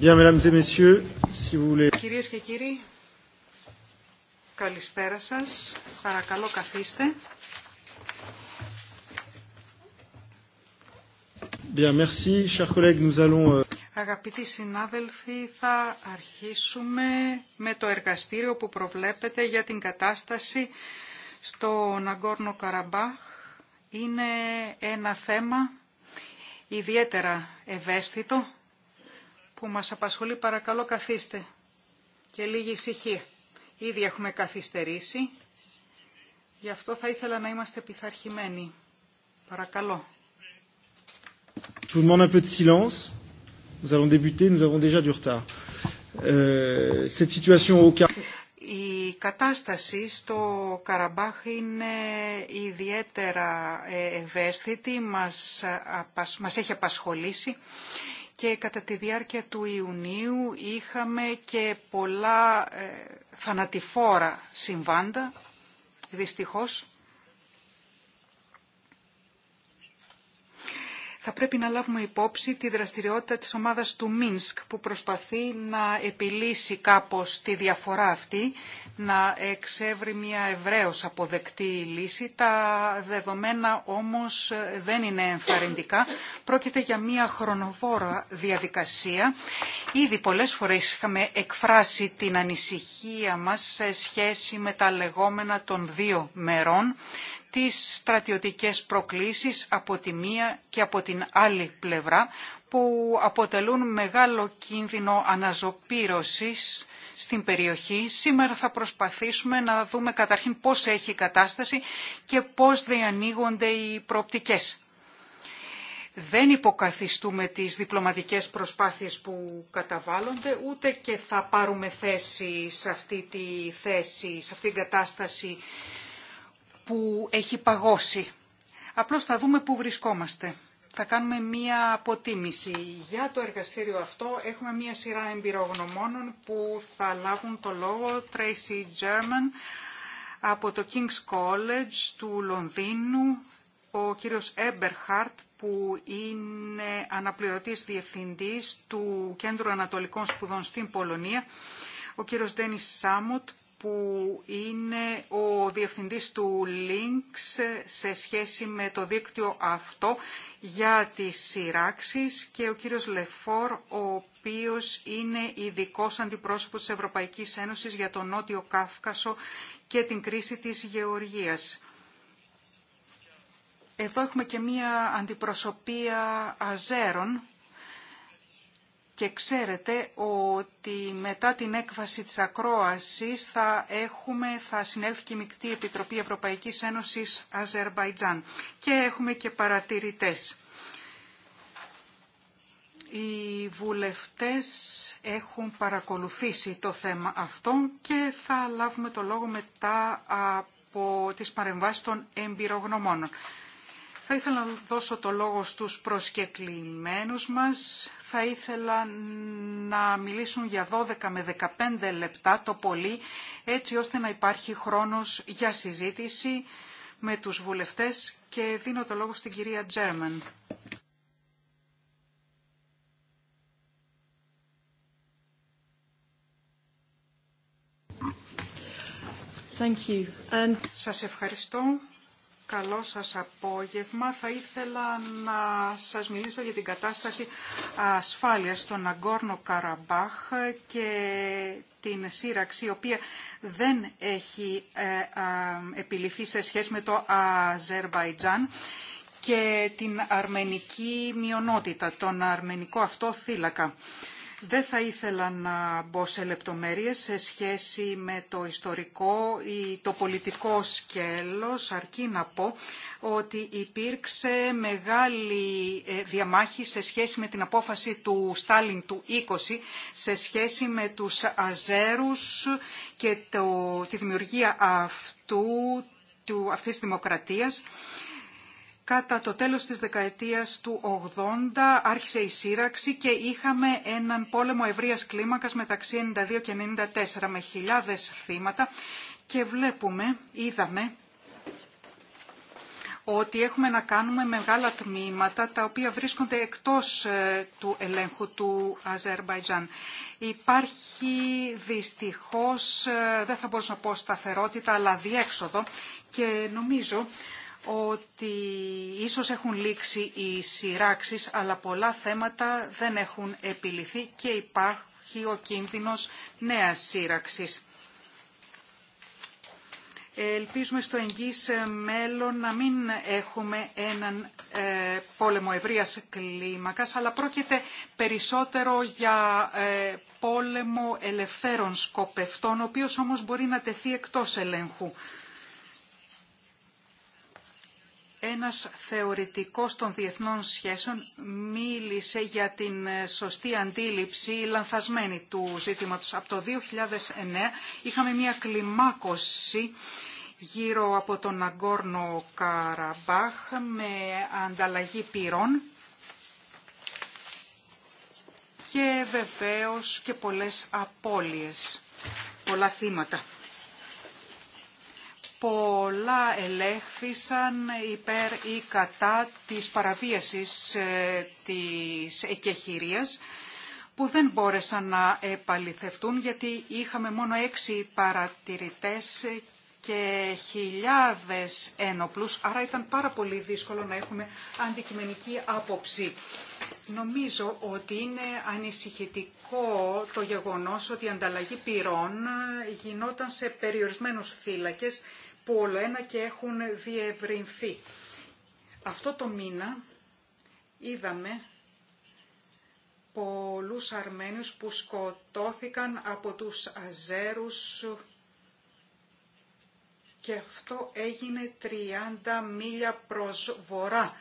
Κυρίες και κύριοι, καλησπέρα σας. Παρακαλώ καθίστε. Euh- Αγαπητοί συνάδελφοι, θα αρχίσουμε με το εργαστήριο που προβλέπετε για την κατάσταση στο Ναγκόρνο Καραμπάχ. Είναι ένα θέμα ιδιαίτερα ευαίσθητο που μας απασχολεί παρακαλώ καθίστε και λίγη ησυχία. Ήδη έχουμε καθυστερήσει, γι' αυτό θα ήθελα να είμαστε πειθαρχημένοι. Παρακαλώ. Je vous un peu de silence. Nous allons débuter, nous avons déjà du retard. Euh, cette situation au η κατάσταση στο Καραμπάχ είναι ιδιαίτερα ε, ευαίσθητη, μας, μας έχει απασχολήσει και κατά τη διάρκεια του Ιουνίου είχαμε και πολλά ε, θανατηφόρα συμβάντα, δυστυχώς. θα πρέπει να λάβουμε υπόψη τη δραστηριότητα της ομάδας του Μίνσκ που προσπαθεί να επιλύσει κάπως τη διαφορά αυτή, να εξεύρει μια ευρέως αποδεκτή λύση. Τα δεδομένα όμως δεν είναι ενθαρρυντικά. Πρόκειται για μια χρονοβόρα διαδικασία. Ήδη πολλές φορές είχαμε εκφράσει την ανησυχία μας σε σχέση με τα λεγόμενα των δύο μερών τις στρατιωτικές προκλήσεις από τη μία και από την άλλη πλευρά που αποτελούν μεγάλο κίνδυνο αναζωπήρωσης στην περιοχή. Σήμερα θα προσπαθήσουμε να δούμε καταρχήν πώς έχει η κατάσταση και πώς διανοίγονται οι προοπτικές. Δεν υποκαθιστούμε τις διπλωματικές προσπάθειες που καταβάλλονται, ούτε και θα πάρουμε θέση σε αυτή τη θέση, σε αυτή την κατάσταση που έχει παγώσει. Απλώς θα δούμε πού βρισκόμαστε. Θα κάνουμε μία αποτίμηση. Για το εργαστήριο αυτό έχουμε μία σειρά εμπειρογνωμόνων που θα λάβουν το λόγο Tracy German από το King's College του Λονδίνου, ο κύριος Eberhard που είναι αναπληρωτής διευθυντής του Κέντρου Ανατολικών Σπουδών στην Πολωνία, ο κύριος Ντένις Σάμουτ που είναι ο διευθυντής του Links σε σχέση με το δίκτυο αυτό για τις σειράξεις και ο κύριος Λεφόρ, ο οποίος είναι ειδικό αντιπρόσωπος της Ευρωπαϊκής Ένωσης για τον Νότιο Κάφκασο και την κρίση της γεωργίας. Εδώ έχουμε και μία αντιπροσωπεία αζέρων και ξέρετε ότι μετά την έκβαση της ακρόασης θα, έχουμε, θα συνέλθει και η Μικτή Επιτροπή Ευρωπαϊκής Ένωσης Αζερβαϊτζάν και έχουμε και παρατηρητές. Οι βουλευτές έχουν παρακολουθήσει το θέμα αυτό και θα λάβουμε το λόγο μετά από τις παρεμβάσεις των εμπειρογνωμόνων. Θα ήθελα να δώσω το λόγο στους προσκεκλημένους μας. Θα ήθελα να μιλήσουν για 12 με 15 λεπτά το πολύ, έτσι ώστε να υπάρχει χρόνος για συζήτηση με τους βουλευτές και δίνω το λόγο στην κυρία Τζέρμαν. Thank Σας ευχαριστώ. Καλό σας απόγευμα. Θα ήθελα να σας μιλήσω για την κατάσταση ασφάλειας στον Αγκόρνο Καραμπάχ και την σύραξη, η οποία δεν έχει ε, ε, επιληφθεί σε σχέση με το Αζερβαϊτζάν και την αρμενική μειονότητα, τον αρμενικό αυτό θύλακα. Δεν θα ήθελα να μπω σε λεπτομέρειες σε σχέση με το ιστορικό ή το πολιτικό σκέλος, αρκεί να πω ότι υπήρξε μεγάλη ε, διαμάχη σε σχέση με την απόφαση του Στάλιν του 20, σε σχέση με τους Αζέρους και το, τη δημιουργία αυτού, του, αυτής της δημοκρατίας Κατά το τέλος της δεκαετίας του 80 άρχισε η σύραξη και είχαμε έναν πόλεμο ευρείας κλίμακας μεταξύ 92 και 94 με χιλιάδες θύματα και βλέπουμε, είδαμε, ότι έχουμε να κάνουμε μεγάλα τμήματα τα οποία βρίσκονται εκτός ε, του ελέγχου του Αζερμπαϊτζάν. Υπάρχει δυστυχώς, ε, δεν θα μπορούσα να πω σταθερότητα, αλλά διέξοδο και νομίζω ότι ίσως έχουν λήξει οι σειράξεις, αλλά πολλά θέματα δεν έχουν επιληθεί και υπάρχει ο κίνδυνος νέας σύραξης. Ελπίζουμε στο εγγύς μέλλον να μην έχουμε έναν ε, πόλεμο ευρείας κλίμακας, αλλά πρόκειται περισσότερο για ε, πόλεμο ελευθέρων σκοπευτών, ο οποίος όμως μπορεί να τεθεί εκτός ελέγχου ένας θεωρητικός των διεθνών σχέσεων μίλησε για την ε, σωστή αντίληψη λανθασμένη του ζήτηματος. Από το 2009 είχαμε μια κλιμάκωση γύρω από τον Αγκόρνο Καραμπάχ με ανταλλαγή πυρών και βεβαίως και πολλές απώλειες, πολλά θύματα πολλά ελέγχθησαν υπέρ ή κατά της παραβίασης ε, της εκεχηρίας που δεν μπόρεσαν να επαληθευτούν γιατί είχαμε μόνο έξι παρατηρητές και χιλιάδες ένοπλους, άρα ήταν πάρα πολύ δύσκολο να έχουμε αντικειμενική άποψη. Νομίζω ότι είναι ανησυχητικό το γεγονός ότι η ανταλλαγή πυρών γινόταν σε περιορισμένους φύλακες που όλο ένα και έχουν διευρυνθεί. Αυτό το μήνα είδαμε πολλούς Αρμένιους που σκοτώθηκαν από τους Αζέρους και αυτό έγινε 30 μίλια προς βορρά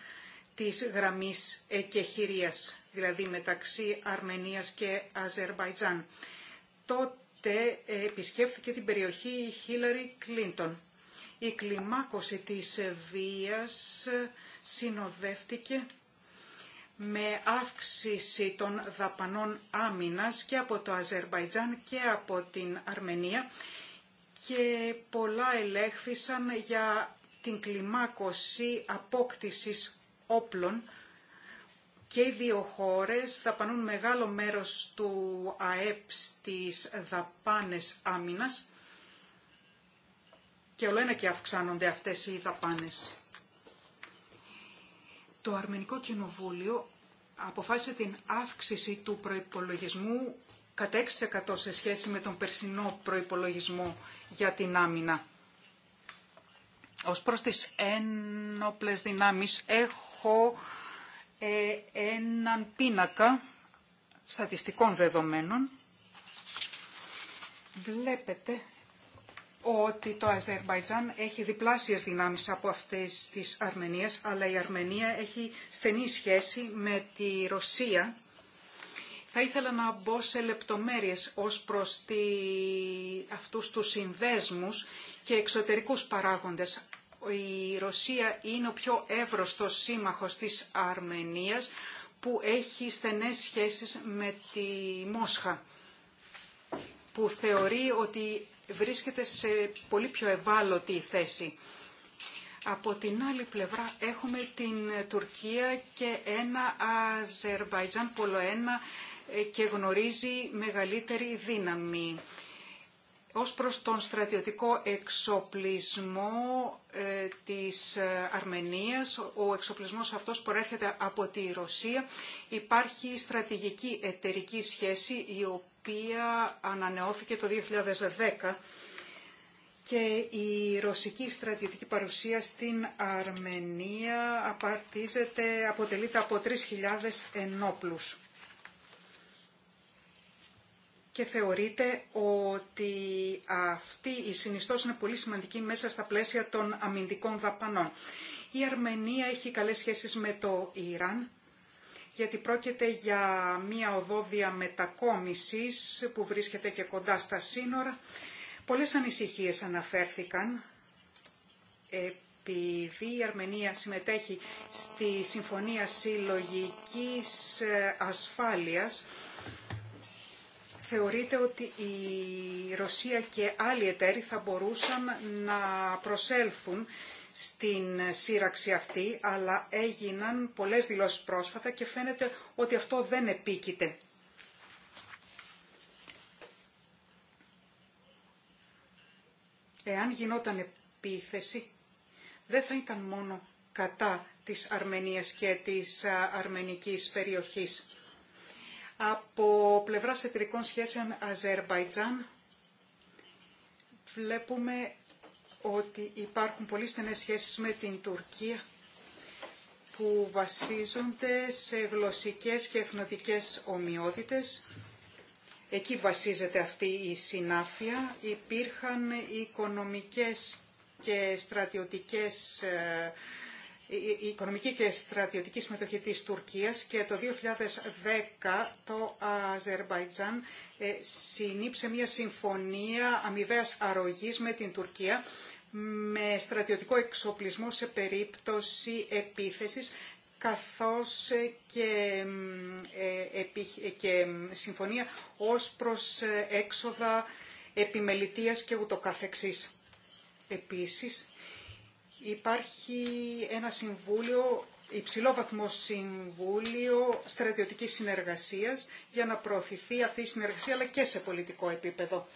της γραμμής Εκεχηρίας, δηλαδή μεταξύ Αρμενίας και Αζερβαϊτζάν. Τότε ε, επισκέφθηκε την περιοχή η Χίλαρη Κλίντον η κλιμάκωση της βίας συνοδεύτηκε με αύξηση των δαπανών άμυνας και από το Αζερβαϊτζάν και από την Αρμενία και πολλά ελέγχθησαν για την κλιμάκωση απόκτησης όπλων και οι δύο χώρες δαπανούν μεγάλο μέρος του ΑΕΠ στις δαπάνες άμυνας και όλο και αυξάνονται αυτές οι δαπάνες. Το Αρμενικό Κοινοβούλιο αποφάσισε την αύξηση του προϋπολογισμού κατά 6% σε σχέση με τον περσινό προϋπολογισμό για την άμυνα. Ως προς τις ένοπλες δυνάμεις έχω ε, έναν πίνακα στατιστικών δεδομένων. Βλέπετε ότι το Αζερμπαϊτζάν έχει διπλάσιες δυνάμεις από αυτές της Αρμενίας, αλλά η Αρμενία έχει στενή σχέση με τη Ρωσία. Θα ήθελα να μπω σε λεπτομέρειες ως προς τη... αυτούς τους συνδέσμους και εξωτερικούς παράγοντες. Η Ρωσία είναι ο πιο εύρωστος σύμμαχος της Αρμενίας που έχει στενές σχέσεις με τη Μόσχα που θεωρεί ότι βρίσκεται σε πολύ πιο ευάλωτη θέση. Από την άλλη πλευρά έχουμε την Τουρκία και ένα Αζερβαϊτζάν ένα ε, και γνωρίζει μεγαλύτερη δύναμη. Ως προς τον στρατιωτικό εξοπλισμό ε, της ε, Αρμενίας, ο εξοπλισμός αυτός προέρχεται από τη Ρωσία. Υπάρχει στρατηγική εταιρική σχέση η οποία οποία ανανεώθηκε το 2010 και η ρωσική στρατιωτική παρουσία στην Αρμενία απαρτίζεται, αποτελείται από 3.000 ενόπλους. Και θεωρείται ότι αυτή η συνιστός είναι πολύ σημαντική μέσα στα πλαίσια των αμυντικών δαπανών. Η Αρμενία έχει καλές σχέσεις με το Ιράν γιατί πρόκειται για μία οδό διαμετακόμισης που βρίσκεται και κοντά στα σύνορα. Πολλές ανησυχίες αναφέρθηκαν επειδή η Αρμενία συμμετέχει στη Συμφωνία Συλλογικής Ασφάλειας θεωρείται ότι η Ρωσία και άλλοι εταίροι θα μπορούσαν να προσέλθουν στην σύραξη αυτή, αλλά έγιναν πολλές δηλώσεις πρόσφατα και φαίνεται ότι αυτό δεν επίκειται. Εάν γινόταν επίθεση, δεν θα ήταν μόνο κατά της Αρμενίας και της αρμενικής περιοχής. Από πλευράς εταιρικών σχέσεων Αζερβαϊτζάν βλέπουμε ότι υπάρχουν πολύ στενές σχέσεις με την Τουρκία που βασίζονται σε γλωσσικές και εθνοτικές ομοιότητες. Εκεί βασίζεται αυτή η συνάφεια. Υπήρχαν οικονομικές και στρατιωτικές ε, η οικονομική και στρατιωτική συμμετοχή της Τουρκίας και το 2010 το Αζερβαϊτζάν ε, συνήψε μια συμφωνία αμοιβαίας αρρωγής με την Τουρκία με στρατιωτικό εξοπλισμό σε περίπτωση επίθεσης καθώς και, ε, και συμφωνία ως προς ε, έξοδα επιμελητίας και ούτω καθεξής. Επίσης, υπάρχει ένα συμβούλιο, βαθμό συμβούλιο στρατιωτικής συνεργασίας για να προωθηθεί αυτή η συνεργασία αλλά και σε πολιτικό επίπεδο.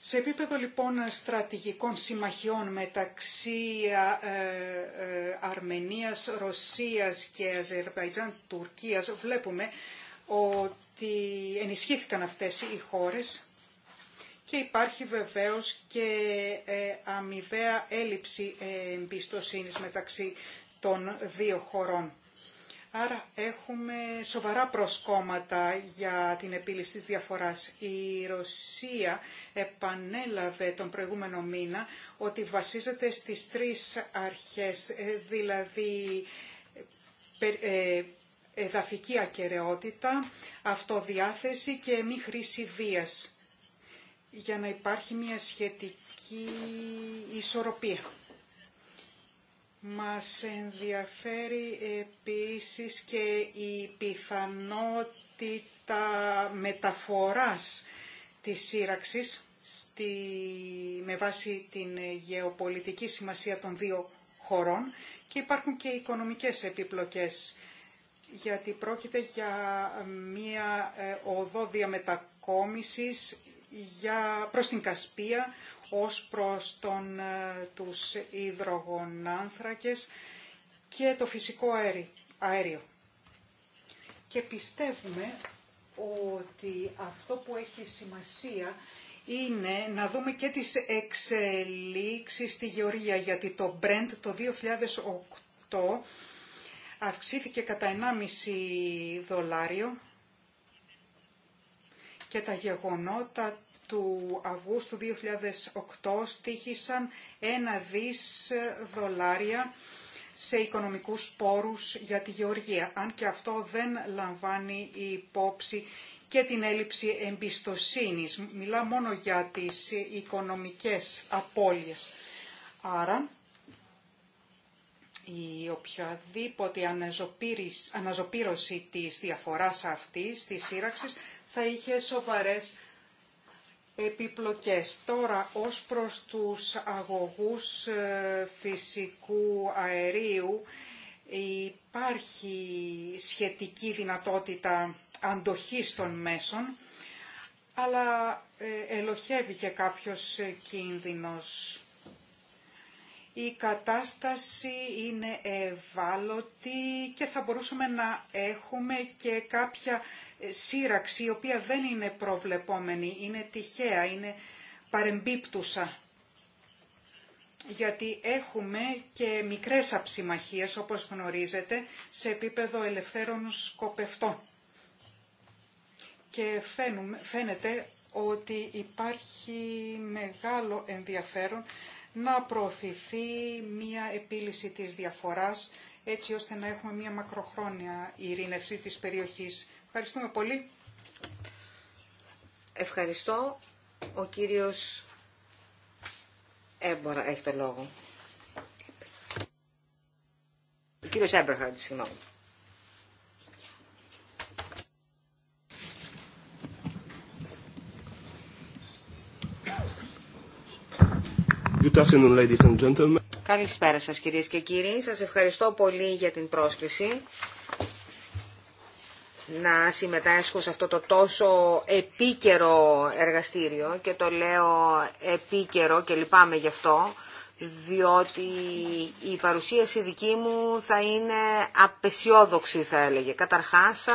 Σε επίπεδο λοιπόν στρατηγικών συμμαχιών μεταξύ ε, ε, Αρμενίας, Ρωσίας και Αζερβαϊτζάν, Τουρκίας βλέπουμε ότι ενισχύθηκαν αυτές οι χώρες και υπάρχει βεβαίως και ε, αμοιβαία έλλειψη εμπιστοσύνης μεταξύ των δύο χωρών. Άρα έχουμε σοβαρά προσκόμματα για την επίλυση της διαφοράς. Η Ρωσία επανέλαβε τον προηγούμενο μήνα ότι βασίζεται στις τρεις αρχές, ε, δηλαδή ε, ε, εδαφική ακαιρεότητα, αυτοδιάθεση και μη χρήση βίας, για να υπάρχει μια σχετική ισορροπία. Μας ενδιαφέρει επίσης και η πιθανότητα μεταφοράς της σύραξης στη, με βάση την γεωπολιτική σημασία των δύο χωρών και υπάρχουν και οικονομικές επιπλοκές γιατί πρόκειται για μία ε, οδό διαμετακόμισης για, προς την Κασπία ως προς τον, ε, τους υδρογονάνθρακες και το φυσικό αέριο. Και πιστεύουμε ότι αυτό που έχει σημασία είναι να δούμε και τις εξελίξεις στη Γεωργία, γιατί το Brent το 2008 αυξήθηκε κατά 1,5 δολάριο και τα γεγονότα του Αυγούστου 2008 στήχησαν ένα δις δολάρια σε οικονομικούς πόρους για τη γεωργία, αν και αυτό δεν λαμβάνει υπόψη και την έλλειψη εμπιστοσύνης. Μιλά μόνο για τις οικονομικές απώλειες. Άρα, η οποιαδήποτε αναζωπήρωση της διαφοράς αυτής, της σύραξης, θα είχε σοβαρές επιπλοκές. Τώρα, ως προς τους αγωγούς ε, φυσικού αερίου, υπάρχει σχετική δυνατότητα αντοχής των μέσων, αλλά ε, ελοχεύει και κάποιος κίνδυνος η κατάσταση είναι ευάλωτη και θα μπορούσαμε να έχουμε και κάποια ε, σύραξη η οποία δεν είναι προβλεπόμενη, είναι τυχαία, είναι παρεμπίπτουσα. Γιατί έχουμε και μικρές αψιμαχίες, όπως γνωρίζετε, σε επίπεδο ελευθέρων σκοπευτών. Και φαίνεται ότι υπάρχει μεγάλο ενδιαφέρον να προωθηθεί μία επίλυση της διαφοράς έτσι ώστε να έχουμε μία μακροχρόνια ειρήνευση της περιοχής. Ευχαριστούμε πολύ. Ευχαριστώ. Ο κύριος Έμπορα έχει το λόγο. Ο κύριος Έμπορα, συγγνώμη. Καλησπέρα σας κυρίες και κύριοι. Σας ευχαριστώ πολύ για την πρόσκληση να συμμετάσχω σε αυτό το τόσο επίκαιρο εργαστήριο και το λέω επίκαιρο και λυπάμαι γι' αυτό διότι η παρουσίαση δική μου θα είναι απεσιόδοξη θα έλεγε. Καταρχάς ε,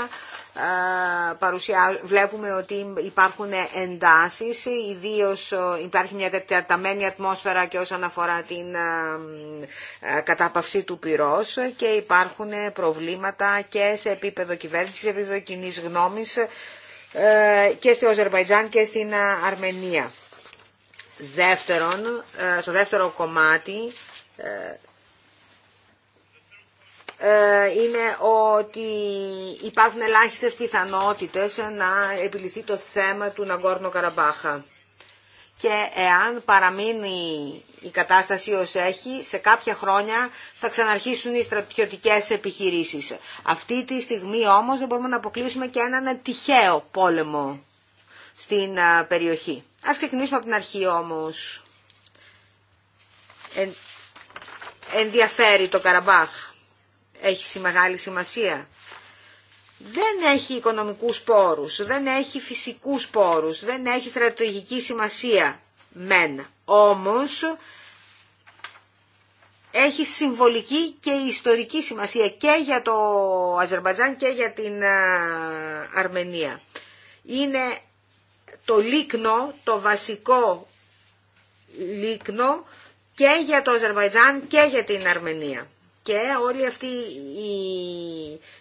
παρουσιά, βλέπουμε ότι υπάρχουν εντάσεις, ιδίως ε, υπάρχει μια τεταμένη ατμόσφαιρα και όσον αφορά την ε, κατάπαυση του πυρός και υπάρχουν προβλήματα και σε επίπεδο κυβέρνησης και σε επίπεδο κοινής γνώμης και στο Αζερβαϊτζάν και στην Αρμενία. Δεύτερον, ε, στο δεύτερο κομμάτι ε, ε, είναι ότι υπάρχουν ελάχιστες πιθανότητες να επιληθεί το θέμα του Ναγκόρνο Καραμπάχα. Και εάν παραμείνει η κατάσταση ως έχει, σε κάποια χρόνια θα ξαναρχίσουν οι στρατιωτικές επιχειρήσεις. Αυτή τη στιγμή όμως δεν μπορούμε να αποκλείσουμε και έναν τυχαίο πόλεμο στην περιοχή. Ας ξεκινήσουμε από την αρχή όμως. Ε, ενδιαφέρει το Καραμπάχ. Έχει μεγάλη σημασία. Δεν έχει οικονομικούς πόρους, δεν έχει φυσικούς πόρους, δεν έχει στρατηγική σημασία. Μεν. Όμως έχει συμβολική και ιστορική σημασία και για το Αζερμπατζάν και για την ε, Αρμενία. Είναι το λίκνο, το βασικό λίκνο και για το Αζερβαϊτζάν και για την Αρμενία. Και όλη αυτή η,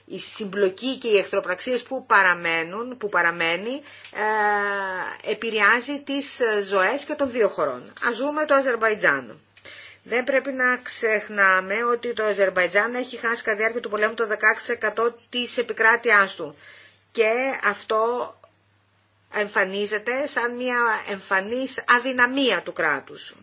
η συμπλοκή και οι εχθροπραξίες που παραμένουν, που παραμένει, ε, επηρεάζει τις ζωές και των δύο χωρών. Ας δούμε το Αζερβαϊτζάν. Δεν πρέπει να ξεχνάμε ότι το Αζερβαϊτζάν έχει χάσει κατά διάρκεια του πολέμου το 16% της επικράτειάς του. Και αυτό εμφανίζεται σαν μια εμφανής αδυναμία του κράτους.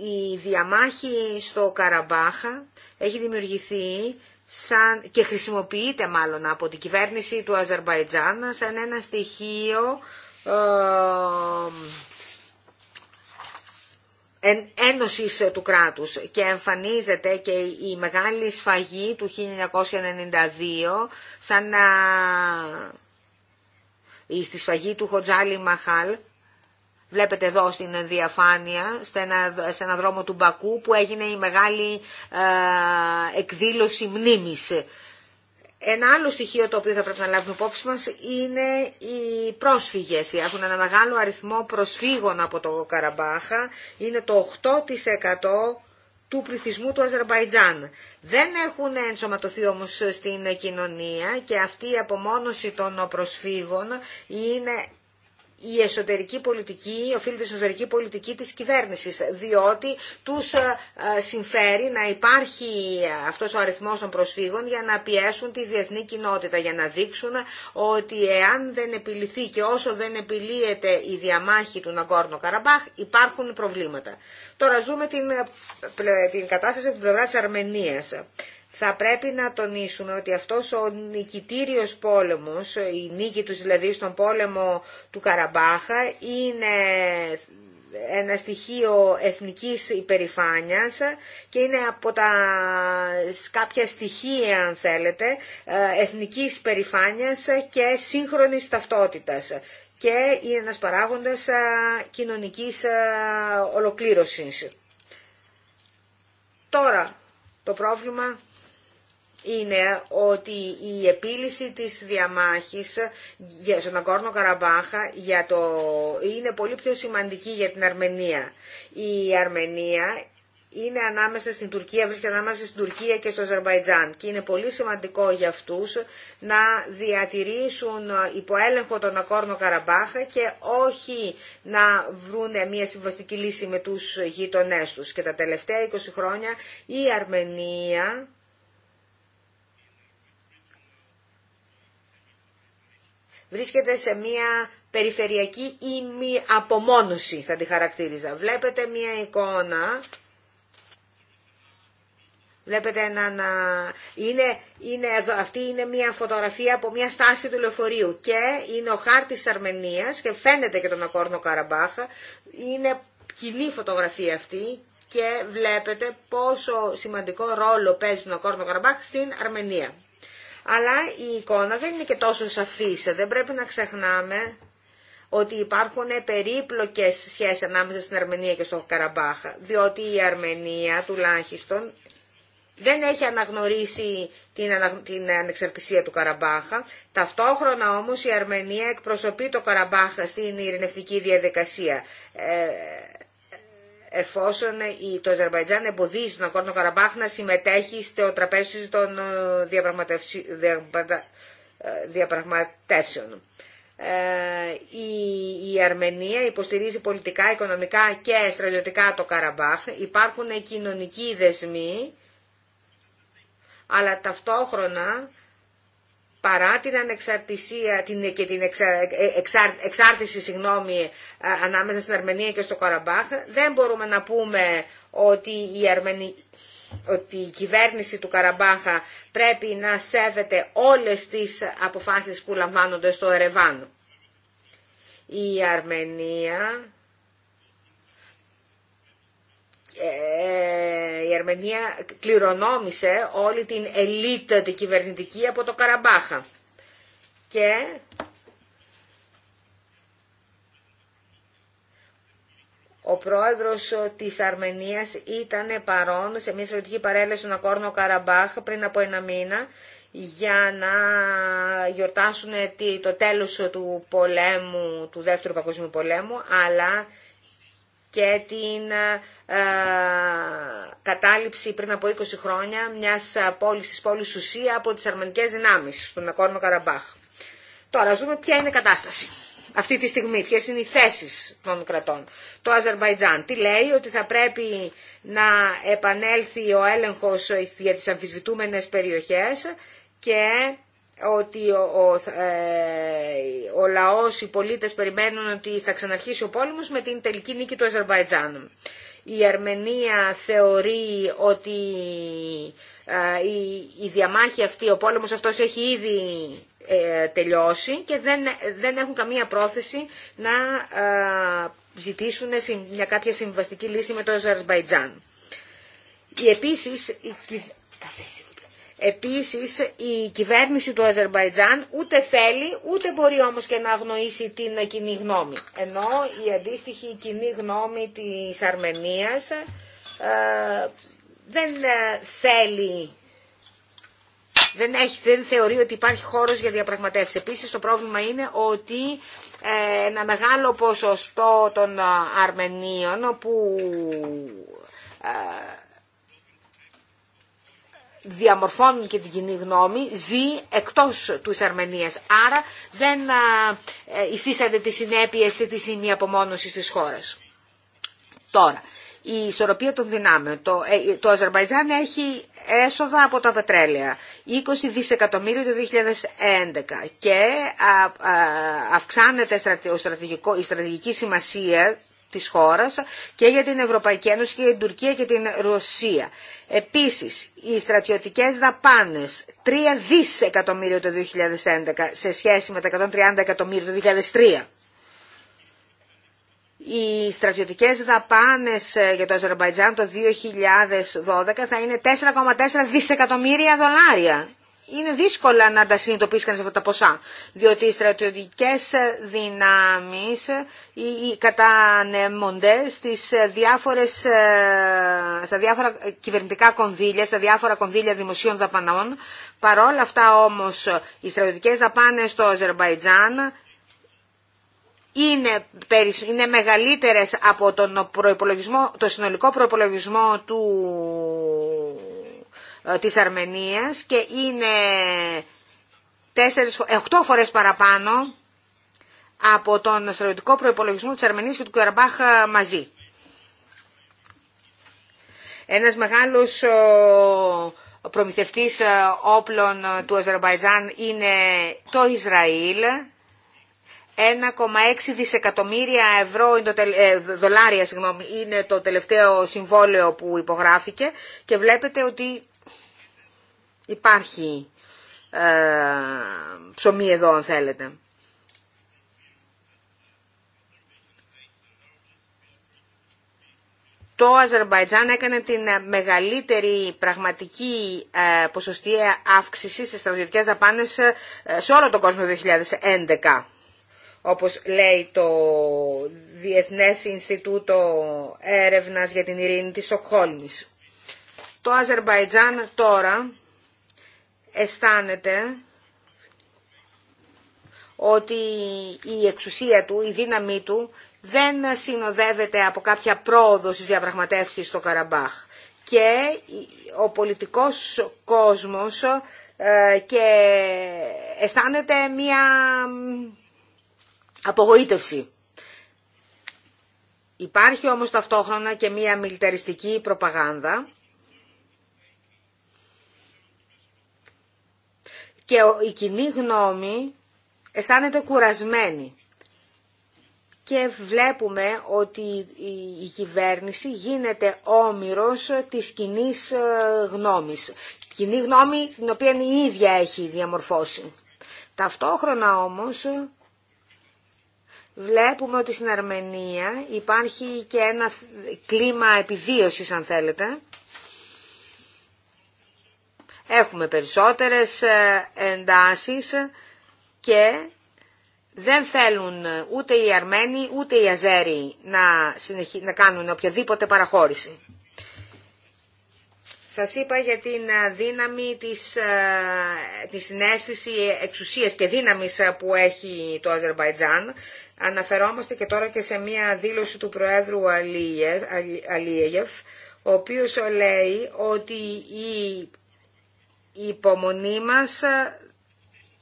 Η διαμάχη στο Καραμπάχα έχει δημιουργηθεί σαν, και χρησιμοποιείται μάλλον από την κυβέρνηση του Αζερβαϊτζάν σαν ένα στοιχείο ε, ένωσης ε, του κράτους και εμφανίζεται και η μεγάλη σφαγή του 1992 σαν η στη σφαγή του Χοτζάλι Μαχάλ βλέπετε εδώ στην διαφάνεια, σε ένα, σε ένα δρόμο του Μπακού που έγινε η μεγάλη ε, εκδήλωση μνήμης ένα άλλο στοιχείο το οποίο θα πρέπει να λάβουμε υπόψη μας είναι οι πρόσφυγες. Έχουν ένα μεγάλο αριθμό προσφύγων από το Καραμπάχα. Είναι το 8% του πληθυσμού του Αζερβαϊτζάν. Δεν έχουν ενσωματωθεί όμως στην κοινωνία και αυτή η απομόνωση των προσφύγων είναι η εσωτερική πολιτική, οφείλεται η εσωτερική πολιτική της κυβέρνησης, διότι τους ε, ε, συμφέρει να υπάρχει αυτός ο αριθμός των προσφύγων για να πιέσουν τη διεθνή κοινότητα, για να δείξουν ότι εάν δεν επιληθεί και όσο δεν επιλύεται η διαμάχη του Ναγκόρνο Καραμπάχ υπάρχουν προβλήματα. Τώρα ζούμε την, ε, την κατάσταση από την πλευρά της Αρμενίας θα πρέπει να τονίσουμε ότι αυτός ο νικητήριος πόλεμος, η νίκη τους δηλαδή στον πόλεμο του Καραμπάχα, είναι ένα στοιχείο εθνικής υπερηφάνειας και είναι από τα κάποια στοιχεία αν θέλετε ε, εθνικής υπερηφάνειας και σύγχρονης ταυτότητας και είναι ένας παράγοντας ε, κοινωνικής ε, ολοκλήρωσης. Τώρα το πρόβλημα είναι ότι η επίλυση της διαμάχης στον Ακόρνο Καραμπάχα για το... είναι πολύ πιο σημαντική για την Αρμενία. Η Αρμενία είναι ανάμεσα στην Τουρκία, βρίσκεται ανάμεσα στην Τουρκία και στο Αζερβαϊτζάν και είναι πολύ σημαντικό για αυτούς να διατηρήσουν υποέλεγχο τον Ακόρνο Καραμπάχα και όχι να βρουν μια συμβαστική λύση με τους γείτονές τους. Και τα τελευταία 20 χρόνια η Αρμενία βρίσκεται σε μια περιφερειακή ή μη απομόνωση θα τη χαρακτήριζα. Βλέπετε μια εικόνα, βλέπετε Είναι, είναι, αυτή είναι μια φωτογραφία από μια στάση του λεωφορείου και είναι ο χάρτης της Αρμενίας και φαίνεται και τον Ακόρνο Καραμπάχα, είναι κοινή φωτογραφία αυτή και βλέπετε πόσο σημαντικό ρόλο παίζει τον Ακόρνο Καραμπάχ στην Αρμενία αλλά η εικόνα δεν είναι και τόσο σαφής. Δεν πρέπει να ξεχνάμε ότι υπάρχουν περίπλοκες σχέσεις ανάμεσα στην Αρμενία και στο Καραμπάχα. διότι η Αρμενία τουλάχιστον δεν έχει αναγνωρίσει την, ανεξαρτησία του Καραμπάχα. Ταυτόχρονα όμως η Αρμενία εκπροσωπεί το Καραμπάχα στην ειρηνευτική διαδικασία. Ε, εφόσον το Αζερβαϊτζάν εμποδίζει τον Ακόρνο Καραμπάχ να συμμετέχει στο τραπέζι των ε, ε, διαπραγματεύσεων. Ε, η, η Αρμενία υποστηρίζει πολιτικά, οικονομικά και στρατιωτικά το Καραμπάχ. Υπάρχουν κοινωνικοί δεσμοί, αλλά ταυτόχρονα παρά την ανεξαρτησία την, και την ε, εξάρτηση ε, ανάμεσα στην Αρμενία και στο Καραμπάχ, δεν μπορούμε να πούμε ότι η, ότι η κυβέρνηση του Καραμπάχα πρέπει να σέβεται όλες τις αποφάσεις που λαμβάνονται στο Ερεβάν. Η Αρμενία ε, η Αρμενία κληρονόμησε όλη την ελίτ την κυβερνητική από το Καραμπάχα. Και ο πρόεδρος της Αρμενίας ήταν παρόν σε μια στρατιωτική παρέλαση στον Ακόρνο Καραμπάχ πριν από ένα μήνα για να γιορτάσουν το τέλος του πολέμου, του δεύτερου παγκοσμίου πολέμου, αλλά και την ε, ε, κατάληψη πριν από 20 χρόνια μιας ε, πόλης της πόλης Σουσία από τις αρμενικές δυνάμεις στον Ακόρνο Καραμπάχ. Τώρα ας δούμε ποια είναι η κατάσταση αυτή τη στιγμή, ποιε είναι οι θέσεις των κρατών. Το Αζερβαϊτζάν τι λέει ότι θα πρέπει να επανέλθει ο έλεγχος για τις αμφισβητούμενες περιοχές και ότι ο, ε, ο, λαός, οι πολίτες περιμένουν ότι θα ξαναρχίσει ο πόλεμος με την τελική νίκη του Αζερβαϊτζάν. Η Αρμενία θεωρεί ότι ε, η, η διαμάχη αυτή, ο πόλεμος αυτός έχει ήδη ε, τελειώσει και δεν, δεν έχουν καμία πρόθεση να ζητήσουν μια κάποια συμβαστική λύση με το Αζερβαϊτζάν. Επίσης, η, Επίσης η κυβέρνηση του Αζερμπαϊτζάν ούτε θέλει ούτε μπορεί όμως και να αγνοήσει την κοινή γνώμη. Ενώ η αντίστοιχη κοινή γνώμη της Αρμενίας ε, δεν ε, θέλει, δεν, έχει, δεν θεωρεί ότι υπάρχει χώρος για διαπραγματεύσεις. Επίσης το πρόβλημα είναι ότι ε, ένα μεγάλο ποσοστό των Αρμενίων που διαμορφώνουν και την κοινή γνώμη, ζει εκτός της Αρμενίας. Άρα δεν ε, υφίσατε τις συνέπειες της ημιαπομόνωσης της χώρας. Τώρα, η ισορροπία των δυνάμεων. Το, ε, το έχει έσοδα από τα πετρέλαια. 20 δισεκατομμύρια το 2011 και αυξάνεται στρατηγικό, η στρατηγική σημασία της χώρας και για την Ευρωπαϊκή Ένωση και την Τουρκία και την Ρωσία. Επίσης, οι στρατιωτικές δαπάνες 3 δισεκατομμύρια το 2011 σε σχέση με τα 130 εκατομμύρια το 2003. Οι στρατιωτικές δαπάνες ε, για το Αζερμπαϊτζάν το 2012 θα είναι 4,4 δισεκατομμύρια δολάρια είναι δύσκολα να τα συνειδητοποιήσει κανείς αυτά τα ποσά, διότι οι στρατιωτικές δυνάμεις κατανέμονται στις ε, διάφορες, ε, στα διάφορα κυβερνητικά κονδύλια, στα διάφορα κονδύλια δημοσίων δαπανών. Παρόλα αυτά όμως οι στρατιωτικές δαπάνες στο Αζερβαϊτζάν είναι, είναι μεγαλύτερες από τον προϋπολογισμό, το συνολικό προϋπολογισμό του ε, της Αρμενίας και είναι 8 ε, φορές παραπάνω από τον στρατιωτικό προϋπολογισμό της Αρμενίας και του Καραμπάχ ε, μαζί. Ένας μεγάλος προμηθευτής όπλων του Αζερμπαϊτζάν είναι το Ισραήλ. 1,6 δισεκατομμύρια ευρώ, δολάρια συγγνώμη, είναι το τελευταίο συμβόλαιο που υπογράφηκε και βλέπετε ότι Υπάρχει ε, ψωμί εδώ αν θέλετε. Το Αζερμπαϊτζάν έκανε την ε, μεγαλύτερη πραγματική ε, ποσοστία αύξηση στις στρατιωτικές δαπάνες ε, σε όλο τον κόσμο 2011. Όπως λέει το Διεθνές Ινστιτούτο Έρευνας για την Ειρήνη της Στοκχόλμης. Το Αζερμπαϊτζάν τώρα αισθάνεται ότι η εξουσία του, η δύναμή του δεν συνοδεύεται από κάποια πρόοδο στις διαπραγματεύσεις στο Καραμπάχ. Και ο πολιτικός κόσμος ε, και αισθάνεται μία απογοήτευση. Υπάρχει όμως ταυτόχρονα και μία μιλιταριστική προπαγάνδα και η κοινή γνώμη αισθάνεται κουρασμένη. Και βλέπουμε ότι η κυβέρνηση γίνεται όμοιρος της κοινή ε, γνώμης. Κοινή γνώμη την οποία η ίδια έχει διαμορφώσει. Ταυτόχρονα όμως βλέπουμε ότι στην Αρμενία υπάρχει και ένα κλίμα επιβίωσης αν θέλετε Έχουμε περισσότερες ε, εντάσεις και δεν θέλουν ούτε οι Αρμένοι ούτε οι Αζέροι να, να κάνουν οποιαδήποτε παραχώρηση. Σας είπα για την ε, δύναμη της, ε, της συνέστηση εξουσίας και δύναμης που έχει το Αζερβαϊτζάν. Αναφερόμαστε και τώρα και σε μία δήλωση του Προέδρου Αλίεγεφ, ο οποίος λέει ότι η η υπομονή μας ε,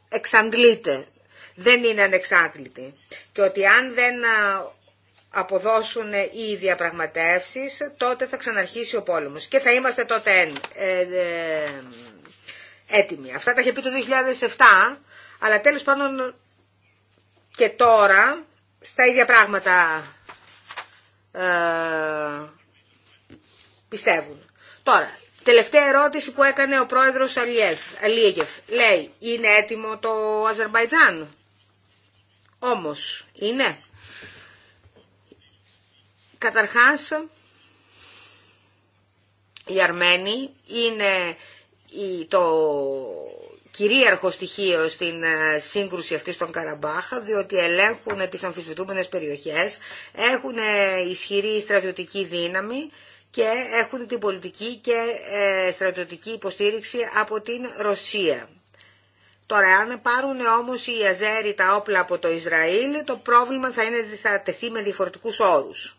εξαντλείται, δεν είναι ανεξάντλητη και ότι αν δεν ε, αποδώσουν ε, οι διαπραγματεύσεις τότε θα ξαναρχίσει ο πόλεμος και θα είμαστε τότε έτοιμοι. Αυτά τα είχε πει το 2007 αλλά τέλος πάντων και τώρα στα ίδια πράγματα πιστεύουν. Τώρα, Τελευταία ερώτηση που έκανε ο πρόεδρος Αλίεγεφ. Λέει, είναι έτοιμο το Αζερμπαϊτζάν. Όμως, είναι. Καταρχάς, οι Αρμένοι είναι το κυρίαρχο στοιχείο στην ε, σύγκρουση αυτή στον Καραμπάχα, διότι ελέγχουν τις αμφισβητούμενες περιοχές, έχουν ισχυρή στρατιωτική δύναμη και έχουν την πολιτική και ε, στρατιωτική υποστήριξη από την Ρωσία. Τώρα, αν πάρουν όμως οι Αζέρι τα όπλα από το Ισραήλ, το πρόβλημα θα, είναι, θα τεθεί με διαφορετικούς όρους.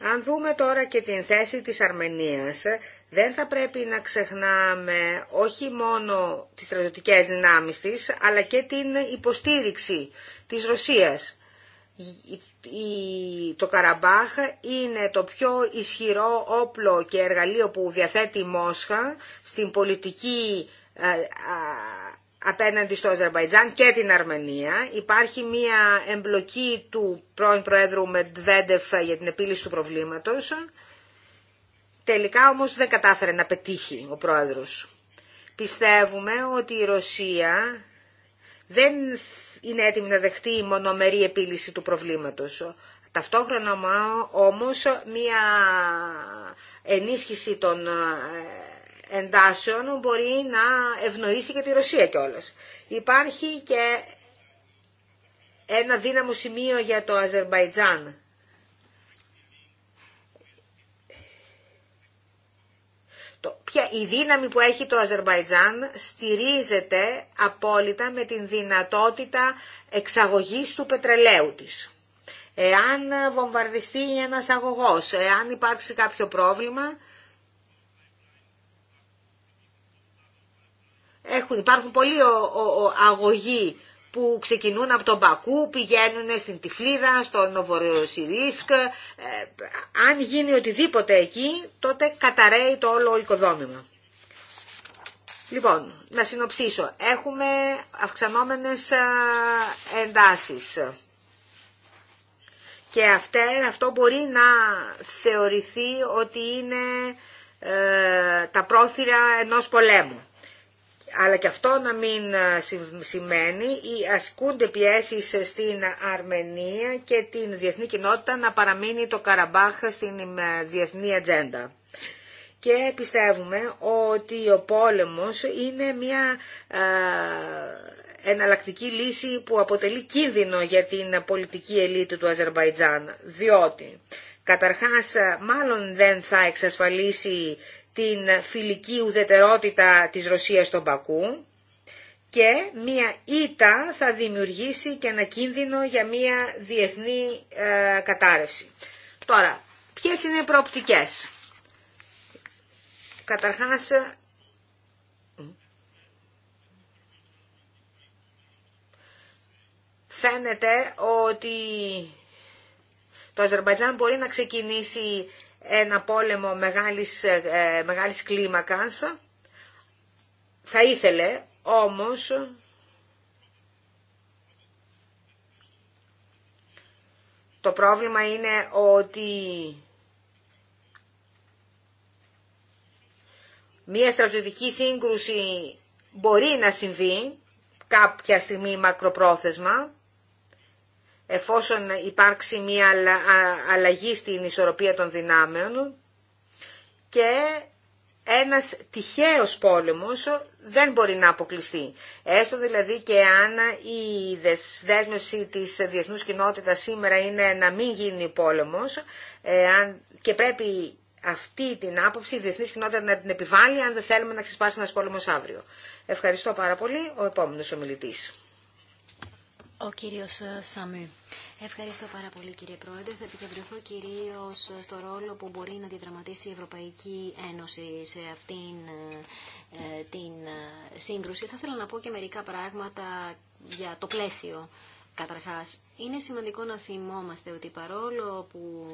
Αν δούμε τώρα και την θέση της Αρμενίας, δεν θα πρέπει να ξεχνάμε όχι μόνο τις στρατιωτικές δυνάμεις της, αλλά και την υποστήριξη της Ρωσίας το Καραμπάχ είναι το πιο ισχυρό όπλο και εργαλείο που διαθέτει η Μόσχα στην πολιτική ε, απέναντι στο Αζερβαϊτζάν και την Αρμενία. Υπάρχει μια εμπλοκή του πρώην Προέδρου Μετβέντεφ για την επίλυση του προβλήματος. Τελικά όμως δεν κατάφερε να πετύχει ο Πρόεδρος. Πιστεύουμε ότι η Ρωσία δεν είναι έτοιμη να δεχτεί η μονομερή επίλυση του προβλήματος. Ταυτόχρονα όμως μία ενίσχυση των ε, εντάσεων μπορεί να ευνοήσει και τη Ρωσία κιόλας. Υπάρχει και ένα δύναμο σημείο για το Αζερμπαϊτζάν ποια, η δύναμη που έχει το Αζερβαϊτζάν στηρίζεται απόλυτα με την δυνατότητα εξαγωγής του πετρελαίου της. Εάν βομβαρδιστεί ένας αγωγός, εάν υπάρξει κάποιο πρόβλημα, έχουν, υπάρχουν πολλοί ο, αγωγοί που ξεκινούν από τον Πακού, πηγαίνουν στην Τυφλίδα, στο Νοβοροσυρίσκ. Ε, αν γίνει οτιδήποτε εκεί, τότε καταραίει το όλο οικοδόμημα. Λοιπόν, να συνοψίσω. Έχουμε αυξανόμενες εντάσεις. Και αυτό μπορεί να θεωρηθεί ότι είναι ε, τα πρόθυρα ενός πολέμου αλλά και αυτό να μην ε, σημαίνει ή ασκούνται πιέσεις στην Αρμενία και την διεθνή κοινότητα να παραμείνει το Καραμπάχ στην ε, διεθνή ατζέντα. Και πιστεύουμε ότι ο πόλεμος είναι μια ε, εναλλακτική λύση που αποτελεί κίνδυνο για την πολιτική ελίτ του Αζερβαϊτζάν, διότι καταρχάς μάλλον δεν θα εξασφαλίσει την φιλική ουδετερότητα της Ρωσίας στον Πακού και μία ήττα θα δημιουργήσει και ένα κίνδυνο για μία διεθνή ε, κατάρρευση. Τώρα, ποιες είναι οι προοπτικές. Καταρχάς, ε, φαίνεται ότι το Αζερμπαϊτζάν μπορεί να ξεκινήσει ένα πόλεμο μεγάλης, ε, μεγάλης κλίμακας. Θα ήθελε όμως το πρόβλημα είναι ότι μία στρατιωτική σύγκρουση μπορεί να συμβεί κάποια στιγμή μακροπρόθεσμα εφόσον υπάρξει μια αλλαγή στην ισορροπία των δυνάμεων και ένας τυχαίος πόλεμος δεν μπορεί να αποκλειστεί. Έστω δηλαδή και αν η δέσμευση της διεθνούς κοινότητας σήμερα είναι να μην γίνει πόλεμος ε, και πρέπει αυτή την άποψη η διεθνής κοινότητα να την επιβάλλει αν δεν θέλουμε να ξεσπάσει ένας πόλεμος αύριο. Ευχαριστώ πάρα πολύ. Ο επόμενος ομιλητής. Ο κύριος ε, Σαμί. Ευχαριστώ πάρα πολύ κύριε Πρόεδρε. Θα επικεντρωθώ κυρίως ε, στο ρόλο που μπορεί να διαδραματίσει η Ευρωπαϊκή Ένωση σε αυτήν ε, την σύγκρουση. Θα ήθελα να πω και μερικά πράγματα για το πλαίσιο Καταρχάς, είναι σημαντικό να θυμόμαστε ότι παρόλο που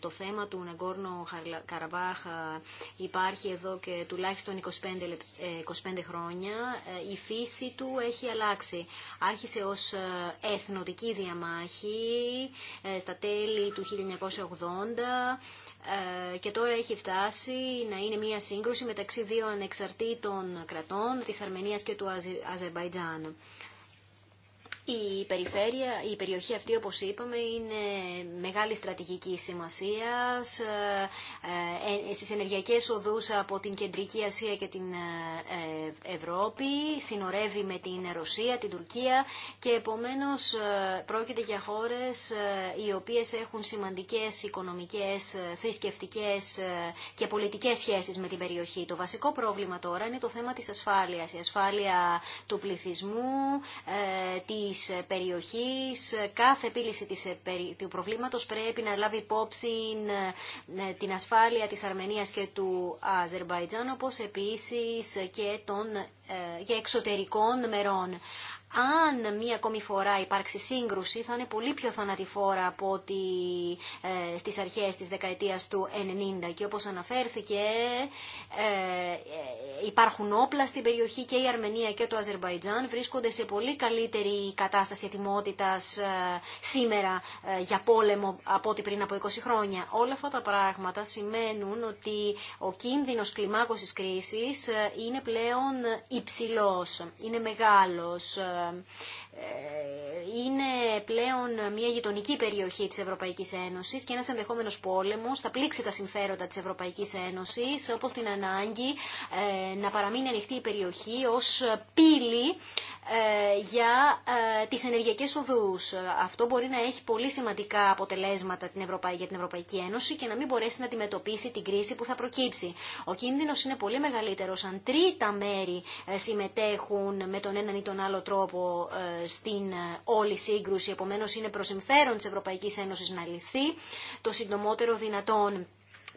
το θέμα του Ναγκόρνο Καραμπάχα υπάρχει εδώ και τουλάχιστον 25, 25 ε, χρόνια, ε, η φύση του έχει αλλάξει. Άρχισε ως ε, εθνοτική διαμάχη στα τέλη του 1980 και τώρα έχει φτάσει να είναι μια σύγκρουση μεταξύ δύο ανεξαρτήτων κρατών, της Αρμενίας και του Αζερβαϊτζάν. Η, περιφέρεια, η περιοχή αυτή, όπως είπαμε, είναι μεγάλη στρατηγική σημασία ε, ε, ε, στις ενεργειακές οδούς από την Κεντρική Ασία και την Ευρώπη, συνορεύει με την Ρωσία, την Τουρκία και επομένως πρόκειται για χώρες οι οποίες έχουν σημαντικές οικονομικές, θρησκευτικές και πολιτικές σχέσεις με την περιοχή. Το βασικό πρόβλημα τώρα είναι το θέμα της ασφάλειας, η ασφάλεια του πληθυσμού, της της ε, περιοχής. Ε, κάθε επίλυση ε, του προβλήματος πρέπει να λάβει υπόψη την ασφάλεια της Αρμενίας και του Αζερβαϊτζάν, όπως επίσης και, των, και εξωτερικών μερών αν μία ακόμη φορά υπάρξει σύγκρουση θα είναι πολύ πιο θανατηφόρα από ότι ε, στις αρχές της δεκαετίας του 90 και όπως αναφέρθηκε ε, ε, υπάρχουν όπλα στην περιοχή και η Αρμενία και το Αζερβαϊτζάν βρίσκονται σε πολύ καλύτερη κατάσταση ετοιμότητας σήμερα για πόλεμο από ό,τι πριν από 20 χρόνια. Όλα αυτά τα πράγματα σημαίνουν ότι ο κίνδυνος κλιμάκωσης κρίσης είναι πλέον υψηλό, είναι μεγάλος ε, είναι πλέον μια γειτονική περιοχή της Ευρωπαϊκής Ένωσης και ένας ενδεχόμενος πόλεμος θα πλήξει τα συμφέροντα της Ευρωπαϊκής Ένωσης όπως την ανάγκη ε, να παραμείνει ανοιχτή η περιοχή ως πύλη ε, για ε, τις ενεργειακές οδούς. Αυτό μπορεί να έχει πολύ σημαντικά αποτελέσματα για την Ευρωπαϊκή Ένωση και να μην μπορέσει να αντιμετωπίσει την κρίση που θα προκύψει. Ο κίνδυνος είναι πολύ μεγαλύτερος αν τρίτα μέρη ε, συμμετέχουν με τον έναν ή τον άλλο τρόπο στην όλη σύγκρουση. Επομένως είναι προ συμφέρον της Ευρωπαϊκής Ένωσης να λυθεί το συντομότερο δυνατόν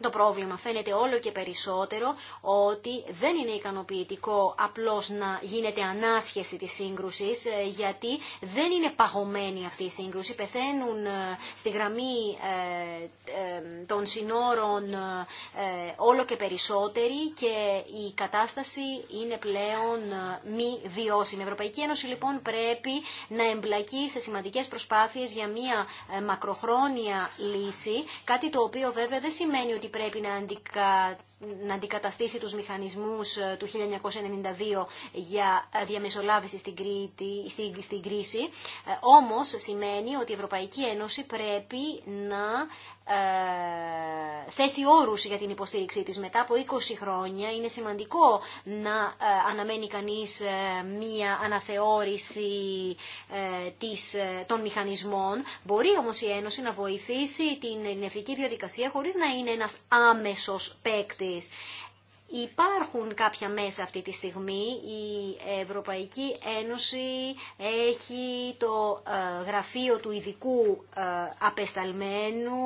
το πρόβλημα φαίνεται όλο και περισσότερο ότι δεν είναι ικανοποιητικό απλώς να γίνεται ανάσχεση της σύγκρουσης ε, γιατί δεν είναι παγωμένη αυτή η σύγκρουση. Πεθαίνουν ε, στη γραμμή ε, των συνόρων όλο και περισσότεροι και η κατάσταση είναι πλέον μη βιώσιμη. Η Ευρωπαϊκή Ένωση λοιπόν πρέπει να εμπλακεί σε σημαντικές προσπάθειες για μια μακροχρόνια λύση, κάτι το οποίο βέβαια δεν σημαίνει ότι πρέπει να αντικα να αντικαταστήσει τους μηχανισμούς ε, του 1992 για ε, διαμεσολάβηση στην, κρίση. Ε, όμως σημαίνει ότι η Ευρωπαϊκή Ένωση πρέπει να θέσει όρους για την υποστήριξή της. Μετά από 20 χρόνια είναι σημαντικό να αναμένει κανείς μία αναθεώρηση της, των μηχανισμών. Μπορεί όμως η Ένωση να βοηθήσει την ελληνευτική διαδικασία χωρίς να είναι ένας άμεσος παίκτη Υπάρχουν κάποια μέσα αυτή τη στιγμή. Η Ευρωπαϊκή Ένωση έχει το ε, γραφείο του ειδικού ε, απεσταλμένου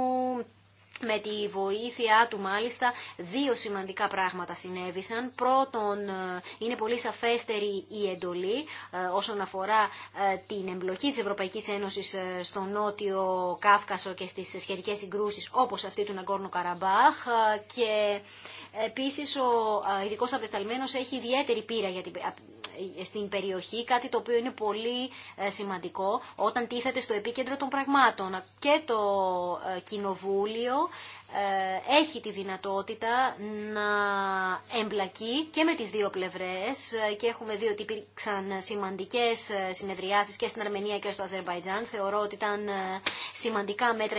με τη βοήθειά του μάλιστα δύο σημαντικά πράγματα συνέβησαν. Πρώτον, ε, είναι πολύ σαφέστερη η εντολή ε, όσον αφορά ε, την εμπλοκή της Ευρωπαϊκής Ένωσης στο Νότιο Κάφκασο και στις σχετικές συγκρούσεις όπως αυτή του Ναγκόρνου Καραμπάχ και επίσης ο ειδικός απεσταλμένος έχει ιδιαίτερη πείρα για την στην περιοχή, κάτι το οποίο είναι πολύ ε, σημαντικό όταν τίθεται στο επίκεντρο των πραγμάτων. Και το ε, Κοινοβούλιο ε, έχει τη δυνατότητα να εμπλακεί και με τις δύο πλευρές και έχουμε δει ότι υπήρξαν σημαντικές συνεδριάσεις και στην Αρμενία και στο Αζερβαϊτζάν. Θεωρώ ότι ήταν σημαντικά μέτρα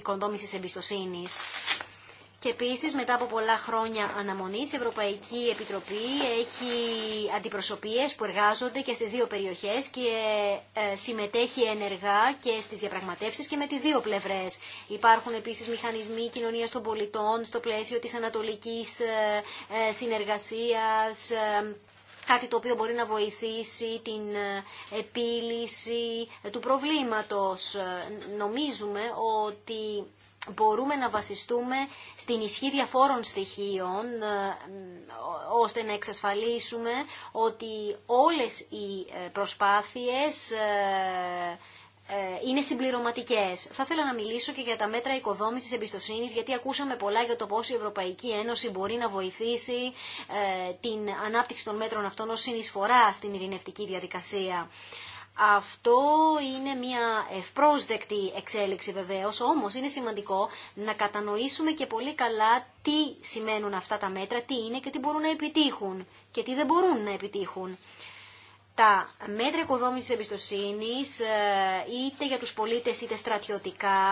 οικοδόμησης εμπιστοσύνης. Και επίσης μετά από πολλά χρόνια αναμονής η Ευρωπαϊκή Επιτροπή έχει αντιπροσωπείες που εργάζονται και στις δύο περιοχές και ε, συμμετέχει ενεργά και στις διαπραγματεύσεις και με τις δύο πλευρές. Υπάρχουν επίσης μηχανισμοί κοινωνίας των πολιτών στο πλαίσιο της ανατολικής ε, ε, συνεργασίας κάτι το οποίο μπορεί να βοηθήσει την επίλυση του προβλήματος. Νομίζουμε ότι μπορούμε να βασιστούμε στην ισχύ διαφόρων στοιχείων ε, ώστε να εξασφαλίσουμε ότι όλες οι ε, προσπάθειες ε, είναι συμπληρωματικές. Θα ήθελα να μιλήσω και για τα μέτρα οικοδόμησης εμπιστοσύνης γιατί ακούσαμε πολλά για το πώς η Ευρωπαϊκή Ένωση μπορεί να βοηθήσει την ανάπτυξη των μέτρων αυτών ως συνεισφορά στην ειρηνευτική διαδικασία. Αυτό είναι μια ευπρόσδεκτη εξέλιξη βεβαίως, όμως είναι σημαντικό να κατανοήσουμε και πολύ καλά τι σημαίνουν αυτά τα μέτρα, τι είναι και τι μπορούν να επιτύχουν και τι δεν μπορούν να επιτύχουν τα μέτρα οικοδόμησης εμπιστοσύνης, ε, είτε για τους πολίτες είτε στρατιωτικά,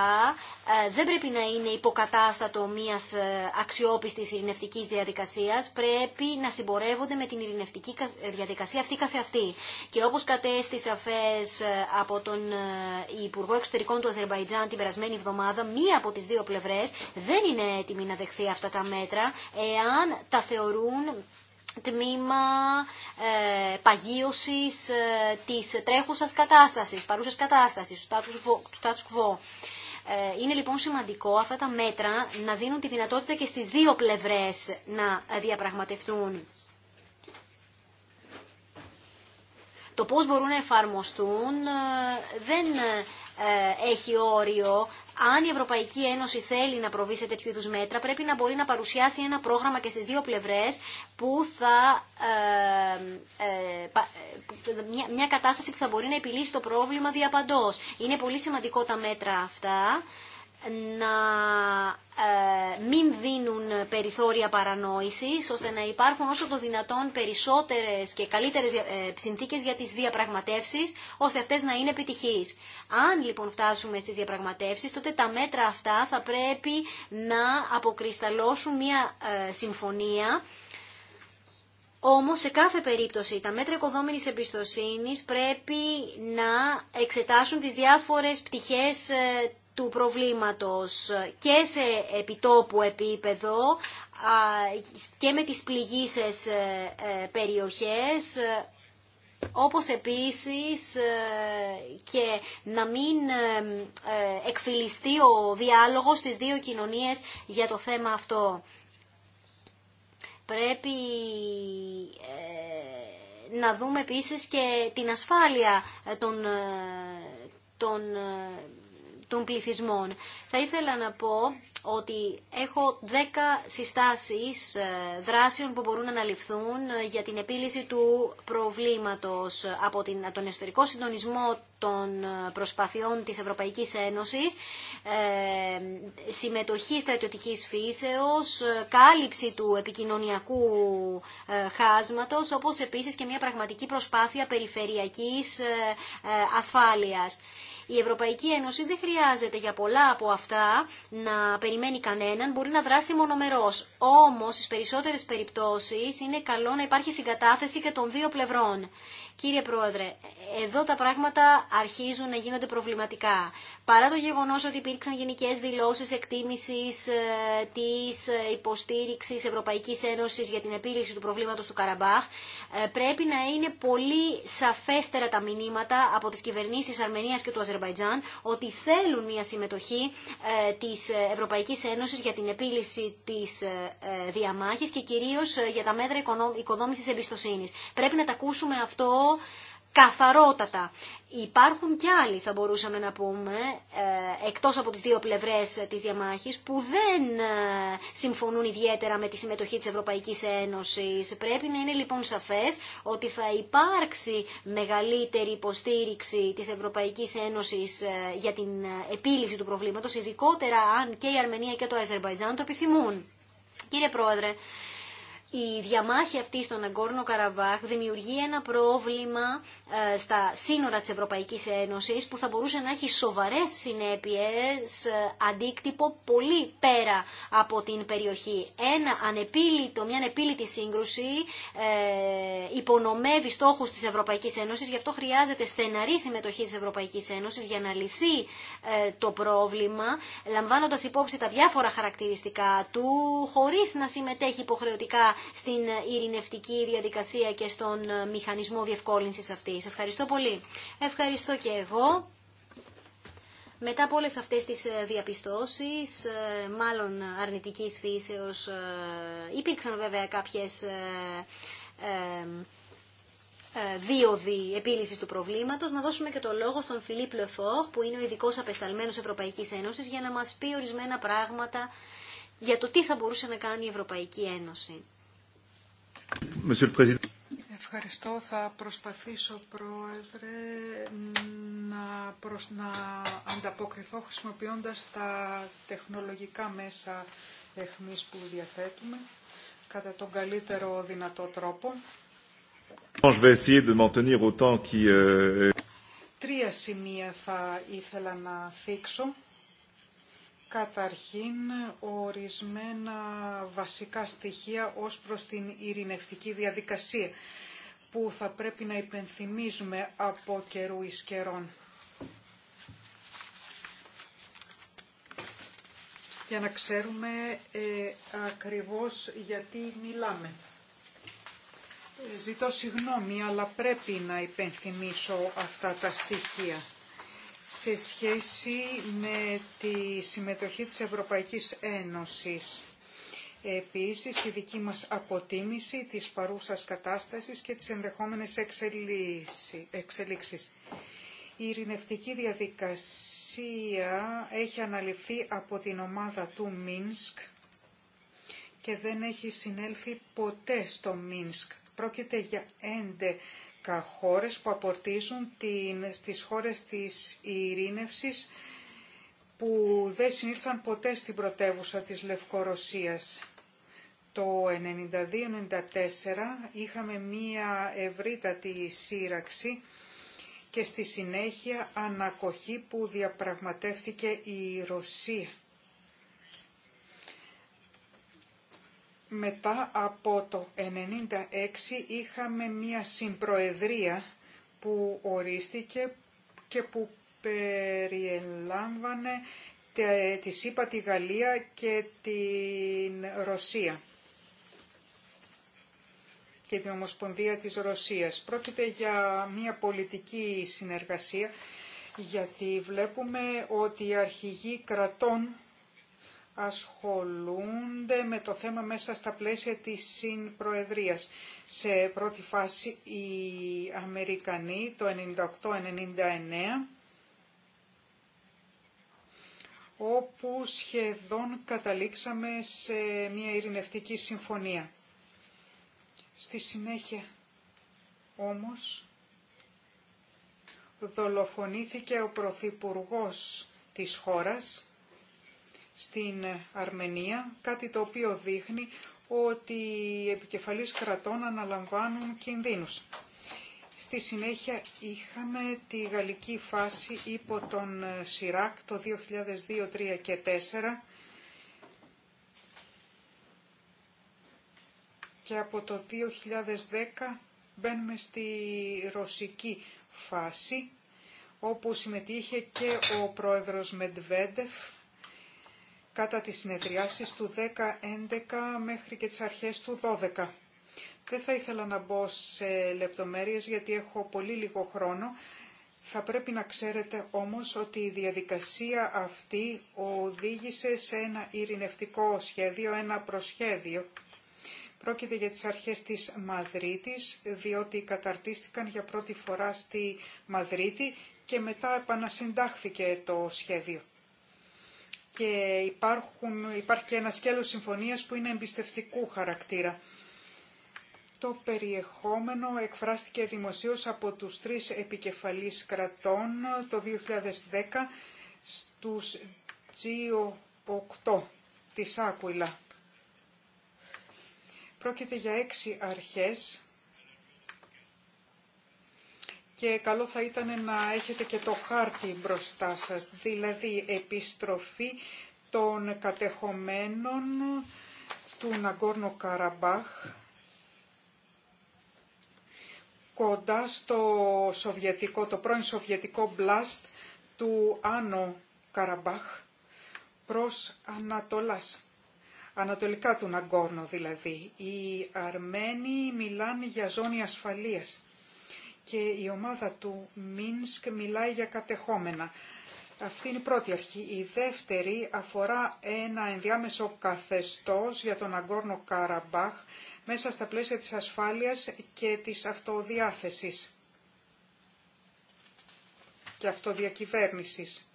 ε, δεν πρέπει να είναι υποκατάστατο μιας ε, αξιόπιστης ειρηνευτικής διαδικασίας, πρέπει να συμπορεύονται με την ειρηνευτική διαδικασία αυτή καθεαυτή. Και όπως κατέστησε αφές από τον Υπουργό Εξωτερικών του Αζερβαϊτζάν την περασμένη εβδομάδα, μία από τις δύο πλευρές δεν είναι έτοιμη να δεχθεί αυτά τα μέτρα, εάν τα θεωρούν τμήμα ε, παγίωσης ε, της τρέχουσας κατάστασης, παρούσας κατάστασης, του status quo. Ε, είναι λοιπόν σημαντικό αυτά τα μέτρα να δίνουν τη δυνατότητα και στις δύο πλευρές να διαπραγματευτούν. Το πώς μπορούν να εφαρμοστούν ε, δεν ε, έχει όριο αν η Ευρωπαϊκή Ένωση θέλει να προβεί σε τέτοιου είδου μέτρα, πρέπει να μπορεί να παρουσιάσει ένα πρόγραμμα και στι δύο πλευρέ που θα. Ε, ε, ε, μια, μια κατάσταση που θα μπορεί να επιλύσει το πρόβλημα διαπαντό. Είναι πολύ σημαντικό τα μέτρα αυτά να ε, μην δίνουν περιθώρια παρανόησης, ώστε να υπάρχουν όσο το δυνατόν περισσότερες και καλύτερες ε, συνθήκε για τις διαπραγματεύσεις, ώστε αυτές να είναι επιτυχείς. Αν λοιπόν φτάσουμε στις διαπραγματεύσεις, τότε τα μέτρα αυτά θα πρέπει να αποκρισταλώσουν μια ε, συμφωνία, όμως σε κάθε περίπτωση τα μέτρα οικοδόμηνης εμπιστοσύνης πρέπει να εξετάσουν τις διάφορες πτυχές του προβλήματος και σε επιτόπου επίπεδο και με τις πληγήσεις ε, ε, περιοχές ε, όπως επίσης και να μην εκφυλιστεί ο διάλογος στις δύο κοινωνίες για το θέμα αυτό. Πρέπει να δούμε επίσης και την ασφάλεια των, των θα ήθελα να πω ότι έχω 10 συστάσεις ε, δράσεων που μπορούν να αναλυφθούν ε, για την επίλυση του προβλήματος από τον εσωτερικό συντονισμό των ε, προσπαθειών της Ευρωπαϊκής Ένωσης, συμμετοχή στρατιωτικής φύσεως, κάλυψη του επικοινωνιακού χάσματος, όπως επίσης και μια πραγματική προσπάθεια περιφερειακής ασφάλειας. Η Ευρωπαϊκή Ένωση δεν χρειάζεται για πολλά από αυτά να περιμένει κανέναν, μπορεί να δράσει μονομερός. Όμως, στις περισσότερες περιπτώσεις είναι καλό να υπάρχει συγκατάθεση και των δύο πλευρών. Κύριε Πρόεδρε, εδώ τα πράγματα αρχίζουν να γίνονται προβληματικά παρά το γεγονός ότι υπήρξαν γενικές δηλώσεις εκτίμησης ε, της ε, υποστήριξης Ευρωπαϊκής Ένωσης για την επίλυση του προβλήματος του Καραμπάχ, ε, πρέπει να είναι πολύ σαφέστερα τα μηνύματα από τις κυβερνήσεις Αρμενίας και του Αζερβαϊτζάν ότι θέλουν μια συμμετοχή της Ευρωπαϊκής Ένωσης για την επίλυση της διαμάχης και κυρίως για τα μέτρα οικοδόμηση εμπιστοσύνη. Πρέπει να τα ακούσουμε αυτό καθαρότατα. Υπάρχουν κι άλλοι, θα μπορούσαμε να πούμε, ε, εκτός από τις δύο πλευρές της διαμάχης, που δεν ε, συμφωνούν ιδιαίτερα με τη συμμετοχή της Ευρωπαϊκής Ένωσης. Πρέπει να είναι λοιπόν σαφές ότι θα υπάρξει μεγαλύτερη υποστήριξη της Ευρωπαϊκής Ένωσης ε, για την επίλυση του προβλήματος, ειδικότερα αν και η Αρμενία και το Αζερβαϊτζάν το επιθυμούν. Κύριε Πρόεδρε, η διαμάχη αυτή στον Αγκόρνο Καραμπάχ δημιουργεί ένα πρόβλημα ε, στα σύνορα της Ευρωπαϊκής Ένωσης που θα μπορούσε να έχει σοβαρές συνέπειες, ε, αντίκτυπο πολύ πέρα από την περιοχή. Ένα ανεπίλητο, μια ανεπίλητη σύγκρουση ε, υπονομεύει στόχους της Ευρωπαϊκής Ένωσης, γι' αυτό χρειάζεται στεναρή συμμετοχή της Ευρωπαϊκής Ένωσης για να λυθεί το πρόβλημα, λαμβάνοντας υπόψη τα διάφορα χαρακτηριστικά του, χωρίς να συμμετέχει υποχρεωτικά στην ειρηνευτική διαδικασία και στον ε, μηχανισμό διευκόλυνσης αυτής. Ευχαριστώ πολύ. Ευχαριστώ και εγώ. Μετά από όλες αυτές τις ε, διαπιστώσεις, ε, μάλλον αρνητικής φύσεως, υπήρξαν βέβαια κάποιες δίωδη επίλυση του προβλήματος, να δώσουμε και το λόγο στον Φιλίπ Λεφόχ, που είναι ο ειδικό απεσταλμένος Ευρωπαϊκής Ένωσης, για να μας πει ορισμένα πράγματα για το τι θα μπορούσε να κάνει η Ευρωπαϊκή Ένωση. Ευχαριστώ. Θα προσπαθήσω, Πρόεδρε, να, να ανταποκριθώ χρησιμοποιώντας τα τεχνολογικά μέσα εχμής που διαθέτουμε κατά τον καλύτερο δυνατό τρόπο. Euh, Τρία σημεία θα ήθελα να θίξω. Καταρχήν, ορισμένα βασικά στοιχεία ως προς την ειρηνευτική διαδικασία που θα πρέπει να υπενθυμίζουμε από καιρού εις καιρών. Για να ξέρουμε ε, ακριβώς γιατί μιλάμε. Ε, ζητώ συγγνώμη, αλλά πρέπει να υπενθυμίσω αυτά τα στοιχεία σε σχέση με τη συμμετοχή της Ευρωπαϊκής Ένωσης. Επίσης, η δική μας αποτίμηση της παρούσας κατάστασης και της ενδεχόμενες εξελίξεις. Η ειρηνευτική διαδικασία έχει αναλυφθεί από την ομάδα του Μίνσκ και δεν έχει συνέλθει ποτέ στο Μίνσκ. Πρόκειται για έντε χώρες που απορτίζουν την, στις χώρες της ειρήνευσης που δεν συνήλθαν ποτέ στην πρωτεύουσα της Λευκορωσίας. Το 1992-1994 είχαμε μία ευρύτατη σύραξη και στη συνέχεια ανακοχή που διαπραγματεύτηκε η Ρωσία Μετά από το 1996 είχαμε μία συμπροεδρία που ορίστηκε και που περιελάμβανε τη ΣΥΠΑ, τη Γαλλία και την Ρωσία και την Ομοσπονδία της Ρωσίας. Πρόκειται για μια πολιτική συνεργασία γιατί βλέπουμε ότι οι αρχηγοί κρατών ασχολούνται με το θέμα μέσα στα πλαίσια της Συνπροεδρίας. Σε πρώτη φάση οι Αμερικανοί το 98-99 όπου σχεδόν καταλήξαμε σε μια ειρηνευτική συμφωνία. Στη συνέχεια όμως δολοφονήθηκε ο Πρωθυπουργός της χώρας στην Αρμενία, κάτι το οποίο δείχνει ότι οι επικεφαλής κρατών αναλαμβάνουν κινδύνους. Στη συνέχεια είχαμε τη γαλλική φάση υπό τον ε, Σιράκ το 2002, 2003 και 2004 και από το 2010 μπαίνουμε στη ρωσική φάση όπου συμμετείχε και ο πρόεδρος Μεντβέντεφ κατά τις συνεδριάσεις του 10-11 μέχρι και τις αρχές του 12. Δεν θα ήθελα να μπω σε λεπτομέρειες γιατί έχω πολύ λίγο χρόνο. Θα πρέπει να ξέρετε όμως ότι η διαδικασία αυτή οδήγησε σε ένα ειρηνευτικό σχέδιο, ένα προσχέδιο. Πρόκειται για τις αρχές της Μαδρίτης, διότι καταρτίστηκαν για πρώτη φορά στη Μαδρίτη και μετά επανασυντάχθηκε το σχέδιο και υπάρχουν, υπάρχει και ένα σκέλος συμφωνίας που είναι εμπιστευτικού χαρακτήρα. Το περιεχόμενο εκφράστηκε δημοσίως από τους τρεις επικεφαλής κρατών το 2010 στους G8 της Άκουιλα. Πρόκειται για έξι αρχές και καλό θα ήταν να έχετε και το χάρτη μπροστά σας, δηλαδή επιστροφή των κατεχομένων του Ναγκόρνο Καραμπάχ κοντά στο σοβιετικό, το πρώην σοβιετικό μπλάστ του Άνω Καραμπάχ προς Ανατολάς. Ανατολικά του Ναγκόρνο δηλαδή. Οι Αρμένοι μιλάνε για ζώνη ασφαλείας και η ομάδα του Μίνσκ μιλάει για κατεχόμενα. Αυτή είναι η πρώτη αρχή. Η δεύτερη αφορά ένα ενδιάμεσο καθεστώς για τον Αγκόρνο Καραμπάχ μέσα στα πλαίσια της ασφάλειας και της αυτοδιάθεσης και αυτοδιακυβέρνησης.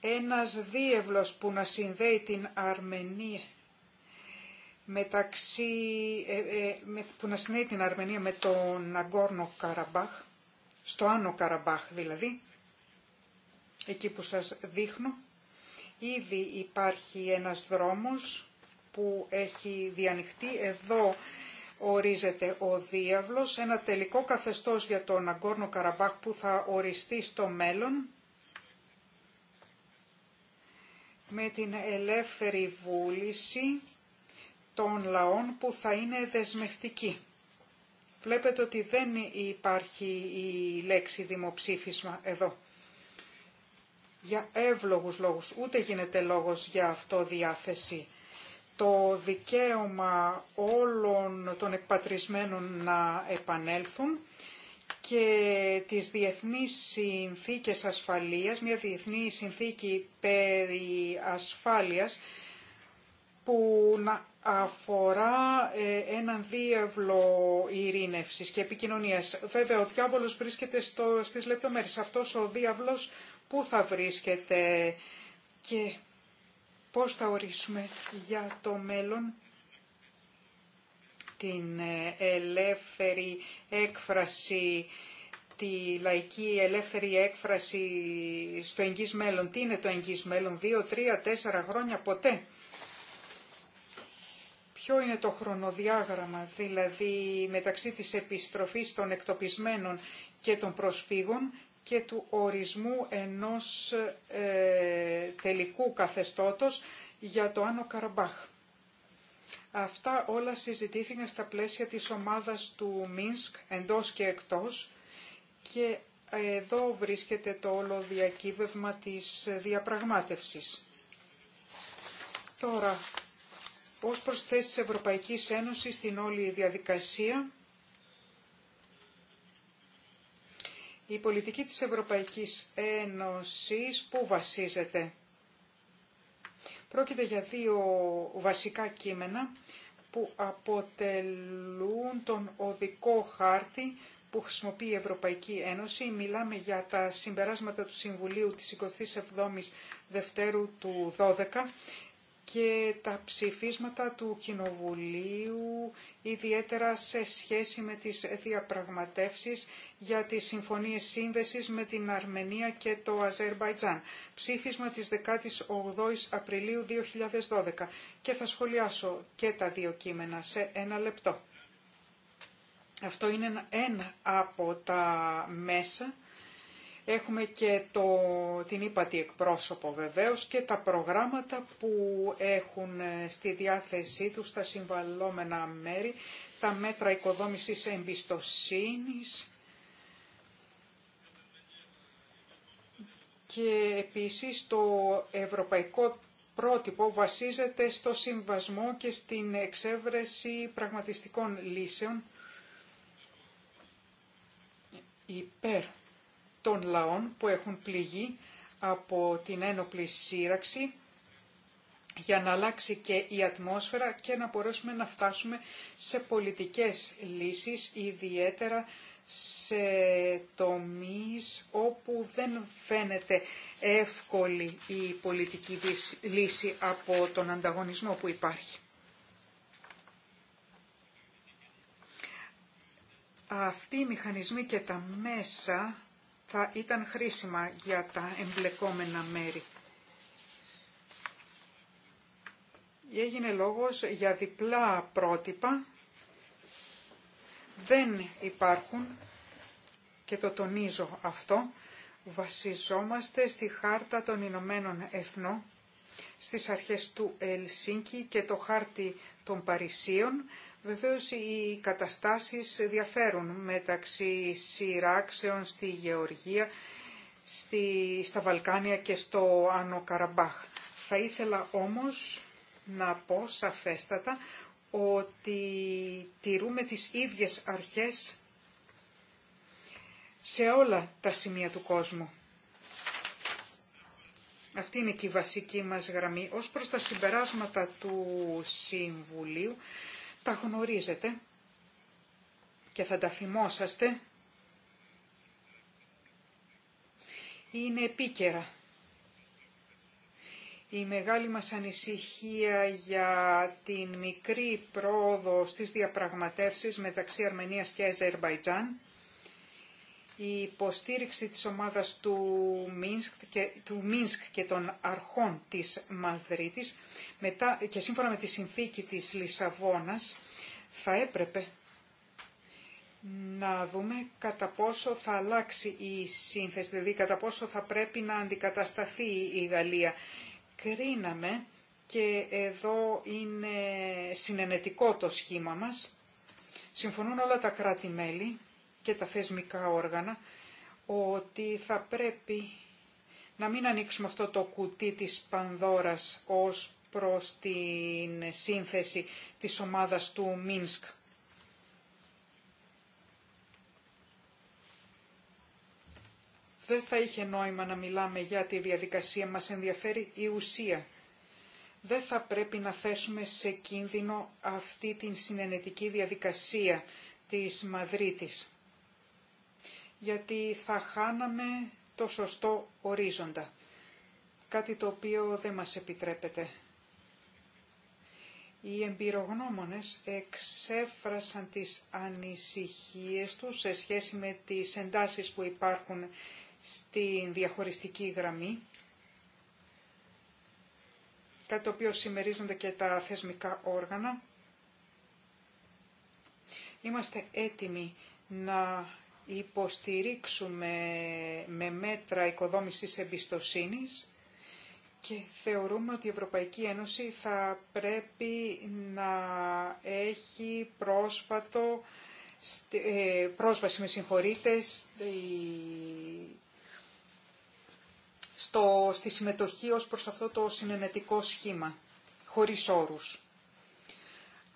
Ένας δίευλος που να συνδέει την Αρμενία μεταξύ, ε, ε, που να συνέει την Αρμενία με τον Αγκόρνο Καραμπάχ, στο Άνω Καραμπάχ δηλαδή, εκεί που σας δείχνω, ήδη υπάρχει ένας δρόμος που έχει διανοιχτεί. Εδώ ορίζεται ο διάβλος, ένα τελικό καθεστώς για τον Αγκόρνο Καραμπάχ που θα οριστεί στο μέλλον με την ελεύθερη βούληση των λαών που θα είναι δεσμευτική. Βλέπετε ότι δεν υπάρχει η λέξη δημοψήφισμα εδώ. Για εύλογους λόγους, ούτε γίνεται λόγος για αυτό διάθεση. Το δικαίωμα όλων των εκπατρισμένων να επανέλθουν και τις διεθνείς συνθήκες ασφαλείας, μια διεθνή συνθήκη περί ασφάλειας που να αφορά ε, έναν δίευλο ειρήνευσης και επικοινωνίας. Βέβαια, ο διάβολος βρίσκεται στο, στις λεπτομέρειες. Αυτός ο διάβολος πού θα βρίσκεται και πώς θα ορίσουμε για το μέλλον την ε, ελεύθερη έκφραση, τη λαϊκή ελεύθερη έκφραση στο εγγύς μέλλον. Τι είναι το εγγύς μέλλον, δύο, τρία, τέσσερα χρόνια, ποτέ ποιο είναι το χρονοδιάγραμμα, δηλαδή μεταξύ της επιστροφής των εκτοπισμένων και των προσφύγων και του ορισμού ενός ε, τελικού καθεστώτος για το Άνω Καραμπάχ. Αυτά όλα συζητήθηκαν στα πλαίσια της ομάδας του Μίνσκ, εντός και εκτός, και εδώ βρίσκεται το όλο διακύβευμα της διαπραγμάτευσης. Τώρα, ως προσθέσει της Ευρωπαϊκής Ένωσης στην όλη διαδικασία. Η πολιτική της Ευρωπαϊκής Ένωσης που βασίζεται. Πρόκειται για δύο βασικά κείμενα που αποτελούν τον οδικό χάρτη που χρησιμοποιεί η Ευρωπαϊκή Ένωση. Μιλάμε για τα συμπεράσματα του Συμβουλίου της 27ης Δευτέρου του 12 και τα ψηφίσματα του Κοινοβουλίου, ιδιαίτερα σε σχέση με τις διαπραγματεύσεις για τις συμφωνίες σύνδεσης με την Αρμενία και το Αζερβαϊτζάν. Ψήφισμα της 18ης Απριλίου 2012 και θα σχολιάσω και τα δύο κείμενα σε ένα λεπτό. Αυτό είναι ένα από τα μέσα Έχουμε και το, την ύπατη εκπρόσωπο βεβαίως και τα προγράμματα που έχουν ε, στη διάθεσή τους τα συμβαλόμενα μέρη, τα μέτρα οικοδόμησης εμπιστοσύνης και επίσης το ευρωπαϊκό πρότυπο βασίζεται στο συμβασμό και στην εξέβρεση πραγματιστικών λύσεων υπέρ των λαών που έχουν πληγεί από την ένοπλη σύραξη για να αλλάξει και η ατμόσφαιρα και να μπορέσουμε να φτάσουμε σε πολιτικές λύσεις, ιδιαίτερα σε τομείς όπου δεν φαίνεται εύκολη η πολιτική λύση από τον ανταγωνισμό που υπάρχει. Αυτοί οι μηχανισμοί και τα μέσα θα ήταν χρήσιμα για τα εμπλεκόμενα μέρη. Έγινε λόγος για διπλά πρότυπα, δεν υπάρχουν και το τονίζω αυτό, βασιζόμαστε στη Χάρτα των Ηνωμένων Εθνών, στις αρχές του Ελσίνκη και το Χάρτη των Παρισίων, Βεβαίως οι καταστάσεις διαφέρουν μεταξύ σειράξεων στη Γεωργία, στη, στα Βαλκάνια και στο Άνω Καραμπάχ. Θα ήθελα όμως να πω σαφέστατα ότι τηρούμε τις ίδιες αρχές σε όλα τα σημεία του κόσμου. Αυτή είναι και η βασική μας γραμμή. Ως προς τα συμπεράσματα του Συμβουλίου, τα γνωρίζετε και θα τα θυμόσαστε. Είναι επίκαιρα. Η μεγάλη μας ανησυχία για την μικρή πρόοδο στις διαπραγματεύσεις μεταξύ Αρμενίας και Αζερβαϊτζάν η υποστήριξη της ομάδας του Μίνσκ, και, του Μίνσκ και των αρχών της Μαδρίτης μετά, και σύμφωνα με τη συνθήκη της Λισαβόνας θα έπρεπε να δούμε κατά πόσο θα αλλάξει η σύνθεση, δηλαδή κατά πόσο θα πρέπει να αντικατασταθεί η Γαλλία. Κρίναμε και εδώ είναι συνενετικό το σχήμα μας. Συμφωνούν όλα τα κράτη-μέλη και τα θεσμικά όργανα ότι θα πρέπει να μην ανοίξουμε αυτό το κουτί της Πανδώρας ως προς την σύνθεση της ομάδας του Μίνσκ. Δεν θα είχε νόημα να μιλάμε για τη διαδικασία, μας ενδιαφέρει η ουσία. Δεν θα πρέπει να θέσουμε σε κίνδυνο αυτή την συνενετική διαδικασία της Μαδρίτης γιατί θα χάναμε το σωστό ορίζοντα, κάτι το οποίο δεν μας επιτρέπεται. Οι εμπειρογνώμονες εξέφρασαν τις ανησυχίες τους σε σχέση με τις εντάσεις που υπάρχουν στην διαχωριστική γραμμή, κάτι το οποίο συμμερίζονται και τα θεσμικά όργανα. Είμαστε έτοιμοι να υποστηρίξουμε με μέτρα οικοδόμησης εμπιστοσύνης και θεωρούμε ότι η Ευρωπαϊκή Ένωση θα πρέπει να έχει πρόσφατο, ε, πρόσβαση με συγχωρείτε, στο, στη συμμετοχή ως προς αυτό το συνενετικό σχήμα, χωρίς όρους.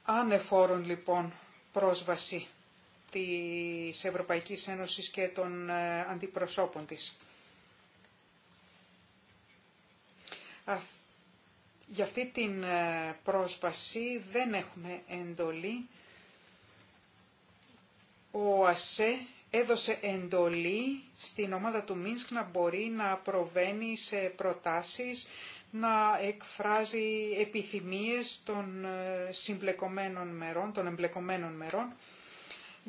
Ανεφόρον λοιπόν πρόσβαση της Ευρωπαϊκής Ένωσης και των ε, αντιπροσώπων της. Για αυτή την ε, πρόσβαση δεν έχουμε εντολή. Ο ΑΣΕ έδωσε εντολή στην ομάδα του Μίνσκ να μπορεί να προβαίνει σε προτάσεις, να εκφράζει επιθυμίες των ε, συμπλεκομένων μερών, των εμπλεκομένων μερών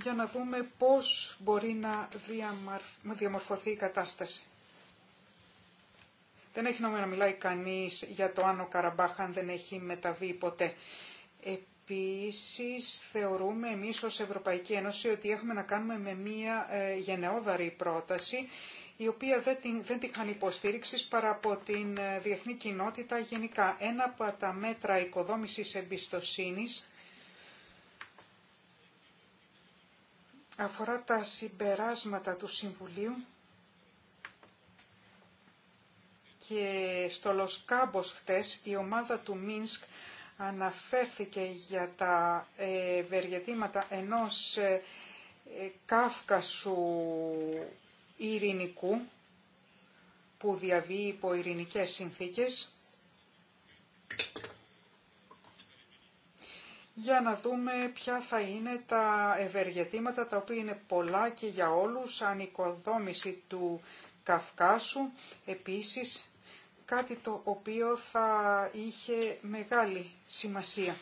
για να δούμε πώς μπορεί να διαμορφωθεί η κατάσταση. Δεν έχει νόημα να μιλάει κανείς για το Άνω Καραμπάχα, αν δεν έχει μεταβεί ποτέ. Επίσης θεωρούμε εμείς ως Ευρωπαϊκή Ένωση ότι έχουμε να κάνουμε με μία ε, γενναιόδαρη πρόταση η οποία δεν την, δεν την είχαν υποστήριξης παρά από την ε, διεθνή κοινότητα γενικά. Ένα από τα μέτρα οικοδόμησης εμπιστοσύνης αφορά τα συμπεράσματα του Συμβουλίου και στο Λοσκάμπος χτες η ομάδα του Μίνσκ αναφέρθηκε για τα ευεργετήματα ενός ε, ε, Κάφκασου ειρηνικού που διαβεί υπό ειρηνικές συνθήκες για να δούμε ποια θα είναι τα ευεργετήματα, τα οποία είναι πολλά και για όλους, ανοικοδόμηση του Καυκάσου, επίσης κάτι το οποίο θα είχε μεγάλη σημασία.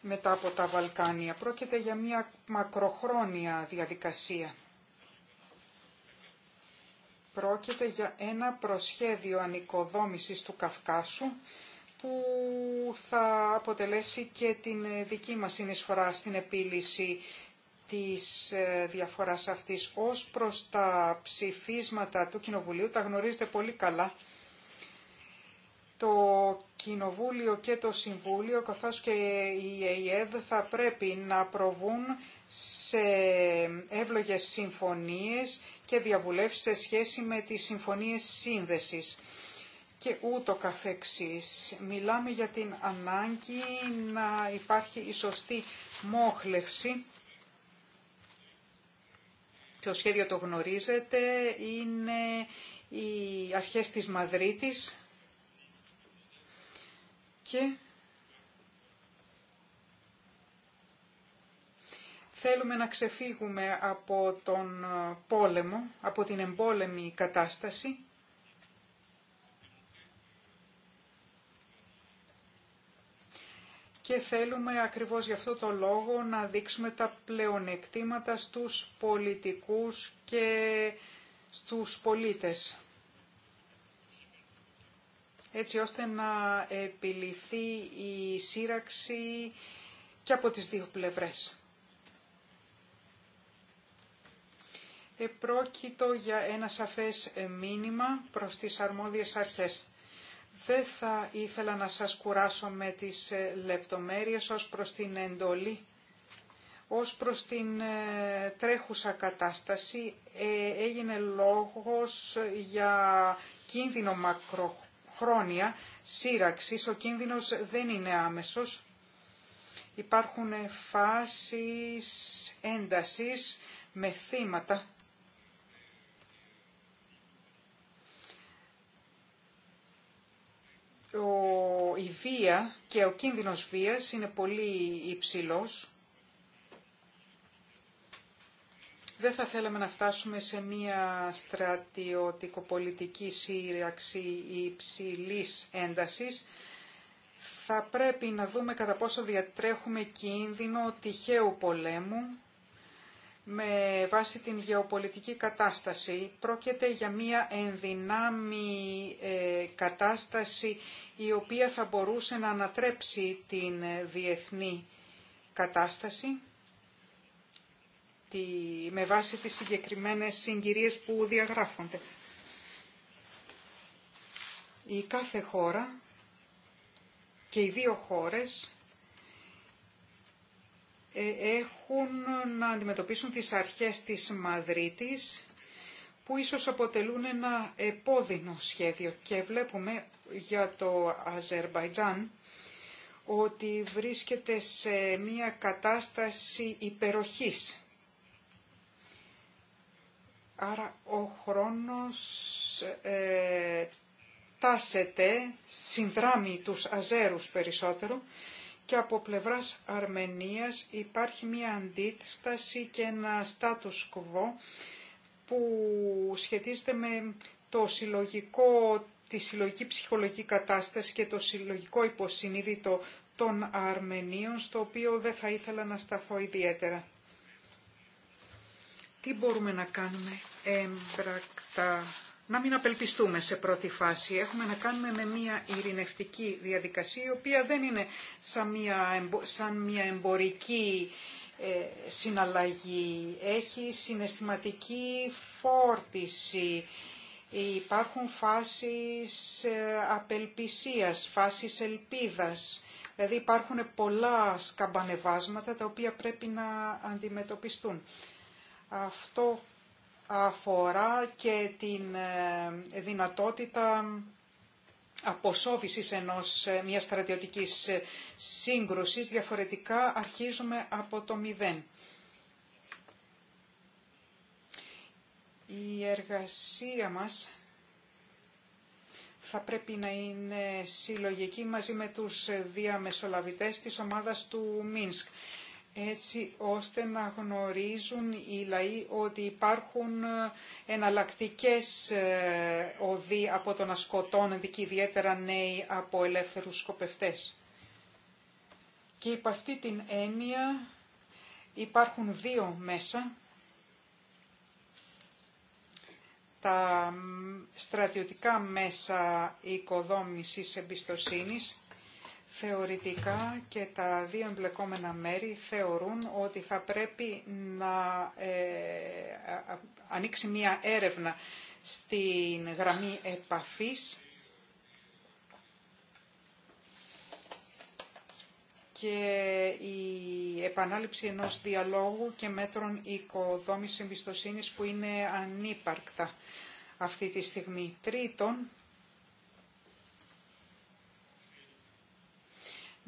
Μετά από τα Βαλκάνια πρόκειται για μια μακροχρόνια διαδικασία. Πρόκειται για ένα προσχέδιο ανοικοδόμησης του Καυκάσου, που θα αποτελέσει και την ε, δική μας συνεισφορά στην επίλυση της ε, διαφοράς αυτής. Ως προς τα ψηφίσματα του Κοινοβουλίου, τα γνωρίζετε πολύ καλά, το Κοινοβούλιο και το Συμβούλιο, καθώς και η ΕΕΔ, θα πρέπει να προβούν σε εύλογες συμφωνίες και διαβουλεύσεις σε σχέση με τις συμφωνίες σύνδεσης και ούτω καθεξής. Μιλάμε για την ανάγκη να υπάρχει η σωστή μόχλευση το σχέδιο το γνωρίζετε, είναι οι αρχές της Μαδρίτης και θέλουμε να ξεφύγουμε από τον πόλεμο, από την εμπόλεμη κατάσταση και θέλουμε ακριβώς γι' αυτό το λόγο να δείξουμε τα πλεονεκτήματα στους πολιτικούς και στους πολίτες. Έτσι ώστε να επιληθεί η σύραξη και από τις δύο πλευρές. Επρόκειτο για ένα σαφές μήνυμα προς τις αρμόδιες αρχές. Δεν θα ήθελα να σας κουράσω με τις ε, λεπτομέρειες ως προς την εντολή, ως προς την ε, τρέχουσα κατάσταση. Ε, έγινε λόγος για κίνδυνο μακροχρόνια σύραξης. Ο κίνδυνος δεν είναι άμεσος. Υπάρχουν φάσεις έντασης με θύματα ο, η βία και ο κίνδυνος βίας είναι πολύ υψηλός. Δεν θα θέλαμε να φτάσουμε σε μια στρατιωτικοπολιτική σύραξη υψηλής έντασης. Θα πρέπει να δούμε κατά πόσο διατρέχουμε κίνδυνο τυχαίου πολέμου με βάση την γεωπολιτική κατάσταση. Πρόκειται για μια ενδυνάμει ε, κατάσταση η οποία θα μπορούσε να ανατρέψει την διεθνή κατάσταση τη, με βάση τις συγκεκριμένες συγκυρίες που διαγράφονται. Η κάθε χώρα και οι δύο χώρες ε, έχουν να αντιμετωπίσουν τις αρχές της Μαδρίτης που ίσως αποτελούν ένα επώδυνο σχέδιο και βλέπουμε για το Αζερβαϊτζάν ότι βρίσκεται σε μια κατάσταση υπεροχής. Άρα ο χρόνος ε, τάσεται, συνδράμει τους Αζέρους περισσότερο και από πλευράς Αρμενίας υπάρχει μια αντίσταση και ένα status quo που σχετίζεται με το συλλογικό, τη συλλογική ψυχολογική κατάσταση και το συλλογικό υποσυνείδητο των Αρμενίων, στο οποίο δεν θα ήθελα να σταθώ ιδιαίτερα. Τι μπορούμε να κάνουμε έμπρακτα να μην απελπιστούμε σε πρώτη φάση. Έχουμε να κάνουμε με μια ειρηνευτική διαδικασία, η οποία δεν είναι σαν μια, εμπορική ε, συναλλαγή. Έχει συναισθηματική φόρτιση. Υπάρχουν φάσεις ε, απελπισίας, φάσεις ελπίδας. Δηλαδή υπάρχουν πολλά σκαμπανεβάσματα τα οποία πρέπει να αντιμετωπιστούν. Αυτό αφορά και την ε, δυνατότητα αποσόβησης ενός ε, μιας στρατιωτικής ε, σύγκρουσης. Διαφορετικά αρχίζουμε από το μηδέν. Η εργασία μας θα πρέπει να είναι συλλογική μαζί με τους διαμεσολαβητές της ομάδας του Μίνσκ έτσι ώστε να γνωρίζουν οι λαοί ότι υπάρχουν ε, εναλλακτικές ε, οδοί από το να σκοτώνονται και ιδιαίτερα νέοι από ελεύθερους σκοπευτές. Και υπ' αυτή την έννοια υπάρχουν δύο μέσα. Τα στρατιωτικά μέσα οικοδόμησης εμπιστοσύνης Θεωρητικά και τα δύο εμπλεκόμενα μέρη θεωρούν ότι θα πρέπει να ε, ανοίξει μία έρευνα στην γραμμή επαφής και η επανάληψη ενός διαλόγου και μέτρων οικοδόμησης εμπιστοσύνης που είναι ανύπαρκτα αυτή τη στιγμή. Τρίτον,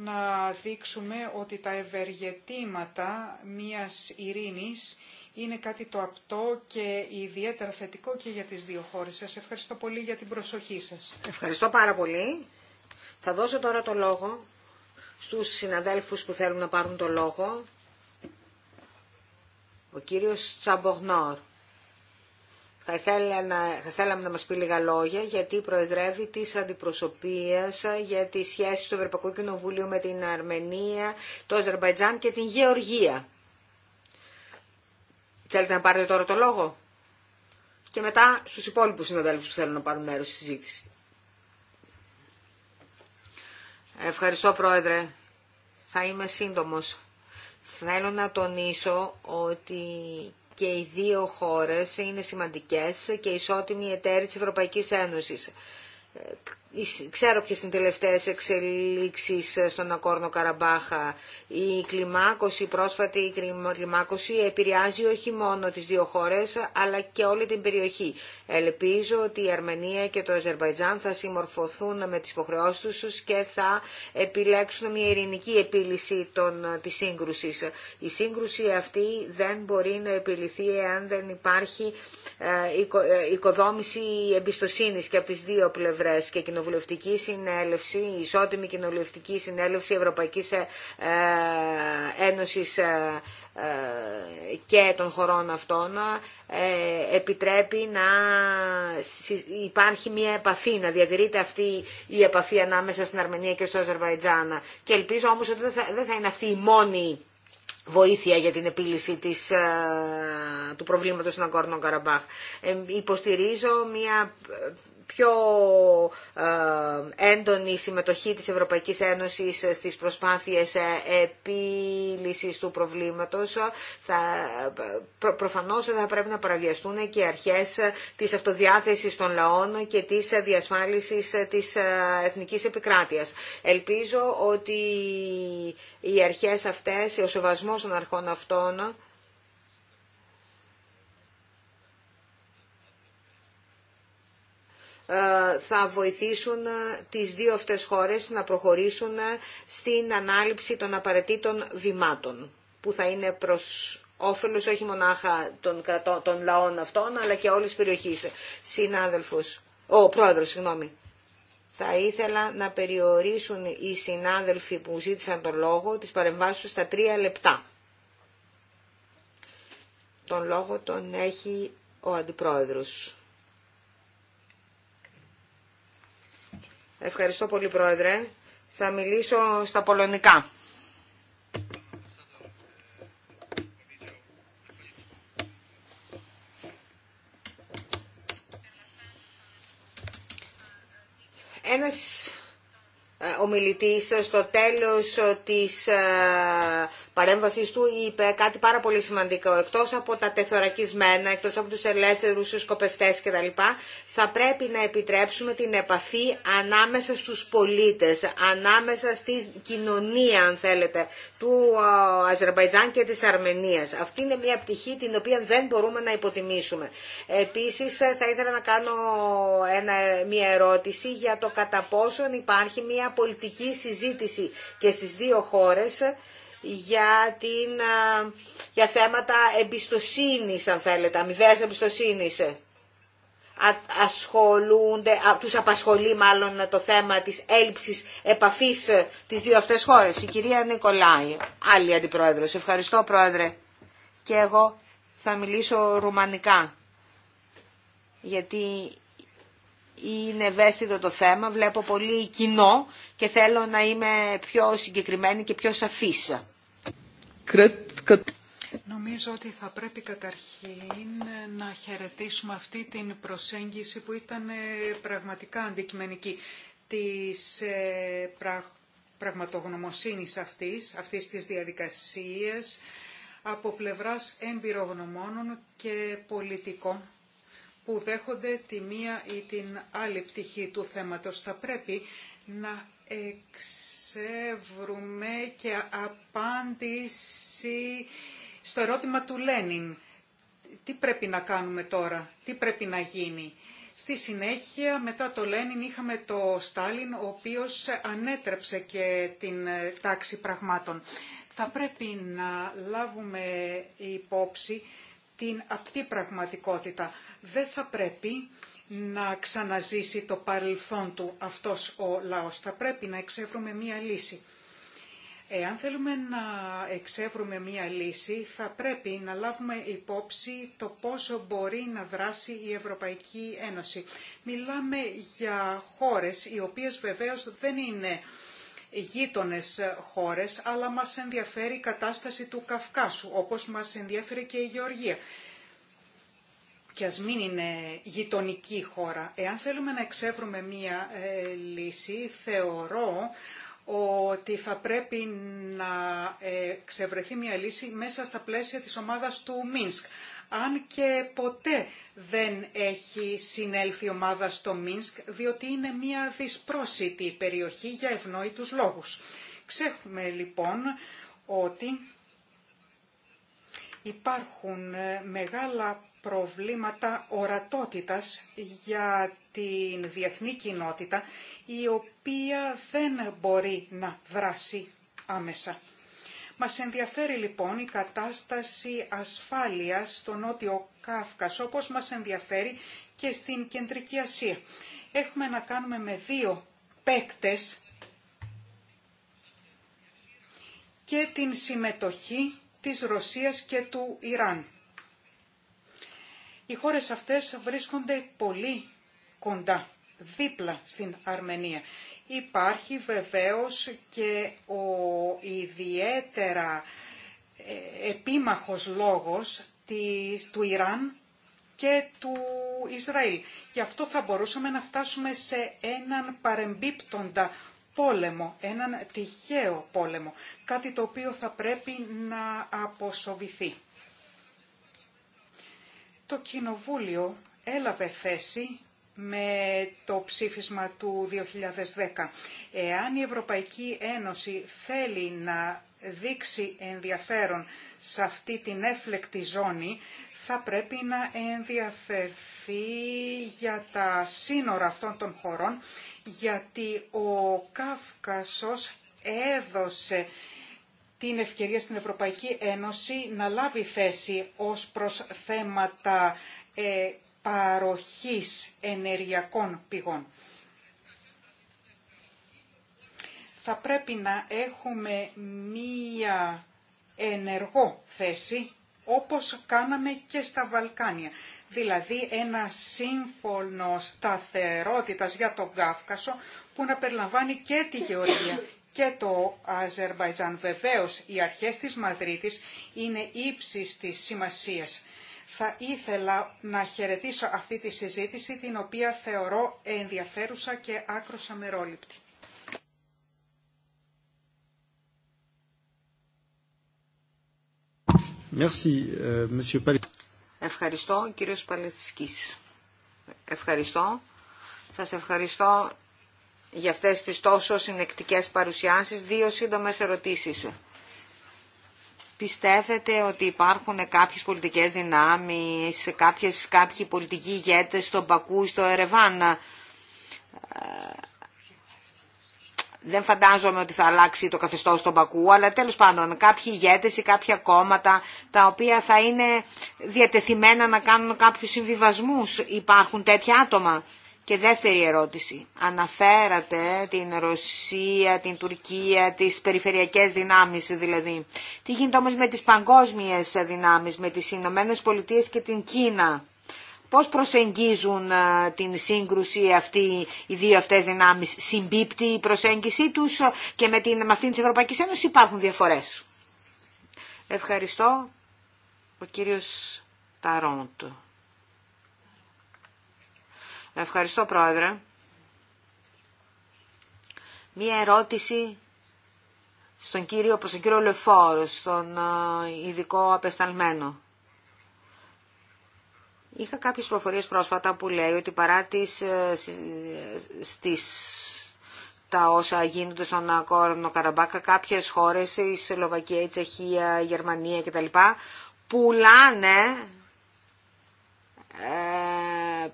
να δείξουμε ότι τα ευεργετήματα μιας ειρήνης είναι κάτι το απτό και ιδιαίτερα θετικό και για τις δύο χώρες. Σας ευχαριστώ πολύ για την προσοχή σας. Ευχαριστώ πάρα πολύ. Θα δώσω τώρα το λόγο στους συναδέλφους που θέλουν να πάρουν το λόγο. Ο κύριος Τσαμπογνόρ θα, ήθελα να, θα θέλαμε να μας πει λίγα λόγια γιατί προεδρεύει της αντιπροσωπείας για τις σχέσεις του Ευρωπαϊκού Κοινοβουλίου με την Αρμενία, το Αζερμπαϊτζάν και την Γεωργία. Θέλετε να πάρετε τώρα το λόγο και μετά στους υπόλοιπους συναδέλφους που θέλουν να πάρουν μέρος στη συζήτηση. Ευχαριστώ Πρόεδρε. Θα είμαι σύντομος. Θέλω να τονίσω ότι και οι δύο χώρες είναι σημαντικές και ισότιμοι εταίροι της Ευρωπαϊκής Ένωσης. Ε, Ξέρω ποιες είναι οι τελευταίες εξελίξεις ε, στον Ακόρνο Καραμπάχα. Η κλιμάκωση, η πρόσφατη κλιμάκωση επηρεάζει όχι μόνο τις δύο χώρες αλλά και όλη την περιοχή. Ελπίζω ότι η Αρμενία και το Αζερβαϊτζάν θα συμμορφωθούν με τις υποχρεώσεις τους και θα επιλέξουν μια ειρηνική επίλυση των, ε, της σύγκρουσης. Η σύγκρουση αυτή δεν μπορεί να επιληθεί εάν δεν υπάρχει ε, οικοδόμηση εμπιστοσύνης και από τις δύο πλευρές και κοινοβουλευτική συνέλευση, η ισότιμη κοινοβουλευτική συνέλευση Ευρωπαϊκής ε, ε, Ένωσης ε, και των χωρών αυτών επιτρέπει να υπάρχει μια επαφή, να διατηρείται αυτή η επαφή ανάμεσα στην Αρμενία και στο Αζερβαϊτζάν. Και ελπίζω όμως ότι δεν θα είναι αυτή η μόνη βοήθεια για την επίλυση της, του προβλήματος στην Αγκόρνο Καραμπάχ. υποστηρίζω μια πιο ε, έντονη συμμετοχή της Ευρωπαϊκής Ένωσης στις προσπάθειες ε, επίλυσης του προβλήματος. Ε, θα, προφανώς θα πρέπει να παραβιαστούν και οι αρχές της αυτοδιάθεσης των λαών και της διασφάλισης της εθνικής επικράτειας. Ελπίζω ότι οι αρχές αυτές, ο σεβασμός των αρχών αυτών Ε, θα βοηθήσουν ε, τις δύο αυτές χώρες να προχωρήσουν ε, στην ανάληψη των απαραίτητων βημάτων που θα είναι προς όφελος όχι μονάχα των, λαών αυτών αλλά και όλης της περιοχής. Συνάδελφος, ο πρόεδρος, συγγνώμη. Θα ήθελα να περιορίσουν οι συνάδελφοι που ζήτησαν τον λόγο τις παρεμβάσεις στα τρία λεπτά. Τον λόγο τον έχει ο αντιπρόεδρος. Ευχαριστώ πολύ, Πρόεδρε. Θα μιλήσω στα πολωνικά. Ένας ε, ομιλητής στο τέλος της ε, Παρέμβασή του είπε κάτι πάρα πολύ σημαντικό. Εκτός από τα τεθωρακισμένα, εκτός από τους ελεύθερους σκοπευτές κτλ. θα πρέπει να επιτρέψουμε την επαφή ανάμεσα στους πολίτες, ανάμεσα στη κοινωνία αν θέλετε, του Αζερβαϊτζάν και της Αρμενίας. Αυτή είναι μια πτυχή την οποία δεν μπορούμε να υποτιμήσουμε. Επίσης ε, θα ήθελα να κάνω ένα, μια ερώτηση για το κατά πόσον υπάρχει μια πολιτική συζήτηση και στις δύο χώρες για, την, για θέματα εμπιστοσύνης, αν θέλετε, αμοιβαίας εμπιστοσύνης. ασχολούνται, τους απασχολεί μάλλον το θέμα της έλλειψης επαφής ε, της δύο αυτές χώρες. Η κυρία Νικολάη, άλλη αντιπρόεδρος. Ευχαριστώ πρόεδρε. Και εγώ θα μιλήσω ρουμανικά, γιατί είναι ευαίσθητο το θέμα, βλέπω πολύ κοινό και θέλω να είμαι πιο συγκεκριμένη και πιο σαφής. Νομίζω ότι θα πρέπει καταρχήν να χαιρετήσουμε αυτή την προσέγγιση που ήταν ε, πραγματικά αντικειμενική της ε, πραγματογνωμοσύνης αυτής, αυτής της διαδικασίας από πλευράς εμπειρογνωμόνων και πολιτικών που δέχονται τη μία ή την άλλη πτυχή του θέματος. Θα πρέπει να εξεύρουμε και απάντηση στο ερώτημα του Λένιν. Τι πρέπει να κάνουμε τώρα, τι πρέπει να γίνει. Στη συνέχεια, μετά το Λένιν, είχαμε το Στάλιν, ο οποίος ανέτρεψε και την τάξη πραγμάτων. Θα πρέπει να λάβουμε υπόψη την απτή πραγματικότητα δεν θα πρέπει να ξαναζήσει το παρελθόν του αυτός ο λαός. Θα πρέπει να εξεύρουμε μία λύση. Εάν θέλουμε να εξεύρουμε μία λύση, θα πρέπει να λάβουμε υπόψη το πόσο μπορεί να δράσει η Ευρωπαϊκή Ένωση. Μιλάμε για χώρες οι οποίες βεβαίως δεν είναι γείτονες χώρες, αλλά μας ενδιαφέρει η κατάσταση του Καυκάσου, όπως μας ενδιαφέρει και η Γεωργία και ας μην είναι γειτονική χώρα. Εάν θέλουμε να εξεύρουμε μία ε, λύση, θεωρώ ότι θα πρέπει να εξευρεθεί μία λύση μέσα στα πλαίσια της ομάδας του Μίνσκ. Αν και ποτέ δεν έχει συνέλθει ομάδα στο Μίνσκ, διότι είναι μία δυσπρόσιτη περιοχή για ευνόητους λόγους. Ξέχουμε λοιπόν ότι υπάρχουν ε, μεγάλα προβλήματα ορατότητας για την διεθνή κοινότητα η οποία δεν μπορεί να δράσει άμεσα. Μας ενδιαφέρει λοιπόν η κατάσταση ασφάλειας στο Νότιο κάφκας όπως μας ενδιαφέρει και στην Κεντρική Ασία. Έχουμε να κάνουμε με δύο παίκτες και την συμμετοχή της Ρωσίας και του Ιράν. Οι χώρες αυτές βρίσκονται πολύ κοντά, δίπλα στην Αρμενία. Υπάρχει βεβαίως και ο ιδιαίτερα ε, επίμαχος λόγος του Ιράν και του Ισραήλ. Γι' αυτό θα μπορούσαμε να φτάσουμε σε έναν παρεμπίπτοντα πόλεμο, έναν τυχαίο πόλεμο, κάτι το οποίο θα πρέπει να αποσοβηθεί το Κοινοβούλιο έλαβε θέση με το ψήφισμα του 2010. Εάν η Ευρωπαϊκή Ένωση θέλει να δείξει ενδιαφέρον σε αυτή την έφλεκτη ζώνη, θα πρέπει να ενδιαφερθεί για τα σύνορα αυτών των χωρών, γιατί ο Κάυκασος έδωσε την ευκαιρία στην Ευρωπαϊκή Ένωση να λάβει θέση ως προς θέματα ε, παροχής ενεργειακών πηγών. Θα πρέπει να έχουμε μία ενεργό θέση, όπως κάναμε και στα Βαλκάνια. Δηλαδή ένα σύμφωνο σταθερότητας για τον Κάφκασο που να περιλαμβάνει και τη Γεωργία και το Αζερβαϊτζάν. Βεβαίως, οι αρχές της Μαδρίτης είναι ύψης της σημασίας. Θα ήθελα να χαιρετήσω αυτή τη συζήτηση, την οποία θεωρώ ενδιαφέρουσα και άκρος αμερόληπτη. Euh, ευχαριστώ, κύριος Παλαισκής. Ευχαριστώ. Σας ευχαριστώ για αυτές τις τόσο συνεκτικές παρουσιάσεις. Δύο σύντομες ερωτήσεις. Πιστεύετε ότι υπάρχουν κάποιες πολιτικές δυνάμεις, κάποιες, κάποιοι πολιτικοί ηγέτες στον Πακού ή στο Ερεβάν. Ε, δεν φαντάζομαι ότι θα αλλάξει το καθεστώς στον Πακού, αλλά τέλος πάντων κάποιοι ηγέτες ή κάποια κόμματα τα οποία θα είναι διατεθειμένα να κάνουν κάποιους συμβιβασμούς. Υπάρχουν τέτοια άτομα. Και δεύτερη ερώτηση. Αναφέρατε την Ρωσία, την Τουρκία, τις περιφερειακές δυνάμεις δηλαδή. Τι γίνεται όμως με τις παγκόσμιες δυνάμεις, με τις Ηνωμένε Πολιτείες και την Κίνα. Πώς προσεγγίζουν ε, την σύγκρουση αυτή, οι δύο αυτές δυνάμεις, συμπίπτει η προσέγγιση τους ε, και με, την, με αυτήν της Ευρωπαϊκής Ένωσης υπάρχουν διαφορές. Ευχαριστώ. Ο κύριος Ταρόντου. Ευχαριστώ Πρόεδρε. Μία ερώτηση στον κύριο, προς τον κύριο Λεφόρο, στον ε, ειδικό απεσταλμένο. Είχα κάποιες προφορίες πρόσφατα που λέει ότι παρά τις, ε, τα όσα γίνονται στον Κόρνο Καραμπάκα, κάποιες χώρες, η Σλοβακία, η Τσεχία, η Γερμανία κτλ. πουλάνε ε,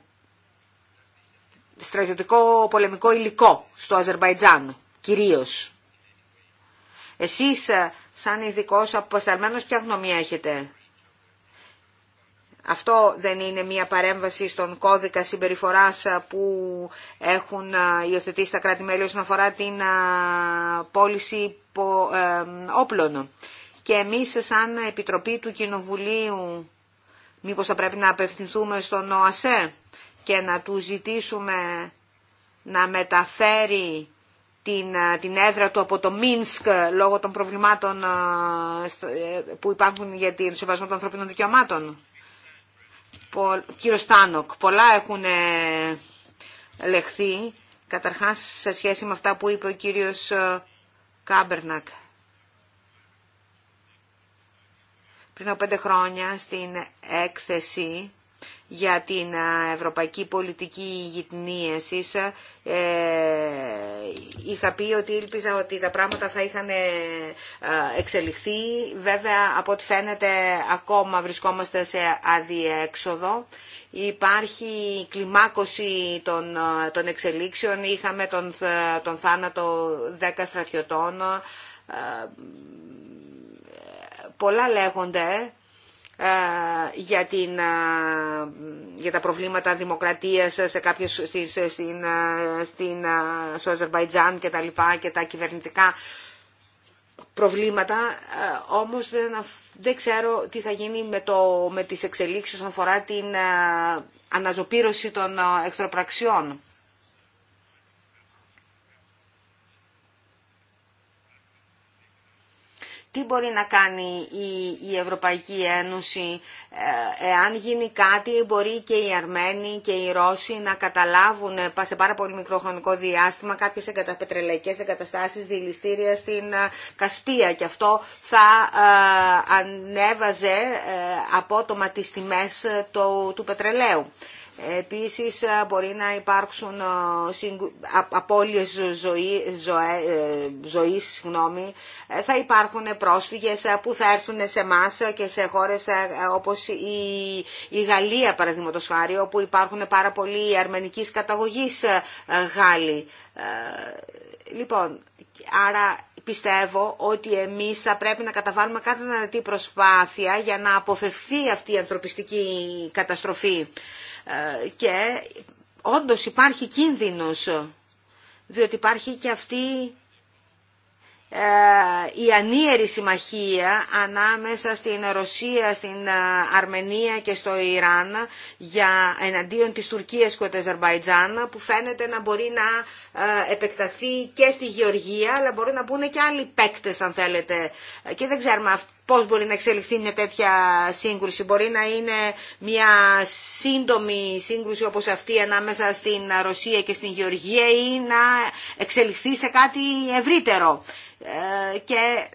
στρατιωτικό πολεμικό υλικό στο Αζερβαϊτζάν, κυρίως. Εσείς, ε, σαν ειδικό αποσταλμένος, ποια γνωμία έχετε. Αυτό δεν είναι μια παρέμβαση στον κώδικα συμπεριφοράς ε, που έχουν ε, υιοθετήσει τα κράτη-μέλη όσον αφορά την πώληση όπλων. Και εμείς σαν Επιτροπή του Κοινοβουλίου μήπως θα πρέπει να απευθυνθούμε στον ΟΑΣΕ και να του ζητήσουμε να μεταφέρει την, ε, την έδρα του από το Μίνσκ ε, λόγω των προβλημάτων ε, που υπάρχουν για την σεβασμό των ανθρωπίνων δικαιωμάτων. Κύριο Στάνοκ, πολλά έχουν λεχθεί, καταρχάς σε σχέση με αυτά που είπε ο κύριος Κάμπερνακ. Πριν από πέντε χρόνια στην έκθεση για την ευρωπαϊκή πολιτική γυτνίασης. Ε, είχα πει ότι ήλπιζα ότι τα πράγματα θα είχαν ε, εξελιχθεί. Βέβαια, από ό,τι φαίνεται, ακόμα βρισκόμαστε σε αδιέξοδο. Υπάρχει κλιμάκωση των, των εξελίξεων. Είχαμε τον, θάνατο 10 στρατιωτών. πολλά λέγονται ε, για, την, ε, για τα προβλήματα δημοκρατίας σε κάποιες, στην, ε, στην, στην, στο Αζερβαϊτζάν και τα λοιπά και τα κυβερνητικά προβλήματα, όμως δεν, δεν ξέρω τι θα γίνει με, το, με τις εξελίξεις όσον αφορά την αναζωπήρωση των εχθροπραξιών. τι μπορεί να κάνει η, Ευρωπαϊκή Ένωση. Ε, εάν γίνει κάτι, μπορεί και οι Αρμένοι και οι Ρώσοι να καταλάβουν ε, σε πάρα πολύ μικρό χρονικό διάστημα κάποιες πετρελαϊκές εγκαταστάσεις δηληστήρια στην ε, Κασπία. Και αυτό θα ανέβαζε απότομα τις τιμές του πετρελαίου. Επίσης ε, μπορεί να υπάρξουν ε, απώλειες ζωή, ε, ζωής, θα υπάρχουν πρόσφυγες που θα έρθουν σε εμά και σε χώρες όπως η, Γαλλία παραδείγματος χάρη, όπου υπάρχουν πάρα πολλοί αρμενικής καταγωγής Γάλλοι. Λοιπόν, άρα πιστεύω ότι εμείς θα πρέπει να καταβάλουμε κάθε δυνατή προσπάθεια για να αποφευθεί αυτή η ανθρωπιστική καταστροφή και όντως υπάρχει κίνδυνος, διότι υπάρχει και αυτή ε, η ανίερη συμμαχία ανάμεσα στην Ρωσία, στην ε, Αρμενία και στο Ιράν για εναντίον της Τουρκίας και του Αζερβαϊτζάν που φαίνεται να μπορεί να ε, επεκταθεί και στη Γεωργία αλλά μπορεί να μπουν και άλλοι παίκτες αν θέλετε και δεν ξέρουμε πώς μπορεί να εξελιχθεί μια τέτοια σύγκρουση. Μπορεί να είναι μια σύντομη σύγκρουση όπως αυτή ανάμεσα στην Ρωσία και στην Γεωργία ή να εξελιχθεί σε κάτι ευρύτερο. Ε, και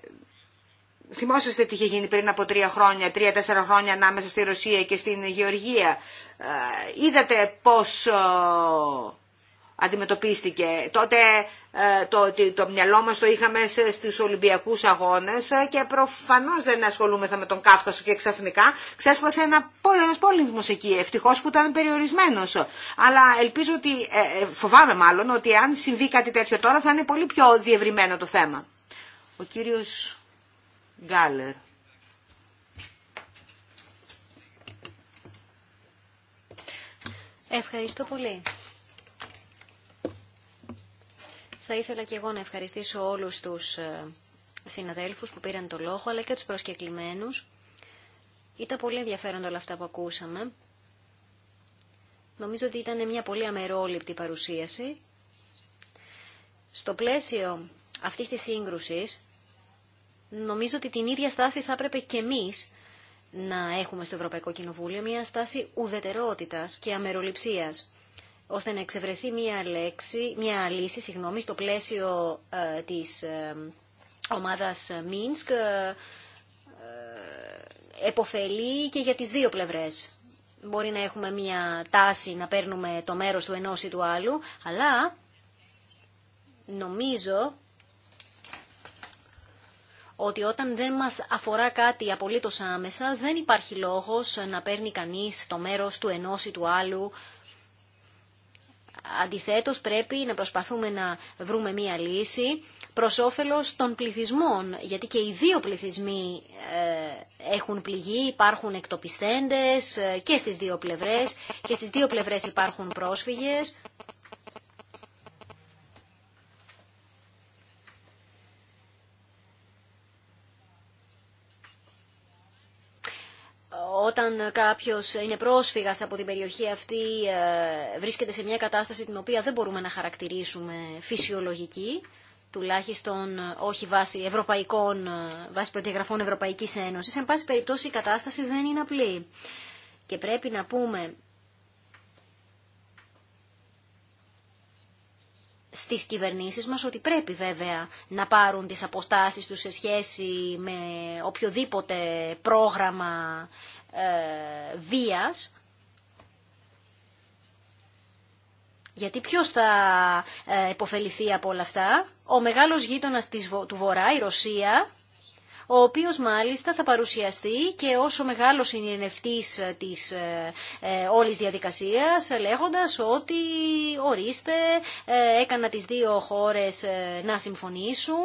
θυμόσαστε τι είχε γίνει πριν από τρία χρόνια, τρία-τέσσερα χρόνια ανάμεσα στη Ρωσία και στην Γεωργία. Ε, είδατε πώς ε, αντιμετωπίστηκε. Τότε ε, το, το, το μυαλό μας το είχαμε στις Ολυμπιακούς Αγώνες και προφανώς δεν ασχολούμεθα με τον Κάφκασο και ξαφνικά ξέσπασε ένα πόλεμος πόλεμος εκεί, ευτυχώς που ήταν περιορισμένος. Αλλά ελπίζω ότι, ε, ε, φοβάμαι μάλλον, ότι αν συμβεί κάτι τέτοιο τώρα θα είναι πολύ πιο διευρυμένο το θέμα. Ο κύριος Γκάλερ. Ευχαριστώ πολύ. Θα ήθελα και εγώ να ευχαριστήσω όλους τους ε, συναδέλφους που πήραν το λόγο, αλλά και τους προσκεκλημένους. Ήταν πολύ ενδιαφέροντα όλα αυτά που ακούσαμε. Νομίζω ότι ήταν μια πολύ αμερόληπτη παρουσίαση. Στο πλαίσιο αυτής της σύγκρουσης, νομίζω ότι την ίδια στάση θα έπρεπε και εμείς να έχουμε στο Ευρωπαϊκό Κοινοβούλιο, μια στάση ουδετερότητας και αμεροληψίας ώστε να εξευρεθεί μια, λέξη, μια λύση συγγνώμη, στο πλαίσιο ε, της ε, ομάδας Μίνσκ ε, εποφελεί και για τις δύο πλευρές. Μπορεί να έχουμε μια τάση να παίρνουμε το μέρος του ενός ή του άλλου, αλλά νομίζω ότι όταν δεν μας αφορά κάτι απολύτως άμεσα, δεν υπάρχει λόγος να παίρνει κανείς το μέρος του ενός ή του άλλου Αντιθέτως πρέπει να προσπαθούμε να βρούμε μία λύση προς όφελος των πληθυσμών, γιατί και οι δύο πληθυσμοί ε, έχουν πληγεί, υπάρχουν εκτοπιστέντες ε, και στις δύο πλευρές και στις δύο πλευρές υπάρχουν πρόσφυγες όταν κάποιος είναι πρόσφυγας από την περιοχή αυτή ε, βρίσκεται σε μια κατάσταση την οποία δεν μπορούμε να χαρακτηρίσουμε φυσιολογική, τουλάχιστον ε, όχι βάσει ευρωπαϊκών, ε, βάσει προδιαγραφών Ευρωπαϊκής Ένωσης. Εν πάση περιπτώσει η κατάσταση δεν είναι απλή. Και πρέπει να πούμε στις κυβερνήσεις μας ότι πρέπει βέβαια να πάρουν τις αποστάσεις τους σε σχέση με οποιοδήποτε πρόγραμμα ε, βίας, γιατί ποιος θα ε, υποφεληθεί από όλα αυτά, ο μεγάλος γείτονας του Βορρά, η Ρωσία, ο οποίος μάλιστα θα παρουσιαστεί και όσο μεγάλος συνενευτής της ε, ε, όλης διαδικασίας, λέγοντας ότι ορίστε, ε, έκανα τις δύο χώρες ε, να συμφωνήσουν,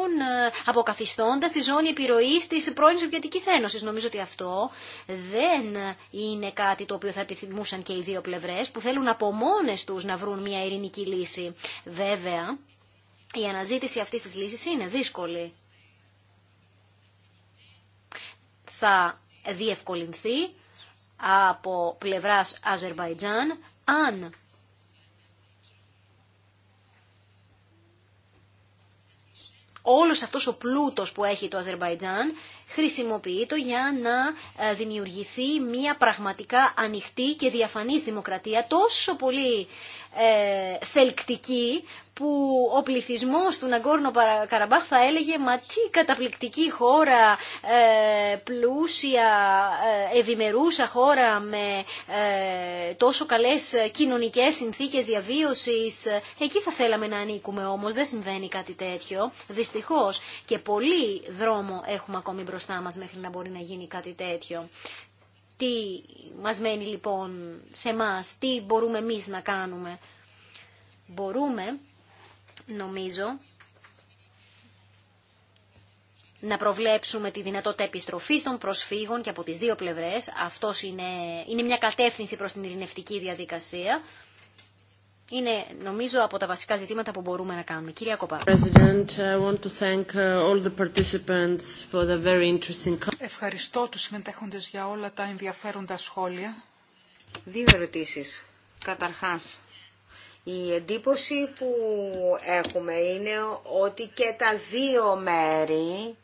αποκαθιστώντας τη ζώνη επιρροής της πρώην Σοβιετικής Ένωσης. Νομίζω ότι αυτό δεν είναι κάτι το οποίο θα επιθυμούσαν και οι δύο πλευρές, που θέλουν από μόνες τους να βρουν μια ειρηνική λύση. Βέβαια, η αναζήτηση αυτής της λύσης είναι δύσκολη. θα διευκολυνθεί από πλευράς Αζερβαϊτζάν αν όλος αυτός ο πλούτος που έχει το Αζερβαϊτζάν χρησιμοποιεί το για να ε, δημιουργηθεί μια πραγματικά ανοιχτή και διαφανής δημοκρατία τόσο πολύ ε, θελκτική που ο πληθυσμός του Ναγκόρνο Καραμπάχ θα έλεγε «Μα τι καταπληκτική χώρα, ε, πλούσια, ε, ευημερούσα χώρα με τόσο καλές κοινωνικές συνθήκες διαβίωσης». Εκεί θα θέλαμε να ανήκουμε όμως, δεν συμβαίνει κάτι τέτοιο, δυστυχώς. Και πολύ δρόμο έχουμε ακόμη μπροστά μπροστά μέχρι να μπορεί να γίνει κάτι τέτοιο. Τι μας μένει λοιπόν σε μας, τι μπορούμε εμείς να κάνουμε. Μπορούμε, νομίζω, να προβλέψουμε τη δυνατότητα επιστροφή των προσφύγων και από τις δύο πλευρές. Αυτός είναι, είναι μια κατεύθυνση προς την ειρηνευτική διαδικασία είναι νομίζω από τα βασικά ζητήματα που μπορούμε να κάνουμε. Κυρία Κοπά. Ευχαριστώ τους συμμετέχοντες για όλα τα ενδιαφέροντα σχόλια. Δύο ερωτήσεις. Καταρχάς, η εντύπωση που έχουμε είναι ότι και τα δύο μέρη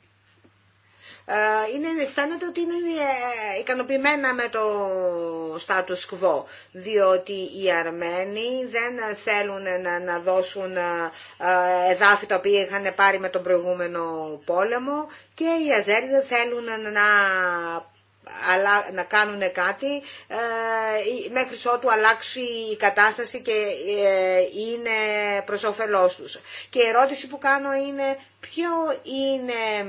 ε, είναι, φαίνεται ότι είναι ε, ικανοποιημένα με το status quo, διότι οι Αρμένοι δεν θέλουν να, να δώσουν ε, εδάφη τα οποία είχαν πάρει με τον προηγούμενο πόλεμο και οι Αζέρι θέλουν να να κάνουν κάτι μέχρι ότου αλλάξει η κατάσταση και είναι προς όφελός τους. Και η ερώτηση που κάνω είναι ποιο είναι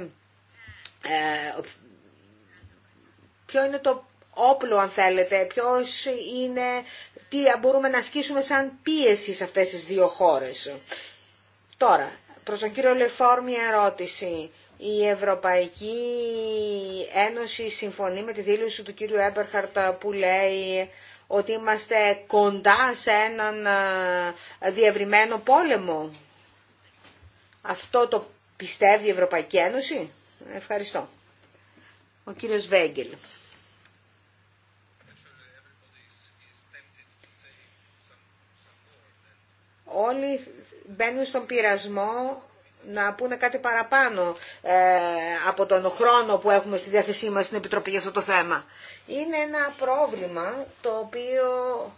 ε, ποιο είναι το όπλο αν θέλετε, ποιος είναι, τι μπορούμε να ασκήσουμε σαν πίεση σε αυτές τις δύο χώρες. Τώρα, προς τον κύριο Λεφόρ μια ερώτηση. Η Ευρωπαϊκή Ένωση συμφωνεί με τη δήλωση του κύριου Έμπερχαρτ που λέει ότι είμαστε κοντά σε έναν ε, διευρυμένο πόλεμο. Αυτό το πιστεύει η Ευρωπαϊκή Ένωση. Ευχαριστώ. Ο κύριος Βέγγελ. Όλοι μπαίνουν στον πειρασμό να πούνε κάτι παραπάνω ε, από τον χρόνο που έχουμε στη διάθεσή μας στην Επιτροπή για αυτό το θέμα. Είναι ένα πρόβλημα το οποίο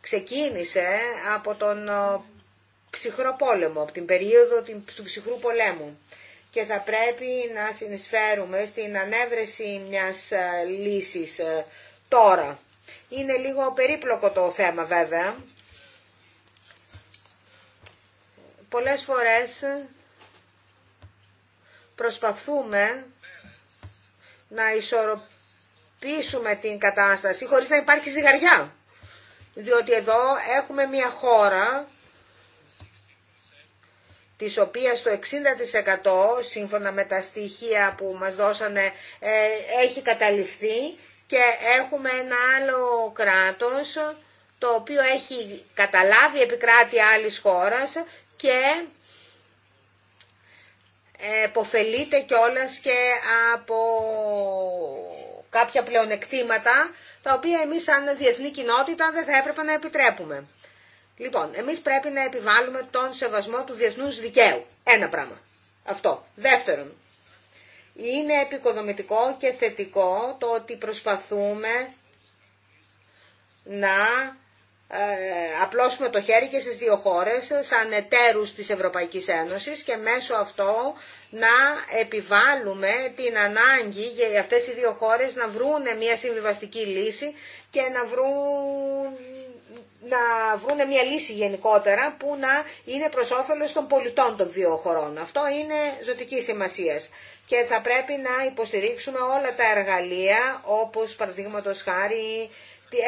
ξεκίνησε από τον ψυχρό πόλεμο, από την περίοδο του ψυχρού πολέμου και θα πρέπει να συνεισφέρουμε στην ανέβρεση μιας ε, λύσης ε, τώρα. Είναι λίγο περίπλοκο το θέμα βέβαια. Πολλές φορές προσπαθούμε να ισορροπήσουμε την κατάσταση χωρίς να υπάρχει ζυγαριά. Διότι εδώ έχουμε μια χώρα της οποίας το 60% σύμφωνα με τα στοιχεία που μας δώσανε ε, έχει καταληφθεί και έχουμε ένα άλλο κράτος το οποίο έχει καταλάβει επικράτη άλλης χώρας και ε, εποφελείται κιόλας και από κάποια πλεονεκτήματα τα οποία εμείς σαν διεθνή κοινότητα δεν θα έπρεπε να επιτρέπουμε. Λοιπόν, εμείς πρέπει να επιβάλλουμε τον σεβασμό του Διεθνού δικαίου. Ένα πράγμα. Αυτό. Δεύτερον, είναι επικοδομητικό και θετικό το ότι προσπαθούμε να ε, απλώσουμε το χέρι και στις δύο χώρες σαν εταίρους της Ευρωπαϊκής Ένωσης και μέσω αυτό να επιβάλλουμε την ανάγκη για αυτές οι δύο χώρες να βρουν μια συμβιβαστική λύση και να βρουν να βρούνε μια λύση γενικότερα που να είναι προς όφελος των πολιτών των δύο χωρών. Αυτό είναι ζωτική σημασία. Και θα πρέπει να υποστηρίξουμε όλα τα εργαλεία όπως παραδείγματο χάρη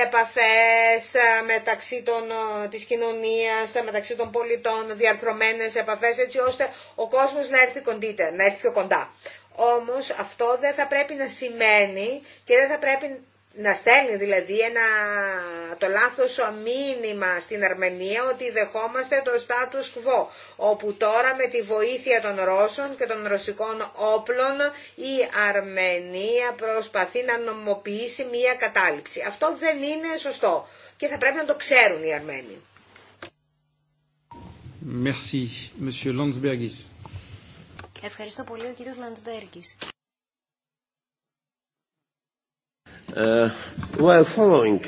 επαφές ε, μεταξύ των, ε, της κοινωνίας, ε, μεταξύ των πολιτών, διαρθρωμένες επαφές έτσι ώστε ο κόσμος να έρθει, κοντήτε, να έρθει πιο κοντά. Όμως αυτό δεν θα πρέπει να σημαίνει και δεν θα πρέπει να στέλνει δηλαδή ένα, το λάθος μήνυμα στην Αρμενία ότι δεχόμαστε το status quo, όπου τώρα με τη βοήθεια των Ρώσων και των ρωσικών όπλων η Αρμενία προσπαθεί να νομοποιήσει μία κατάληψη. Αυτό δεν είναι σωστό και θα πρέπει να το ξέρουν οι Αρμένοι. Merci, Ευχαριστώ πολύ ο κύριος Uh, while following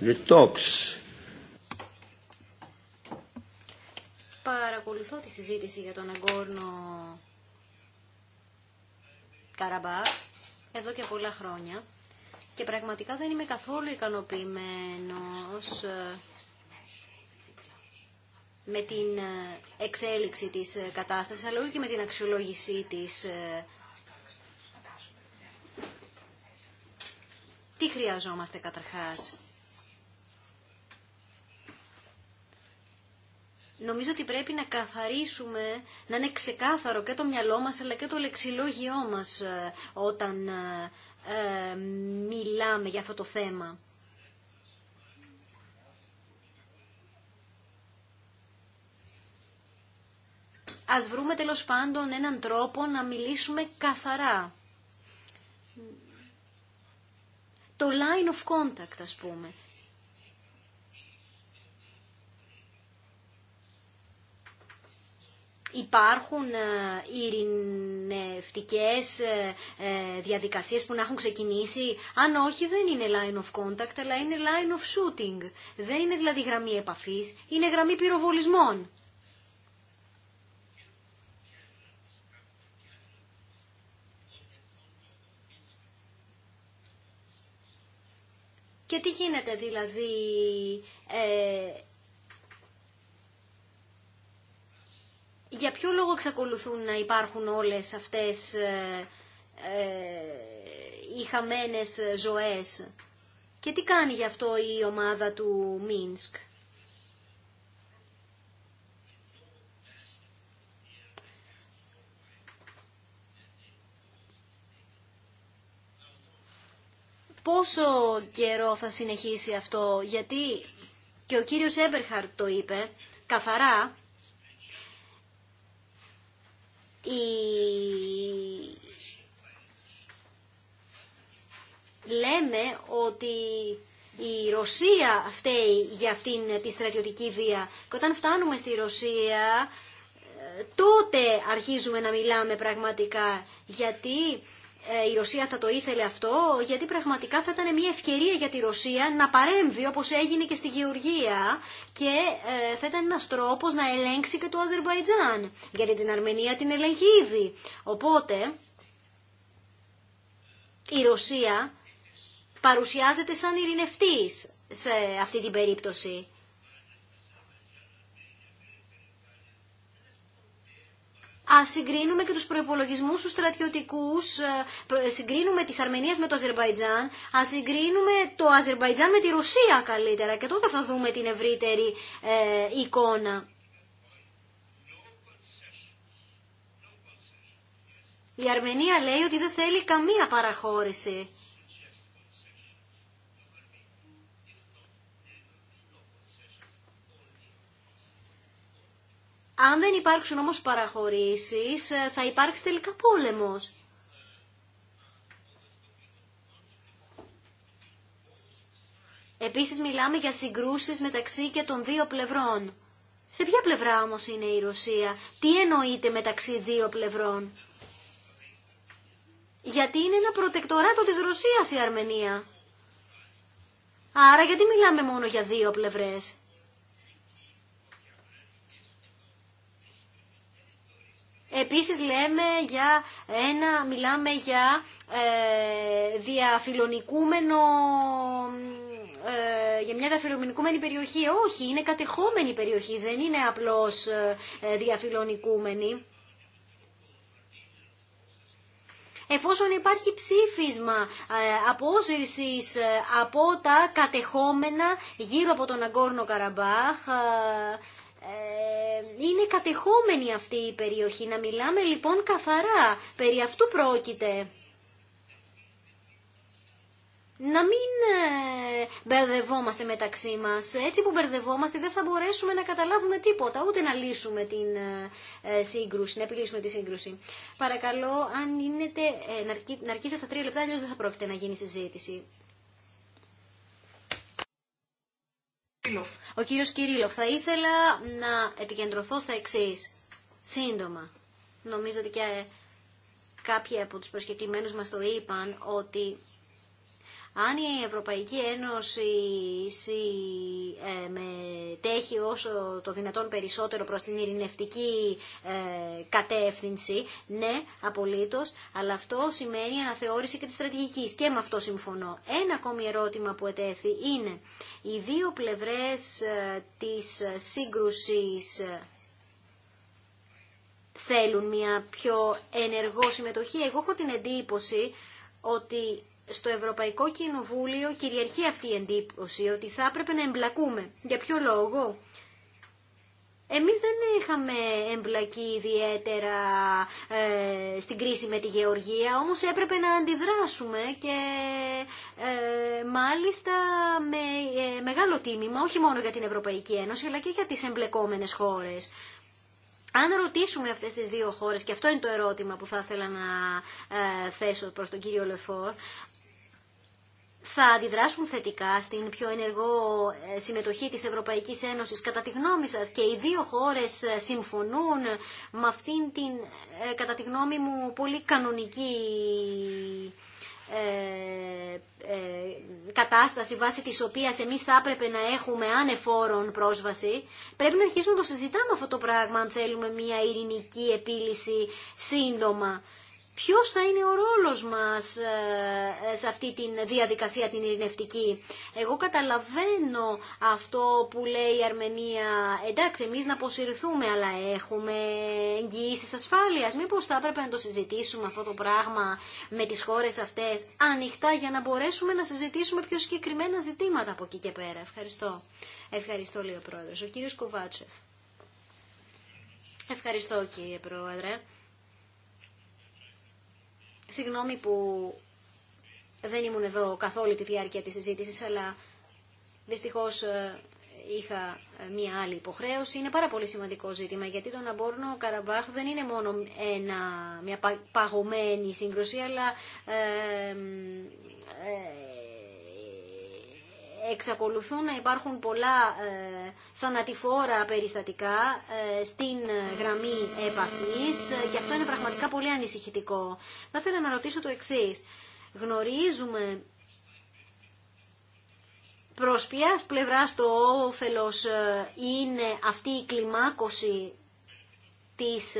the talks Παρακολουθώ τη συζήτηση για τον Αγκόρνο Καραμπάχ εδώ και πολλά χρόνια και πραγματικά δεν είμαι καθόλου ικανοποιημένος ε, με την ε, εξέλιξη της κατάστασης αλλά και με την αξιολόγησή της ε, Τι χρειαζόμαστε καταρχάς. Νομίζω ότι πρέπει να καθαρίσουμε, να είναι ξεκάθαρο και το μυαλό μας αλλά και το λεξιλόγιό μας ε, όταν ε, ε, μιλάμε για αυτό το θέμα. Ας βρούμε τέλος πάντων έναν τρόπο να μιλήσουμε καθαρά. το line of contact ας πούμε. Υπάρχουν ε, ειρηνευτικές ε, ε, διαδικασίες που να έχουν ξεκινήσει. Αν όχι δεν είναι line of contact αλλά είναι line of shooting. Δεν είναι δηλαδή γραμμή επαφής, είναι γραμμή πυροβολισμών. Και τι γίνεται δηλαδή... Ε, για ποιο λόγο εξακολουθούν να υπάρχουν όλες αυτές ε, ε, οι χαμένες ζωές και τι κάνει γι' αυτό η ομάδα του Μίνσκ. πόσο καιρό θα συνεχίσει αυτό, γιατί και ο κύριος Έμπερχαρτ το είπε καθαρά, η... λέμε ότι η Ρωσία φταίει για αυτήν τη στρατιωτική βία. Και όταν φτάνουμε στη Ρωσία, ε, τότε αρχίζουμε να μιλάμε πραγματικά. Γιατί ε, η Ρωσία θα το ήθελε αυτό, γιατί πραγματικά θα ήταν μια ευκαιρία για τη Ρωσία να παρέμβει όπως έγινε και στη Γεωργία και ε, θα ήταν ένας τρόπος να ελέγξει και το Αζερβαϊτζάν, γιατί την Αρμενία την ελέγχει ήδη. Οπότε η Ρωσία παρουσιάζεται σαν ειρηνευτής σε αυτή την περίπτωση. Α συγκρίνουμε και του προπολογισμού του στρατιωτικού, ε, ε, συγκρίνουμε τη Αρμενία με το Αζερβαϊτζάν, α συγκρίνουμε το Αζερβαϊτζάν με τη Ρωσία καλύτερα και τότε θα δούμε την ευρύτερη ε, εικόνα. Η Αρμενία λέει ότι δεν θέλει καμία παραχώρηση. Αν δεν υπάρξουν όμως παραχωρήσεις, ε, θα υπάρξει τελικά πόλεμος. Επίσης μιλάμε για συγκρούσεις μεταξύ και των δύο πλευρών. Σε ποια πλευρά όμως είναι η Ρωσία, τι εννοείται μεταξύ δύο πλευρών. Γιατί είναι ένα προτεκτοράτο της Ρωσίας η Αρμενία. Άρα γιατί μιλάμε μόνο για δύο πλευρές. Επίσης λέμε για ένα, μιλάμε για ε, διαφιλονικούμενο, ε, για μια διαφιλονικούμενη περιοχή. Ε, όχι, είναι κατεχόμενη περιοχή, δεν είναι απλώς ε, διαφιλονικούμενη. Εφόσον υπάρχει ψήφισμα απόσυρσης από τα κατεχόμενα γύρω από τον Αγκόρνο Καραμπάχ, ε, είναι κατεχόμενη αυτή η περιοχή. Να μιλάμε λοιπόν καθαρά. Περί αυτού πρόκειται. Να μην ε, μπερδευόμαστε μεταξύ μας. Έτσι που μπερδευόμαστε δεν θα μπορέσουμε να καταλάβουμε τίποτα, ούτε να λύσουμε την ε, σύγκρουση, να επιλύσουμε τη σύγκρουση. Παρακαλώ, αν είναι, να αρκείστε στα τρία λεπτά, αλλιώς δεν θα πρόκειται να γίνει συζήτηση. Ο κύριο Κυρίλοφ, θα ήθελα να επικεντρωθώ στα εξής. Σύντομα. Νομίζω ότι και κάποιοι από του προσκεκλημένου μα το είπαν ότι αν η Ευρωπαϊκή Ένωση ε, μετέχει όσο το δυνατόν περισσότερο προς την ειρηνευτική ε, κατεύθυνση, ναι, απολύτως, αλλά αυτό σημαίνει αναθεώρηση και της στρατηγικής και με αυτό συμφωνώ. Ένα ακόμη ερώτημα που ετέθη είναι οι δύο πλευρές ε, της σύγκρουσης θέλουν μια πιο ενεργό συμμετοχή. Εγώ έχω την εντύπωση ότι στο Ευρωπαϊκό Κοινοβούλιο κυριαρχεί αυτή η εντύπωση ότι θα έπρεπε να εμπλακούμε. Για ποιο λόγο? Εμείς δεν είχαμε εμπλακεί ιδιαίτερα ε, στην κρίση με τη Γεωργία, όμως έπρεπε να αντιδράσουμε και ε, μάλιστα με ε, μεγάλο τίμημα, όχι μόνο για την Ευρωπαϊκή Ένωση, αλλά και για τις εμπλεκόμενες χώρες. Αν ρωτήσουμε αυτές τις δύο χώρες, και αυτό είναι το ερώτημα που θα ήθελα να ε, θέσω προς τον κύριο Λεφόρ, θα αντιδράσουν θετικά στην πιο ενεργό ε, συμμετοχή της Ευρωπαϊκής Ένωσης. Κατά τη γνώμη σας και οι δύο χώρες ε, συμφωνούν με αυτήν την, ε, κατά τη γνώμη μου, πολύ κανονική κατάσταση βάσει της οποίας εμείς θα έπρεπε να έχουμε ανεφόρον πρόσβαση πρέπει να αρχίσουμε να το συζητάμε αυτό το πράγμα αν θέλουμε μια ειρηνική επίλυση σύντομα ποιος θα είναι ο ρόλος μας ε, σε αυτή τη διαδικασία την ειρηνευτική. Εγώ καταλαβαίνω αυτό που λέει η Αρμενία, εντάξει εμείς να αποσυρθούμε αλλά έχουμε εγγυήσει ασφάλειας, μήπως θα έπρεπε να το συζητήσουμε αυτό το πράγμα με τις χώρες αυτές ανοιχτά για να μπορέσουμε να συζητήσουμε πιο συγκεκριμένα ζητήματα από εκεί και πέρα. Ευχαριστώ. Ευχαριστώ λέει ο Ο κύριος Κοβάτσεφ. Ευχαριστώ κύριε Πρόεδρε. Συγγνώμη που δεν ήμουν εδώ καθόλου τη διάρκεια της συζήτησης, αλλά δυστυχώς ε, είχα ε, μία άλλη υποχρέωση. Είναι πάρα πολύ σημαντικό ζήτημα, γιατί το Ναμπόρνο Καραμπάχ δεν είναι μόνο ένα, μια παγωμένη σύγκρουση, αλλά ε, ε εξακολουθούν να υπάρχουν πολλά ε, θανατηφόρα περιστατικά ε, στην ε, γραμμή επαφής και αυτό είναι πραγματικά πολύ ανησυχητικό. Θα ήθελα να ρωτήσω το εξής. Γνωρίζουμε προς ποιας πλευράς το όφελος είναι αυτή η κλιμάκωση της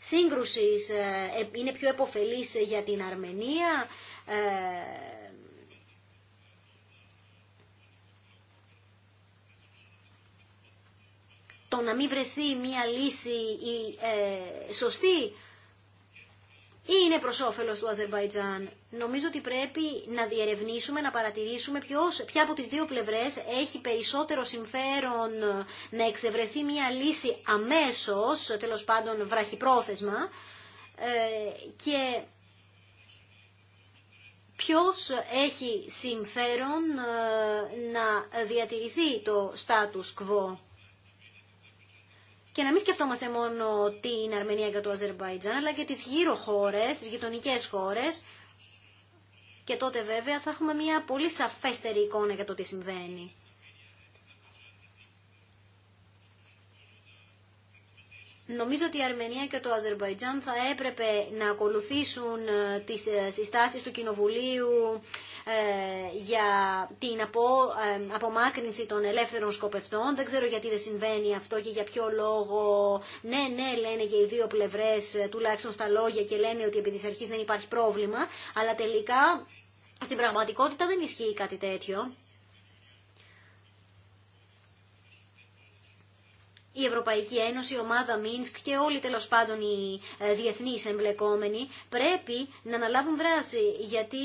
σύγκρουσης, είναι πιο επωφελής για την Αρμενία, το να μην βρεθεί μια λύση ε, σωστή ή είναι προς όφελος του Αζερβαϊτζάν. Νομίζω ότι πρέπει να διερευνήσουμε, να παρατηρήσουμε ποιος, ποια από τις δύο πλευρές έχει περισσότερο συμφέρον να εξευρεθεί μια λύση αμέσως, τέλος πάντων βραχυπρόθεσμα, ε, και ποιος έχει συμφέρον ε, να διατηρηθεί το status quo και να μην σκεφτόμαστε μόνο την Αρμενία και το Αζερβαϊτζάν, αλλά και τις γύρω χώρες, τις γειτονικές χώρες. Και τότε βέβαια θα έχουμε μια πολύ σαφέστερη εικόνα για το τι συμβαίνει. Νομίζω ότι η Αρμενία και το Αζερβαϊτζάν θα έπρεπε να ακολουθήσουν ε, τις ε, συστάσεις του Κοινοβουλίου ε, για την ε, απομάκρυνση των ελεύθερων σκοπευτών. Δεν ξέρω γιατί δεν συμβαίνει αυτό και για ποιο λόγο. Ναι, ναι, λένε και οι δύο πλευρές, ε, τουλάχιστον στα λόγια και λένε ότι επί τη αρχής δεν υπάρχει πρόβλημα, αλλά τελικά στην πραγματικότητα δεν ισχύει κάτι τέτοιο. η Ευρωπαϊκή Ένωση, η ομάδα Μίνσκ και όλοι τέλο πάντων οι διεθνεί εμπλεκόμενοι πρέπει να αναλάβουν δράση. Γιατί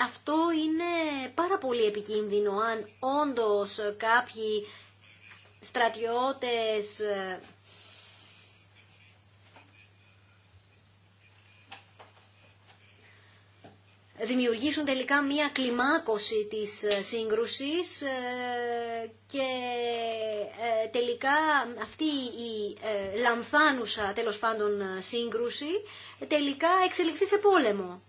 αυτό είναι πάρα πολύ επικίνδυνο αν όντως κάποιοι στρατιώτες ε, δημιουργήσουν τελικά μία κλιμάκωση της ε, σύγκρουσης ε, και τελικά αυτή η λανθάνουσα τέλος πάντων σύγκρουση τελικά εξελιχθεί σε πόλεμο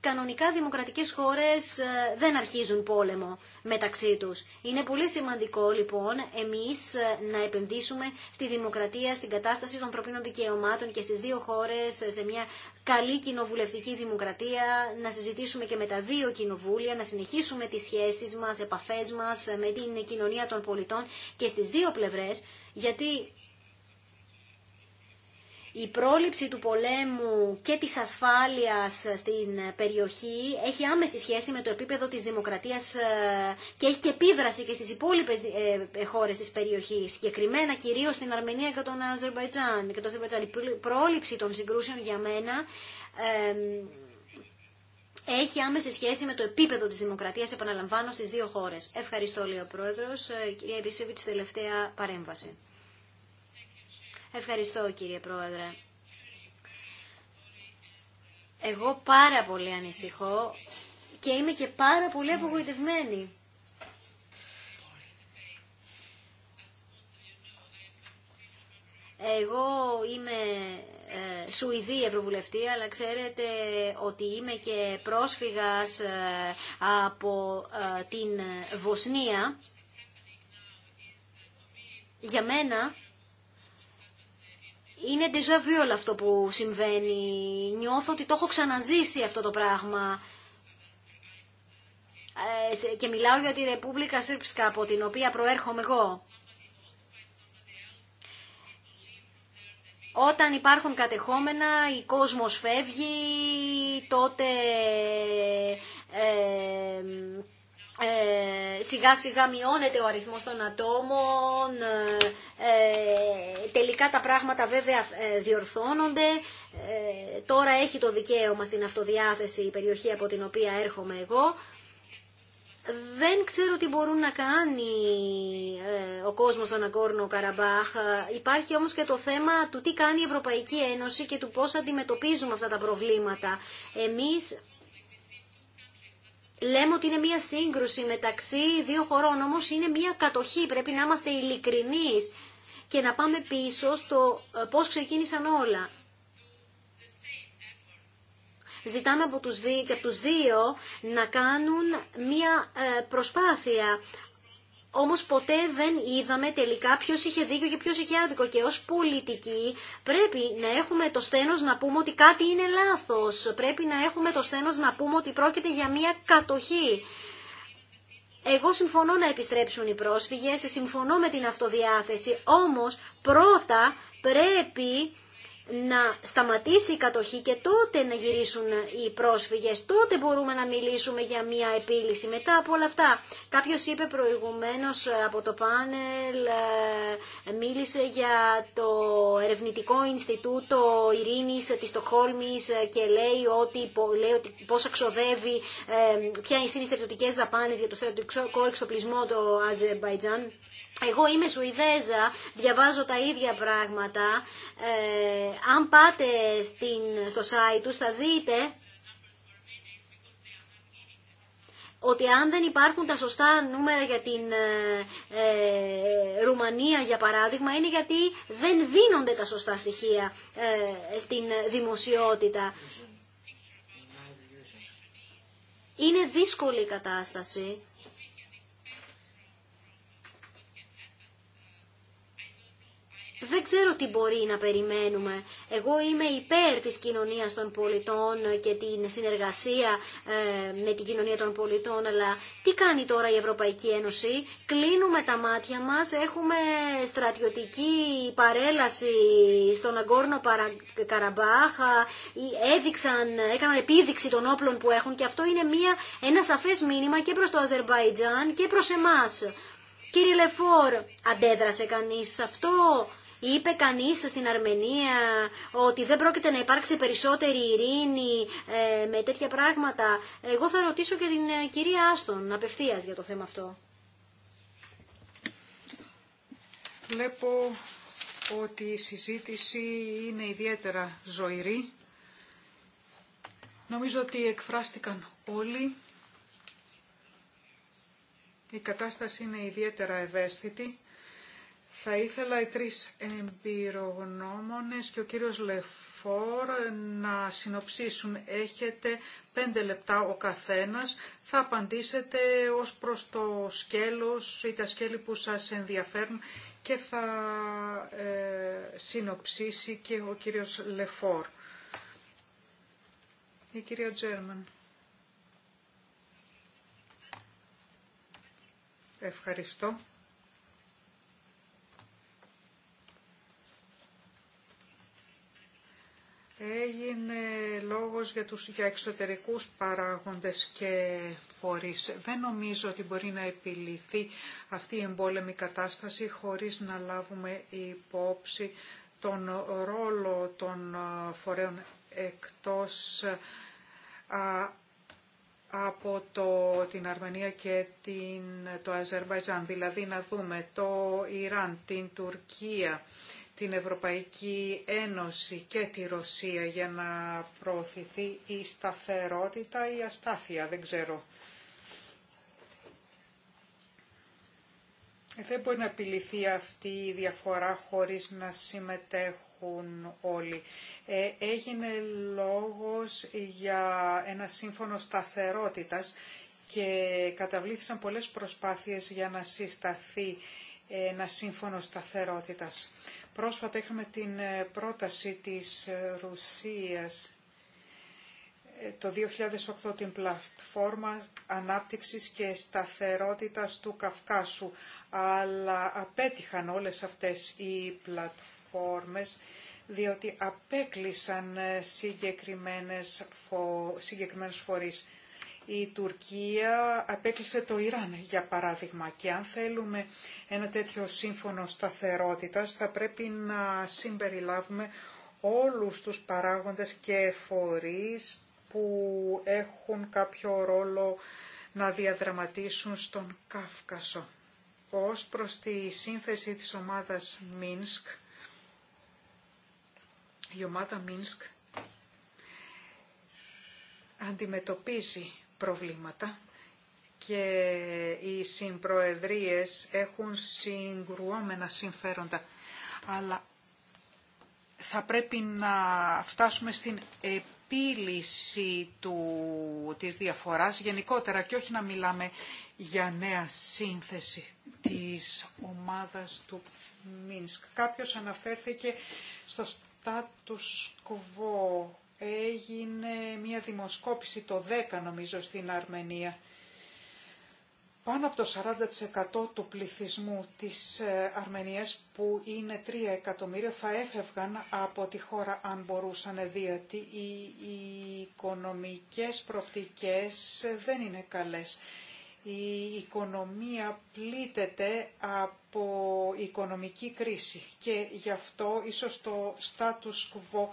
κανονικά δημοκρατικές χώρες ε, δεν αρχίζουν πόλεμο μεταξύ τους. Είναι πολύ σημαντικό λοιπόν εμείς ε, να επενδύσουμε στη δημοκρατία, στην κατάσταση των ανθρωπίνων δικαιωμάτων και στις δύο χώρες ε, σε μια καλή κοινοβουλευτική δημοκρατία, να συζητήσουμε και με τα δύο κοινοβούλια, να συνεχίσουμε τις σχέσεις μας, επαφές μας με την κοινωνία των πολιτών και στις δύο πλευρές, γιατί η πρόληψη του πολέμου και της ασφάλειας στην περιοχή έχει άμεση σχέση με το επίπεδο της δημοκρατίας ε, και έχει και επίδραση και στις υπόλοιπες ε, ε, χώρες της περιοχής, συγκεκριμένα κυρίως στην Αρμενία και τον Αζερβαϊτζάν. Και το Αζερβαϊτζάν. Η πρόληψη των συγκρούσεων για μένα έχει άμεση σχέση με το επίπεδο της δημοκρατίας, επαναλαμβάνω, στις δύο χώρες. Ευχαριστώ, λέει ο Πρόεδρος, κυρία Επίσης, τελευταία παρέμβαση. Ευχαριστώ κύριε Πρόεδρε. Εγώ πάρα πολύ ανησυχώ και είμαι και πάρα πολύ απογοητευμένη. Εγώ είμαι ε, Σουηδή Ευρωβουλευτή, αλλά ξέρετε ότι είμαι και πρόσφυγας ε, από ε, την Βοσνία. Για μένα είναι déjà vu όλο αυτό που συμβαίνει. Νιώθω ότι το έχω ξαναζήσει αυτό το πράγμα. Ε, και μιλάω για τη Ρεπούμπλικα Σύρψκα από την οποία προέρχομαι εγώ. Όταν υπάρχουν κατεχόμενα, η κόσμος φεύγει, τότε ε, ε, σιγά σιγά μειώνεται ο αριθμός των ατόμων, ε, ε, τελικά τα πράγματα βέβαια διορθώνονται. τώρα έχει το δικαίωμα στην αυτοδιάθεση η περιοχή από την οποία έρχομαι εγώ. Δεν ξέρω τι μπορούν να κάνει ο κόσμος στον Αγκόρνο Καραμπάχ. Υπάρχει όμως και το θέμα του τι κάνει η Ευρωπαϊκή Ένωση και του πώς αντιμετωπίζουμε αυτά τα προβλήματα. Εμείς λέμε ότι είναι μια σύγκρουση μεταξύ δύο χωρών, όμως είναι μια κατοχή, πρέπει να είμαστε ειλικρινείς και να πάμε πίσω στο ε, πώς ξεκίνησαν όλα. Ζητάμε από τους δύο να κάνουν μια ε, προσπάθεια όμως ποτέ δεν είδαμε τελικά ποιο είχε δίκιο και ποιο είχε άδικο και ως πολιτικοί πρέπει να έχουμε το στένος να πούμε ότι κάτι είναι λάθος, πρέπει να έχουμε το στένος να πούμε ότι πρόκειται για μια κατοχή. Εγώ συμφωνώ να επιστρέψουν οι πρόσφυγες, συμφωνώ με την αυτοδιάθεση, όμως πρώτα πρέπει να σταματήσει η κατοχή και τότε να γυρίσουν οι πρόσφυγες. Τότε μπορούμε να μιλήσουμε για μια επίλυση. Μετά από όλα αυτά, κάποιος είπε προηγουμένως από το πάνελ, ε, μίλησε για το Ερευνητικό Ινστιτούτο Ειρήνης της Στοκχόλμης και λέει ότι, λέει ότι πώς ε, ποια είναι οι στρατιωτικές δαπάνες για το στρατιωτικό εξοπλισμό του Αζερμπαϊτζάν. Εγώ είμαι Σουηδέζα, διαβάζω τα ίδια πράγματα. Ε, αν πάτε στην, στο site τους θα δείτε ότι αν δεν υπάρχουν τα σωστά νούμερα για την ε, ε, Ρουμανία, για παράδειγμα, είναι γιατί δεν δίνονται τα σωστά στοιχεία ε, στην δημοσιότητα. Είναι δύσκολη η κατάσταση. δεν ξέρω τι μπορεί να περιμένουμε. Εγώ είμαι υπέρ της κοινωνίας των πολιτών και την συνεργασία ε, με την κοινωνία των πολιτών, αλλά τι κάνει τώρα η Ευρωπαϊκή Ένωση. Κλείνουμε τα μάτια μας, έχουμε στρατιωτική παρέλαση στον Αγκόρνο Καραμπάχα, ε, έδειξαν, έκαναν επίδειξη των όπλων που έχουν και αυτό είναι μια, ένα σαφές μήνυμα και προς το Αζερβαϊτζάν και προς εμάς. Κύριε Λεφόρ, αντέδρασε κανείς σε αυτό, Είπε κανείς στην Αρμενία ότι δεν πρόκειται να υπάρξει περισσότερη ειρήνη ε, με τέτοια πράγματα. Εγώ θα ρωτήσω και την ε, κυρία Άστον απευθείας για το θέμα αυτό. Βλέπω ότι η συζήτηση είναι ιδιαίτερα ζωηρή. Νομίζω ότι εκφράστηκαν όλοι. Η κατάσταση είναι ιδιαίτερα ευαίσθητη θα ήθελα οι τρεις εμπειρογνώμονες και ο κύριος Λεφόρ να συνοψίσουν. Έχετε πέντε λεπτά ο καθένας. Θα απαντήσετε ως προς το σκέλος ή τα σκέλη που σας ενδιαφέρουν και θα ε, συνοψίσει και ο κύριος Λεφόρ. Η κυρία Τζέρμαν. Ευχαριστώ. Έγινε λόγος για, τους, για εξωτερικούς παράγοντες και φορείς. Δεν νομίζω ότι μπορεί να επιληθεί αυτή η εμπόλεμη κατάσταση χωρίς να λάβουμε υπόψη τον ρόλο των φορέων εκτός από την Αρμενία και την, το Αζερβαϊτζάν. Δηλαδή να δούμε το Ιράν, την Τουρκία, την Ευρωπαϊκή Ένωση και τη Ρωσία για να προωθηθεί η σταθερότητα ή αστάθεια, δεν ξέρω. Ε, δεν μπορεί να επιληθεί αυτή η διαφορά χωρίς να συμμετέχουν όλοι. Ε, έγινε λόγος για ένα σύμφωνο σταθερότητας και καταβλήθησαν πολλές προσπάθειες για να συσταθεί ένα σύμφωνο σταθερότητας. Πρόσφατα είχαμε την ε, πρόταση της ε, Ρουσίας ε, το 2008 την πλατφόρμα ανάπτυξης και σταθερότητας του Καυκάσου, αλλά απέτυχαν όλες αυτές οι πλατφόρμες διότι απέκλεισαν συγκεκριμένες φο... συγκεκριμένους φορείς η Τουρκία απέκλεισε το Ιράν, για παράδειγμα. Και αν θέλουμε ένα τέτοιο σύμφωνο σταθερότητας, θα πρέπει να συμπεριλάβουμε όλους τους παράγοντες και φορείς που έχουν κάποιο ρόλο να διαδραματίσουν στον Κάφκασο. Ως προς τη σύνθεση της ομάδας Μίνσκ, η ομάδα Μίνσκ αντιμετωπίζει προβλήματα και οι συμπροεδρίες έχουν συγκρουόμενα συμφέροντα. Αλλά θα πρέπει να φτάσουμε στην επίλυση του, της διαφοράς γενικότερα και όχι να μιλάμε για νέα σύνθεση της ομάδας του Μίνσκ. Κάποιος αναφέρθηκε στο status quo έγινε μια δημοσκόπηση το 10 νομίζω στην Αρμενία. Πάνω από το 40% του πληθυσμού της ε, Αρμενίας που είναι 3 εκατομμύρια θα έφευγαν από τη χώρα αν μπορούσαν διότι οι οικονομικές προπτικές δεν είναι καλές. Η οικονομία πλήττεται από οικονομική κρίση και γι' αυτό ίσως το status quo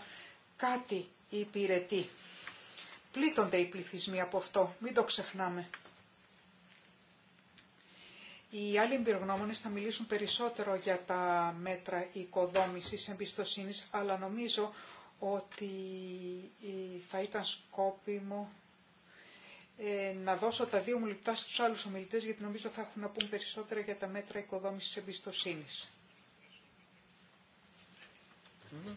κάτι υπηρετεί. Πλήττονται οι πληθυσμοί από αυτό, μην το ξεχνάμε. Οι άλλοι εμπειρογνώμονες θα μιλήσουν περισσότερο για τα μέτρα οικοδόμησης εμπιστοσύνης, αλλά νομίζω ότι ε, θα ήταν σκόπιμο ε, να δώσω τα δύο μου λεπτά στους άλλους ομιλητές, γιατί νομίζω θα έχουν να πούν περισσότερα για τα μέτρα οικοδόμησης εμπιστοσύνης. Mm-hmm.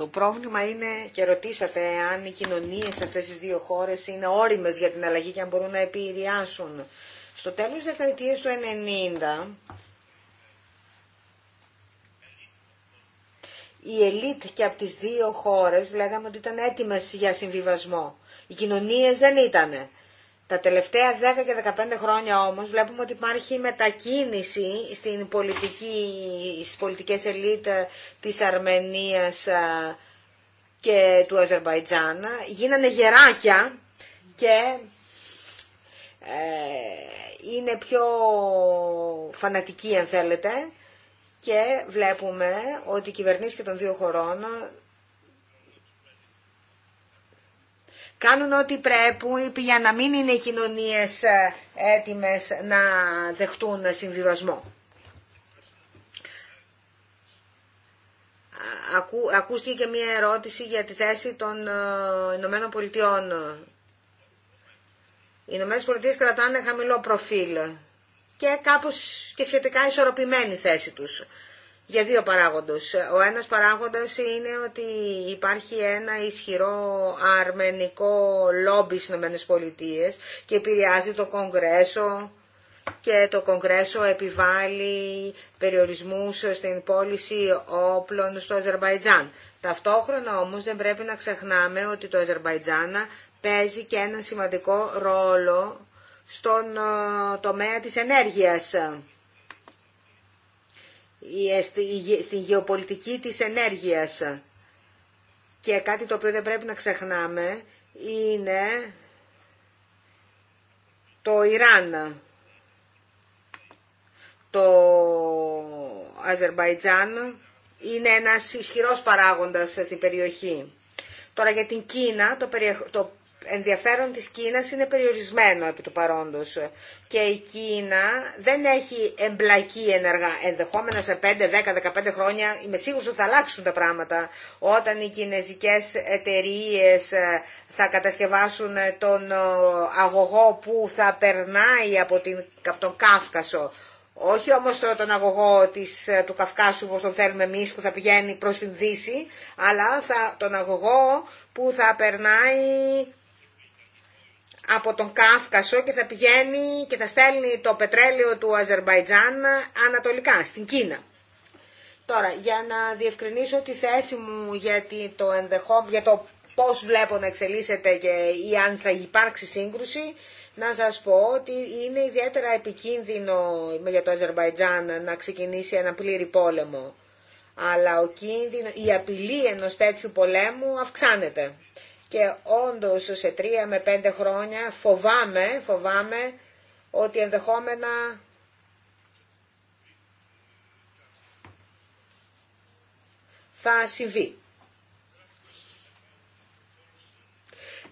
Το πρόβλημα είναι, και ρωτήσατε αν οι κοινωνίες σε αυτές τις δύο χώρες είναι όριμες για την αλλαγή και αν μπορούν να επηρεάσουν. Στο τέλος τη δεκαετίας του 90, η ελίτ και από τις δύο χώρες λέγαμε ότι ήταν έτοιμες για συμβιβασμό. Οι κοινωνίες δεν ήτανε. Τα τελευταία 10 και 15 χρόνια όμως βλέπουμε ότι υπάρχει μετακίνηση στην πολιτική, στις πολιτικές ελίτ της Αρμενίας και του Αζερβαϊτζάν. Γίνανε γεράκια και ε, είναι πιο φανατικοί αν θέλετε και βλέπουμε ότι οι κυβερνήσεις και των δύο χωρών κάνουν ό,τι πρέπει για να μην είναι οι κοινωνίες ε, έτοιμες να δεχτούν συμβιβασμό. Ακού, ακούστηκε και μία ερώτηση για τη θέση των ε, Ηνωμένων Πολιτειών. Οι Ηνωμένες Πολιτείες κρατάνε χαμηλό προφίλ και κάπως και σχετικά ισορροπημένη θέση τους για δύο παράγοντες. Ο ένας παράγοντας είναι ότι υπάρχει ένα ισχυρό αρμενικό λόμπι στις πολιτείες και επηρεάζει το Κογκρέσο και το Κογκρέσο επιβάλλει περιορισμούς στην πώληση όπλων στο Αζερβαϊτζάν. Ταυτόχρονα όμως δεν πρέπει να ξεχνάμε ότι το Αζερβαϊτζάν παίζει και ένα σημαντικό ρόλο στον ε, τομέα της ενέργειας στην γεωπολιτική της ενέργειας. Και κάτι το οποίο δεν πρέπει να ξεχνάμε είναι το Ιράν, το Αζερβαϊτζάν είναι ένας ισχυρός παράγοντας στην περιοχή. Τώρα για την Κίνα, το, ενδιαφέρον της Κίνας είναι περιορισμένο επί του παρόντος και η Κίνα δεν έχει εμπλακεί ενεργά. Ενδεχόμενα σε 5, 10, 15 χρόνια είμαι σίγουρος ότι θα αλλάξουν τα πράγματα όταν οι κινέζικες εταιρείε ε, θα κατασκευάσουν τον ε, αγωγό που θα περνάει από, την, τον Κάφκασο. Όχι όμως τον αγωγό της, ε, του Καυκάσου όπως τον θέλουμε εμείς που θα πηγαίνει προς την Δύση, αλλά θα, τον αγωγό που θα περνάει από τον Κάφκασο και θα πηγαίνει και θα στέλνει το πετρέλαιο του Αζερβαϊτζάν ανατολικά, στην Κίνα. Τώρα, για να διευκρινίσω τη θέση μου για το, ενδεχό, για το πώς βλέπω να εξελίσσεται και ή αν θα υπάρξει σύγκρουση, να σας πω ότι είναι ιδιαίτερα επικίνδυνο για το Αζερβαϊτζάν να ξεκινήσει ένα πλήρη πόλεμο. Αλλά ο η απειλή ενός τέτοιου πολέμου αυξάνεται και όντως σε τρία με πέντε χρόνια φοβάμαι, φοβάμαι ότι ενδεχόμενα θα συμβεί.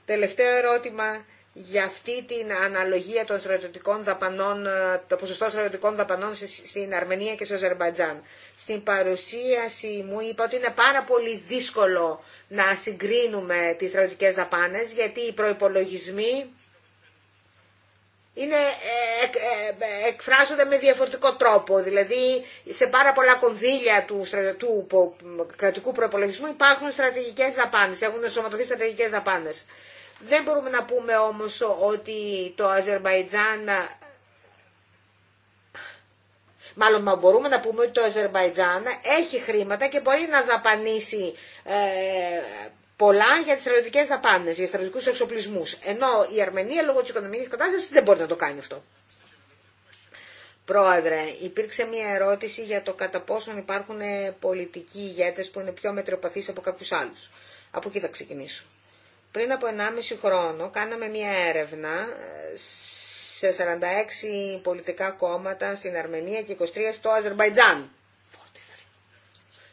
Τελευταίο ερώτημα για αυτή την αναλογία των στρατιωτικών δαπανών, ε, το ποσοστό στρατιωτικών δαπανών στην Αρμενία και στο Αζερμπαϊτζάν. Στην παρουσίαση μου είπα ότι είναι πάρα πολύ δύσκολο να συγκρίνουμε τις στρατιωτικές δαπάνες γιατί οι προϋπολογισμοί είναι, ε, ε, εκφράζονται με διαφορετικό τρόπο. Δηλαδή, σε πάρα πολλά κονδύλια του, κρατικού προπολογισμού υπάρχουν στρατηγικές δαπάνες, έχουν ενσωματωθεί στρατηγικές δαπάνες. Δεν μπορούμε να πούμε όμως ότι το Αζερβαϊτζάν... Μάλλον μπορούμε να πούμε ότι το Αζερβαϊτζάν έχει χρήματα και μπορεί να δαπανίσει ε, πολλά για τις στρατιωτικές δαπάνες, για στρατιωτικούς εξοπλισμούς. Ενώ η Αρμενία λόγω της οικονομικής κατάστασης δεν μπορεί να το κάνει αυτό. Πρόεδρε, υπήρξε μια ερώτηση για το κατά πόσον υπάρχουν πολιτικοί ηγέτες που είναι πιο μετριοπαθείς από κάποιους άλλους. Από εκεί θα ξεκινήσω. Πριν από 1,5 χρόνο κάναμε μια έρευνα ε, σε 46 πολιτικά κόμματα στην Αρμενία και 23 στο Αζερβαϊτζάν.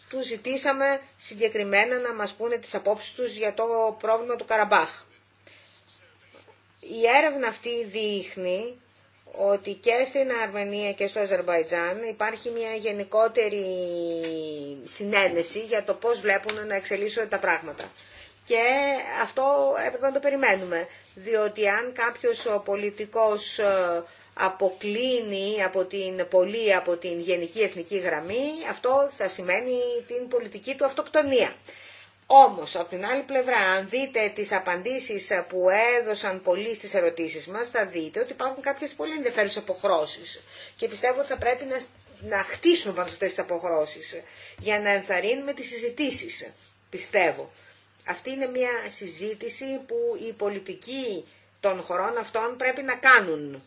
Του ζητήσαμε συγκεκριμένα να μας πούνε τις απόψεις τους για το πρόβλημα του Καραμπάχ. Η έρευνα αυτή δείχνει ότι και στην Αρμενία και στο Αζερβαϊτζάν υπάρχει μια γενικότερη συνένεση για το πώς βλέπουν να εξελίσσονται τα πράγματα και αυτό έπρεπε να το περιμένουμε. Διότι αν κάποιος ο πολιτικός ε, αποκλίνει από την πολύ από την γενική εθνική γραμμή, αυτό θα σημαίνει την πολιτική του αυτοκτονία. Όμως, από την άλλη πλευρά, αν δείτε τις απαντήσεις που έδωσαν πολλοί στις ερωτήσεις μας, θα δείτε ότι υπάρχουν κάποιες πολύ ενδιαφέρουσες αποχρώσεις. Και πιστεύω ότι θα πρέπει να, χτίσουμε αυτές τις αποχρώσεις, για να ενθαρρύνουμε τις συζητήσεις, πιστεύω. Αυτή είναι μια συζήτηση που οι πολιτικοί των χωρών αυτών πρέπει να κάνουν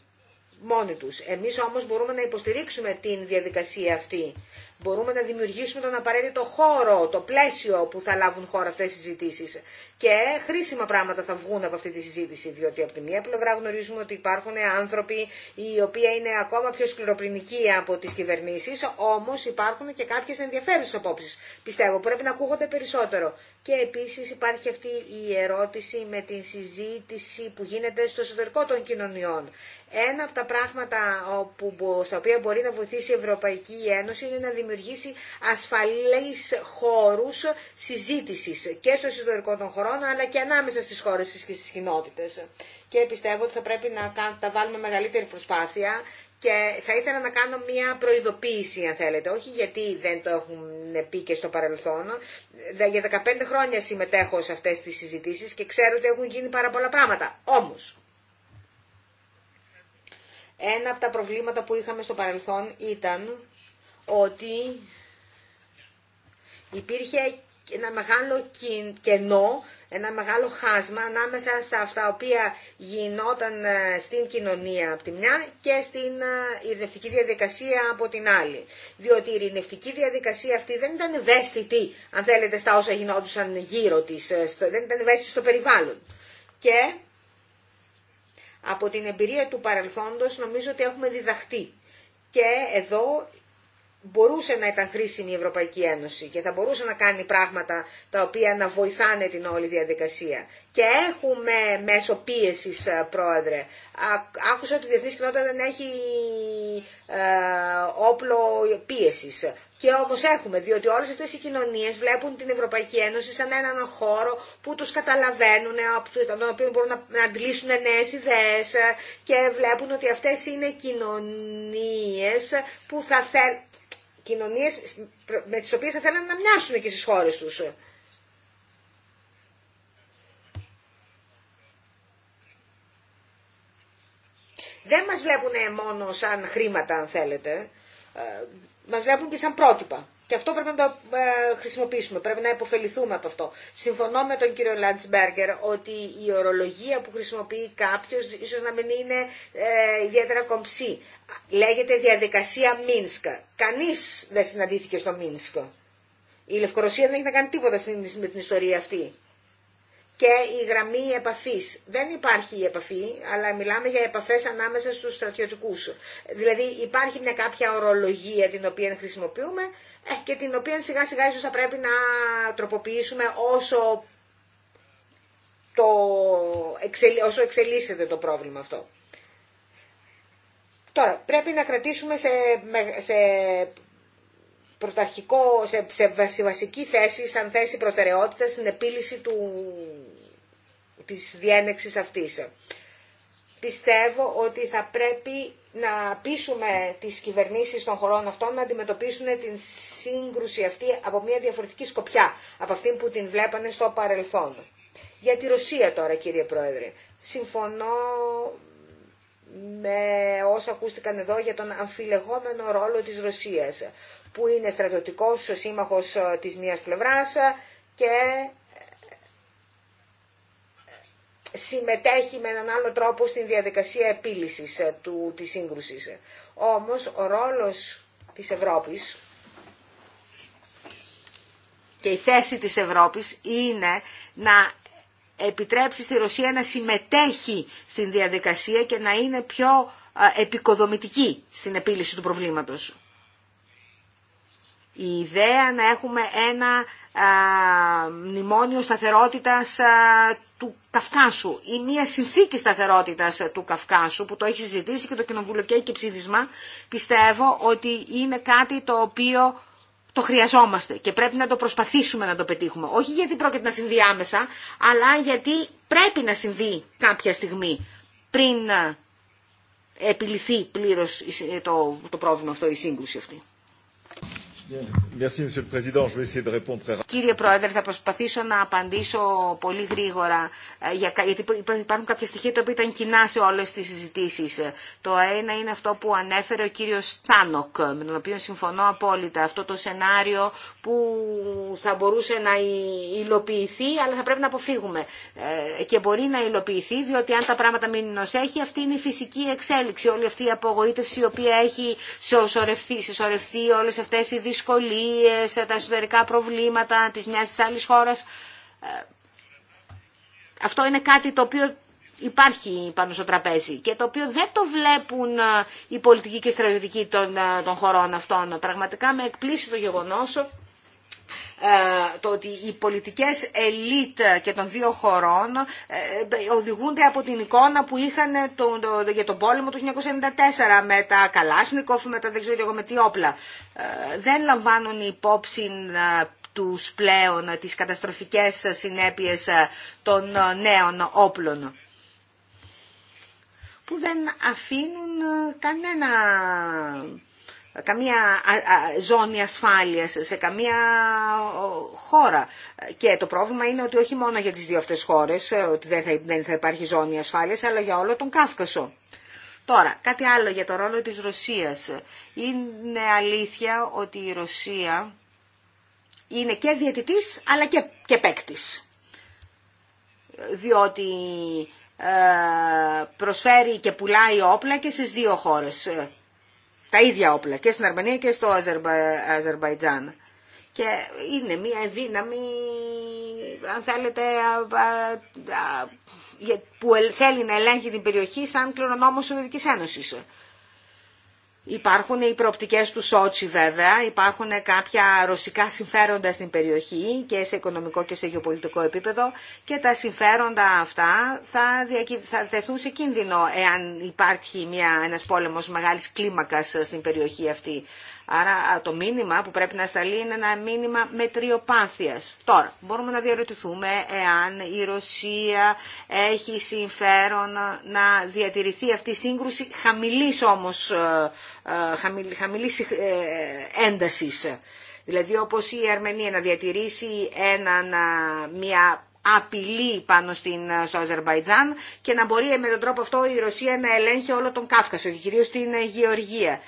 μόνοι τους. Εμείς όμως μπορούμε να υποστηρίξουμε την διαδικασία αυτή. Μπορούμε να δημιουργήσουμε τον απαραίτητο χώρο, το πλαίσιο που θα λάβουν χώρα αυτές οι συζητήσεις. Και χρήσιμα πράγματα θα βγουν από αυτή τη συζήτηση, διότι από τη μία πλευρά γνωρίζουμε ότι υπάρχουν άνθρωποι οι οποίοι είναι ακόμα πιο σκληροπρινικοί από τις κυβερνήσεις, όμως υπάρχουν και κάποιες ενδιαφέρουσες απόψεις. Πιστεύω πρέπει να ακούγονται περισσότερο. Και επίσης υπάρχει αυτή η ερώτηση με την συζήτηση που γίνεται στο εσωτερικό των κοινωνιών. Ένα από τα πράγματα στα οποία μπορεί να βοηθήσει η Ευρωπαϊκή Ένωση είναι να δημιουργήσει ασφαλείς χώρους συζήτησης και στο εσωτερικό των χωρών αλλά και ανάμεσα στις χώρες και στις κοινότητες και πιστεύω ότι θα πρέπει να τα βάλουμε μεγαλύτερη προσπάθεια και θα ήθελα να κάνω μια προειδοποίηση, αν θέλετε, όχι γιατί δεν το έχουν πει και στο παρελθόν. Για 15 χρόνια συμμετέχω σε αυτές τις συζητήσεις και ξέρω ότι έχουν γίνει πάρα πολλά πράγματα. Όμως, ένα από τα προβλήματα που είχαμε στο παρελθόν ήταν ότι υπήρχε ένα μεγάλο κενό, ένα μεγάλο χάσμα ανάμεσα στα αυτά οποία γινόταν ε, στην κοινωνία από τη μια και στην ε, ειρηνευτική διαδικασία από την άλλη. Διότι η ειρηνευτική διαδικασία αυτή δεν ήταν ευαίσθητη, αν θέλετε, στα όσα γινόντουσαν γύρω της, ε, δεν ήταν ευαίσθητη στο περιβάλλον. Και από την εμπειρία του παρελθόντος νομίζω ότι έχουμε διδαχτεί. Και εδώ μπορούσε να ήταν χρήσιμη η Ευρωπαϊκή Ένωση και θα μπορούσε να κάνει πράγματα τα οποία να βοηθάνε την όλη διαδικασία και έχουμε μέσω πίεση, ε, πρόεδρε. Άκουσα ότι η διεθνή κοινότητα δεν έχει ε, όπλο πίεση. Και όμω έχουμε, διότι όλε αυτέ οι κοινωνίε βλέπουν την Ευρωπαϊκή Ένωση σαν έναν χώρο που του καταλαβαίνουν, από τον οποίο μπορούν να αντλήσουν νέε ιδέε ε, και βλέπουν ότι αυτέ είναι κοινωνίε που θα θέλουν. Κοινωνίες με τις οποίες θα θέλουν να μοιάσουν και στις χώρες τους. δεν μας βλέπουν μόνο σαν χρήματα αν θέλετε, ε, μας βλέπουν και σαν πρότυπα. Και αυτό πρέπει να το ε, χρησιμοποιήσουμε, πρέπει να υποφεληθούμε από αυτό. Συμφωνώ με τον κύριο Λαντσμπέργκερ ότι η ορολογία που χρησιμοποιεί κάποιος ίσως να μην είναι ε, ιδιαίτερα κομψή. Λέγεται διαδικασία Μίνσκα. Κανείς δεν συναντήθηκε στο Μίνσκ. Η Λευκορωσία δεν έχει να κάνει τίποτα με την ιστορία αυτή και η γραμμή επαφής. Δεν υπάρχει η επαφή, αλλά μιλάμε για επαφές ανάμεσα στους στρατιωτικούς. Δηλαδή υπάρχει μια κάποια ορολογία την οποία χρησιμοποιούμε ε, και την οποία σιγά σιγά ίσως θα πρέπει να τροποποιήσουμε όσο, το, όσο εξελίσσεται το πρόβλημα αυτό. Τώρα, πρέπει να κρατήσουμε σε, σε πρωταρχικό, σε, σε βασική θέση, σαν θέση προτεραιότητα στην επίλυση του, της διένεξης αυτής. Πιστεύω ότι θα πρέπει να πείσουμε τις κυβερνήσεις των χωρών αυτών να αντιμετωπίσουν την σύγκρουση αυτή από μια διαφορετική σκοπιά από αυτή που την βλέπανε στο παρελθόν. Για τη Ρωσία τώρα κύριε Πρόεδρε. Συμφωνώ με όσα ακούστηκαν εδώ για τον αμφιλεγόμενο ρόλο της Ρωσίας που είναι στρατιωτικός σύμμαχος ε, της μίας πλευράς ε, και ε, συμμετέχει με έναν άλλο τρόπο στην διαδικασία επίλυσης του, της σύγκρουσης. Όμως ο ρόλος της Ευρώπης και η θέση της Ευρώπης είναι να επιτρέψει στη Ρωσία να συμμετέχει στην διαδικασία και να είναι πιο επικοδομητική στην επίλυση του προβλήματος. Η ιδέα να έχουμε ένα μνημόνιο σταθερότητας του Καυκάσου ή μια συνθήκη σταθερότητας του Καυκάσου που το έχει συζητήσει και το κοινοβουλευτικό και ψήφισμα πιστεύω ότι είναι κάτι το οποίο το χρειαζόμαστε και πρέπει να το προσπαθήσουμε να το πετύχουμε. Όχι γιατί πρόκειται να συμβεί άμεσα, αλλά γιατί πρέπει να συμβεί κάποια στιγμή πριν επιληθεί πλήρως το, το πρόβλημα αυτό, η σύγκρουση αυτή. Κύριε Πρόεδρε, θα προσπαθήσω να απαντήσω πολύ γρήγορα, ε, γιατί υπάρχουν κάποια στοιχεία τα οποία ήταν κοινά σε όλε τι συζητήσει. Το ένα είναι αυτό που ανέφερε ο κύριο Στάνοκ, με τον οποίο συμφωνώ απόλυτα. Αυτό το σενάριο που θα μπορούσε να υλοποιηθεί, αλλά θα πρέπει να αποφύγουμε. Ε, και μπορεί να υλοποιηθεί, διότι αν τα πράγματα μείνουν ω έχει, αυτή είναι η φυσική εξέλιξη, όλη αυτή η απογοήτευση η οποία έχει συσσωρευτεί όλε αυτέ οι δύσκολε δυσκολίες, τα εσωτερικά προβλήματα της μιας της άλλης χώρας. Ε, αυτό είναι κάτι το οποίο υπάρχει πάνω στο τραπέζι και το οποίο δεν το βλέπουν ε, οι πολιτικοί και οι στρατιωτικοί ε, των, χωρών αυτών. Πραγματικά με εκπλήσει το γεγονός ε, το ότι οι πολιτικές ελίτ και των δύο χωρών ε, οδηγούνται από την εικόνα που είχαν για τον πόλεμο του 1994 με τα Καλάσνικοφ, με τα δεν ξέρω εγώ με τι όπλα. Ε, δεν λαμβάνουν υπόψη τους πλέον τις καταστροφικές συνέπειες των νέων όπλων που δεν αφήνουν κανένα καμία ζώνη ασφάλειας σε καμία χώρα. Και το πρόβλημα είναι ότι όχι μόνο για τις δύο αυτές χώρες ε, ότι δεν θα, δεν θα υπάρχει ζώνη ασφάλειας, αλλά για όλο τον Κάφκασο. Τώρα, κάτι άλλο για το ρόλο της Ρωσίας. Είναι αλήθεια ότι η Ρωσία είναι και διαιτητής αλλά και, και παίκτη. Διότι ε, προσφέρει και πουλάει όπλα και στις δύο χώρες τα ίδια όπλα και στην Αρμενία και στο Αζερβα... Αζερβαϊτζάν. Και είναι μια δύναμη, αν θέλετε, που θέλει να ελέγχει την περιοχή σαν κληρονόμος της Σοβιετικής Ένωσης. Υπάρχουν οι προοπτικές του Σότσι βέβαια, υπάρχουν κάποια ρωσικά συμφέροντα στην περιοχή και σε οικονομικό και σε γεωπολιτικό επίπεδο και τα συμφέροντα αυτά θα, διακυ... θα τεθούν σε κίνδυνο εάν υπάρχει μια, ένας πόλεμος μεγάλης κλίμακας στην περιοχή αυτή. Άρα το μήνυμα που πρέπει να σταλεί είναι ένα μήνυμα μετριοπάθειας. Τώρα, μπορούμε να διαρωτηθούμε εάν η Ρωσία έχει συμφέρον να διατηρηθεί αυτή η σύγκρουση χαμηλής όμως ε, ε, χαμηλής ε, έντασης. Δηλαδή όπως η Αρμενία να διατηρήσει έναν, μια απειλή πάνω στην, στο Αζερβαϊτζάν και να μπορεί με τον τρόπο αυτό η Ρωσία να ελέγχει όλο τον Κάφκασο και κυρίως την ε, Γεωργία.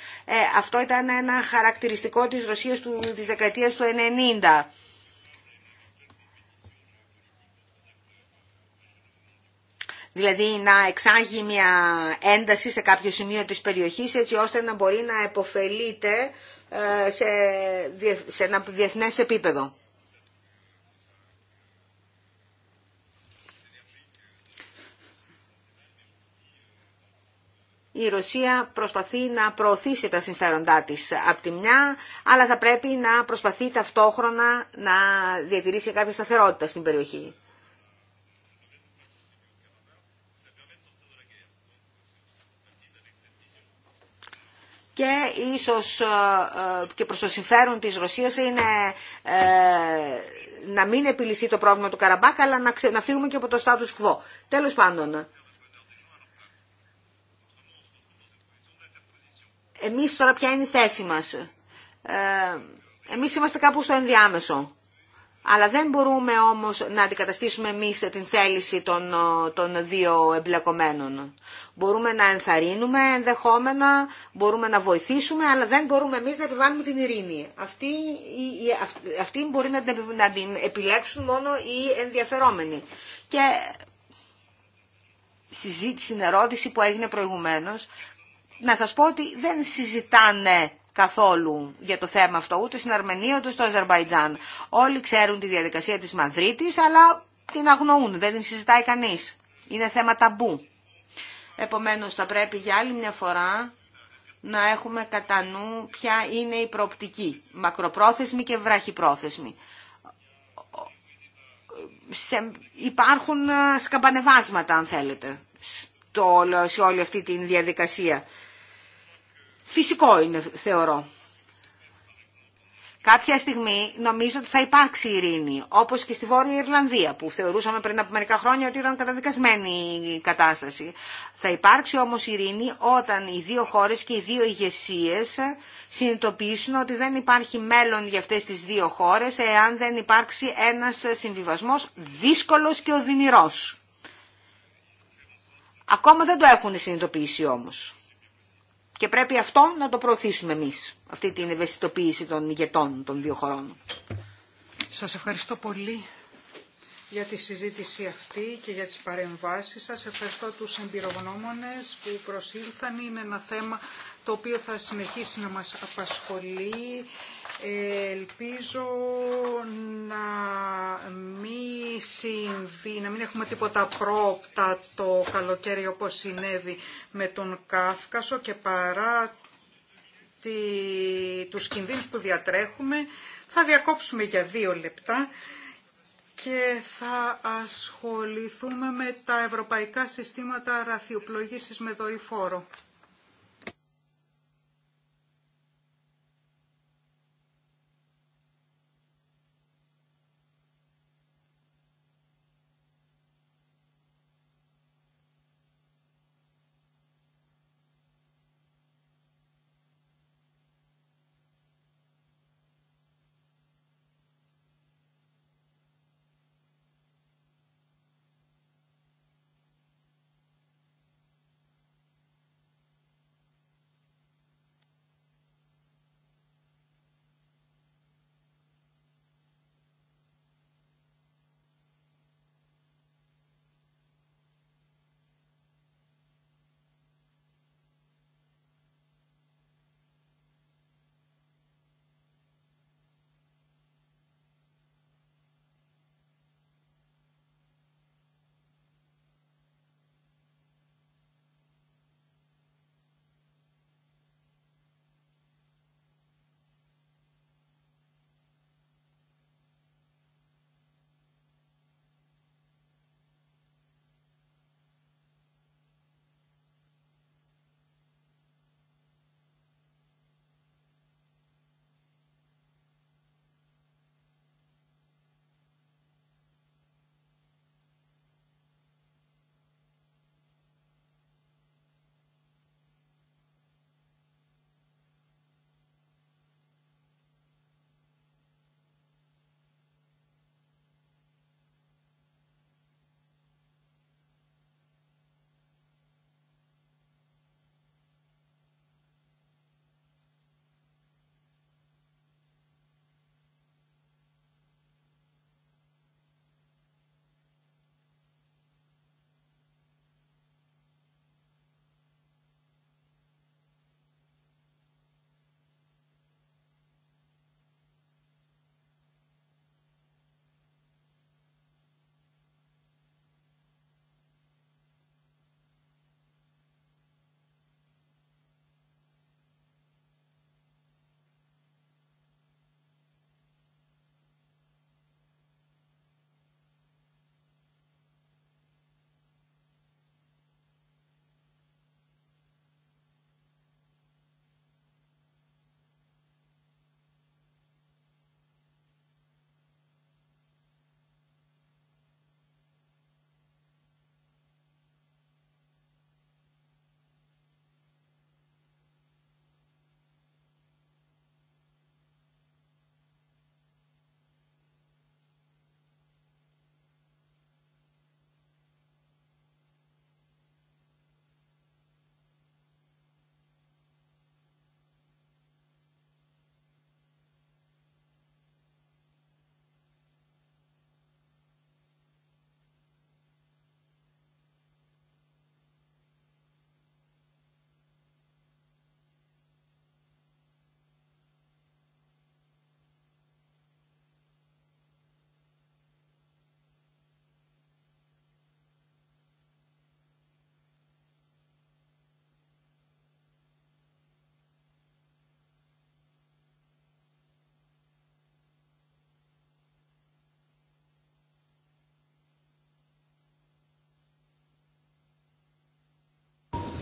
αυτό ήταν ένα χαρακτηριστικό της Ρωσίας του, της δεκαετίας του 90. δηλαδή να εξάγει μια ένταση σε κάποιο σημείο της περιοχής έτσι ώστε να μπορεί να επωφελείται ε, σε, σε ένα διεθνές επίπεδο. η Ρωσία προσπαθεί να προωθήσει τα συμφέροντά της από τη μια, αλλά θα πρέπει να προσπαθεί ταυτόχρονα να διατηρήσει κάποια σταθερότητα στην περιοχή. και ίσως ε, ε, και προς το συμφέρον της Ρωσίας είναι ε, να μην επιληθεί το πρόβλημα του Καραμπάκ, αλλά να φύγουμε και από το status quo. Τέλος πάντων, εμείς τώρα ποια είναι η θέση μας. Εμείς είμαστε κάπου στο ενδιάμεσο. Αλλά δεν μπορούμε όμως να αντικαταστήσουμε εμείς την θέληση των, των δύο εμπλεκομένων. Μπορούμε να ενθαρρύνουμε ενδεχόμενα, μπορούμε να βοηθήσουμε, αλλά δεν μπορούμε εμείς να επιβάλλουμε την ειρήνη. Αυτή, αυτή μπορεί να την, να επιλέξουν μόνο οι ενδιαφερόμενοι. Και συζήτηση, ερώτηση που έγινε προηγουμένως, να σας πω ότι δεν συζητάνε καθόλου για το θέμα αυτό, ούτε στην Αρμενία, ούτε στο Αζερβαϊτζάν. Όλοι ξέρουν τη διαδικασία της Μαδρίτης, αλλά την αγνοούν, δεν την συζητάει κανείς. Είναι θέμα ταμπού. Επομένως θα πρέπει για άλλη μια φορά να έχουμε κατά νου ποια είναι η προοπτική, μακροπρόθεσμη και βραχυπρόθεσμη. υπάρχουν ε, σκαμπανεβάσματα, αν θέλετε, σε όλη αυτή τη διαδικασία. Φυσικό είναι, θεωρώ. Κάποια στιγμή νομίζω ότι θα υπάρξει ειρήνη, όπως και στη Βόρεια Ιρλανδία, που θεωρούσαμε πριν από μερικά χρόνια ότι ήταν καταδικασμένη η κατάσταση. Θα υπάρξει όμως ειρήνη όταν οι δύο χώρες και οι δύο ηγεσίε συνειδητοποιήσουν ότι δεν υπάρχει μέλλον για αυτές τις δύο χώρε εάν δεν υπάρξει ένα συμβιβασμό δύσκολο και οδυνηρός. Ακόμα δεν το έχουν συνειδητοποιήσει όμως. Και πρέπει αυτό να το προωθήσουμε εμεί αυτή την ευαισθητοποίηση των ηγετών των δύο χωρών. Σας ευχαριστώ πολύ για τη συζήτηση αυτή και για τις παρεμβάσεις σας. Ευχαριστώ τους εμπειρογνώμονες που προσήλθαν. Είναι ένα θέμα το οποίο θα συνεχίσει να μας απασχολεί Ελπίζω να μην, συμβεί, να μην έχουμε τίποτα πρόπτα το καλοκαίρι όπως συνέβη με τον Κάφκασο και παρά τη, τους κινδύνους που διατρέχουμε θα διακόψουμε για δύο λεπτά και θα ασχοληθούμε με τα ευρωπαϊκά συστήματα ραθιοπλογήσεις με δορυφόρο.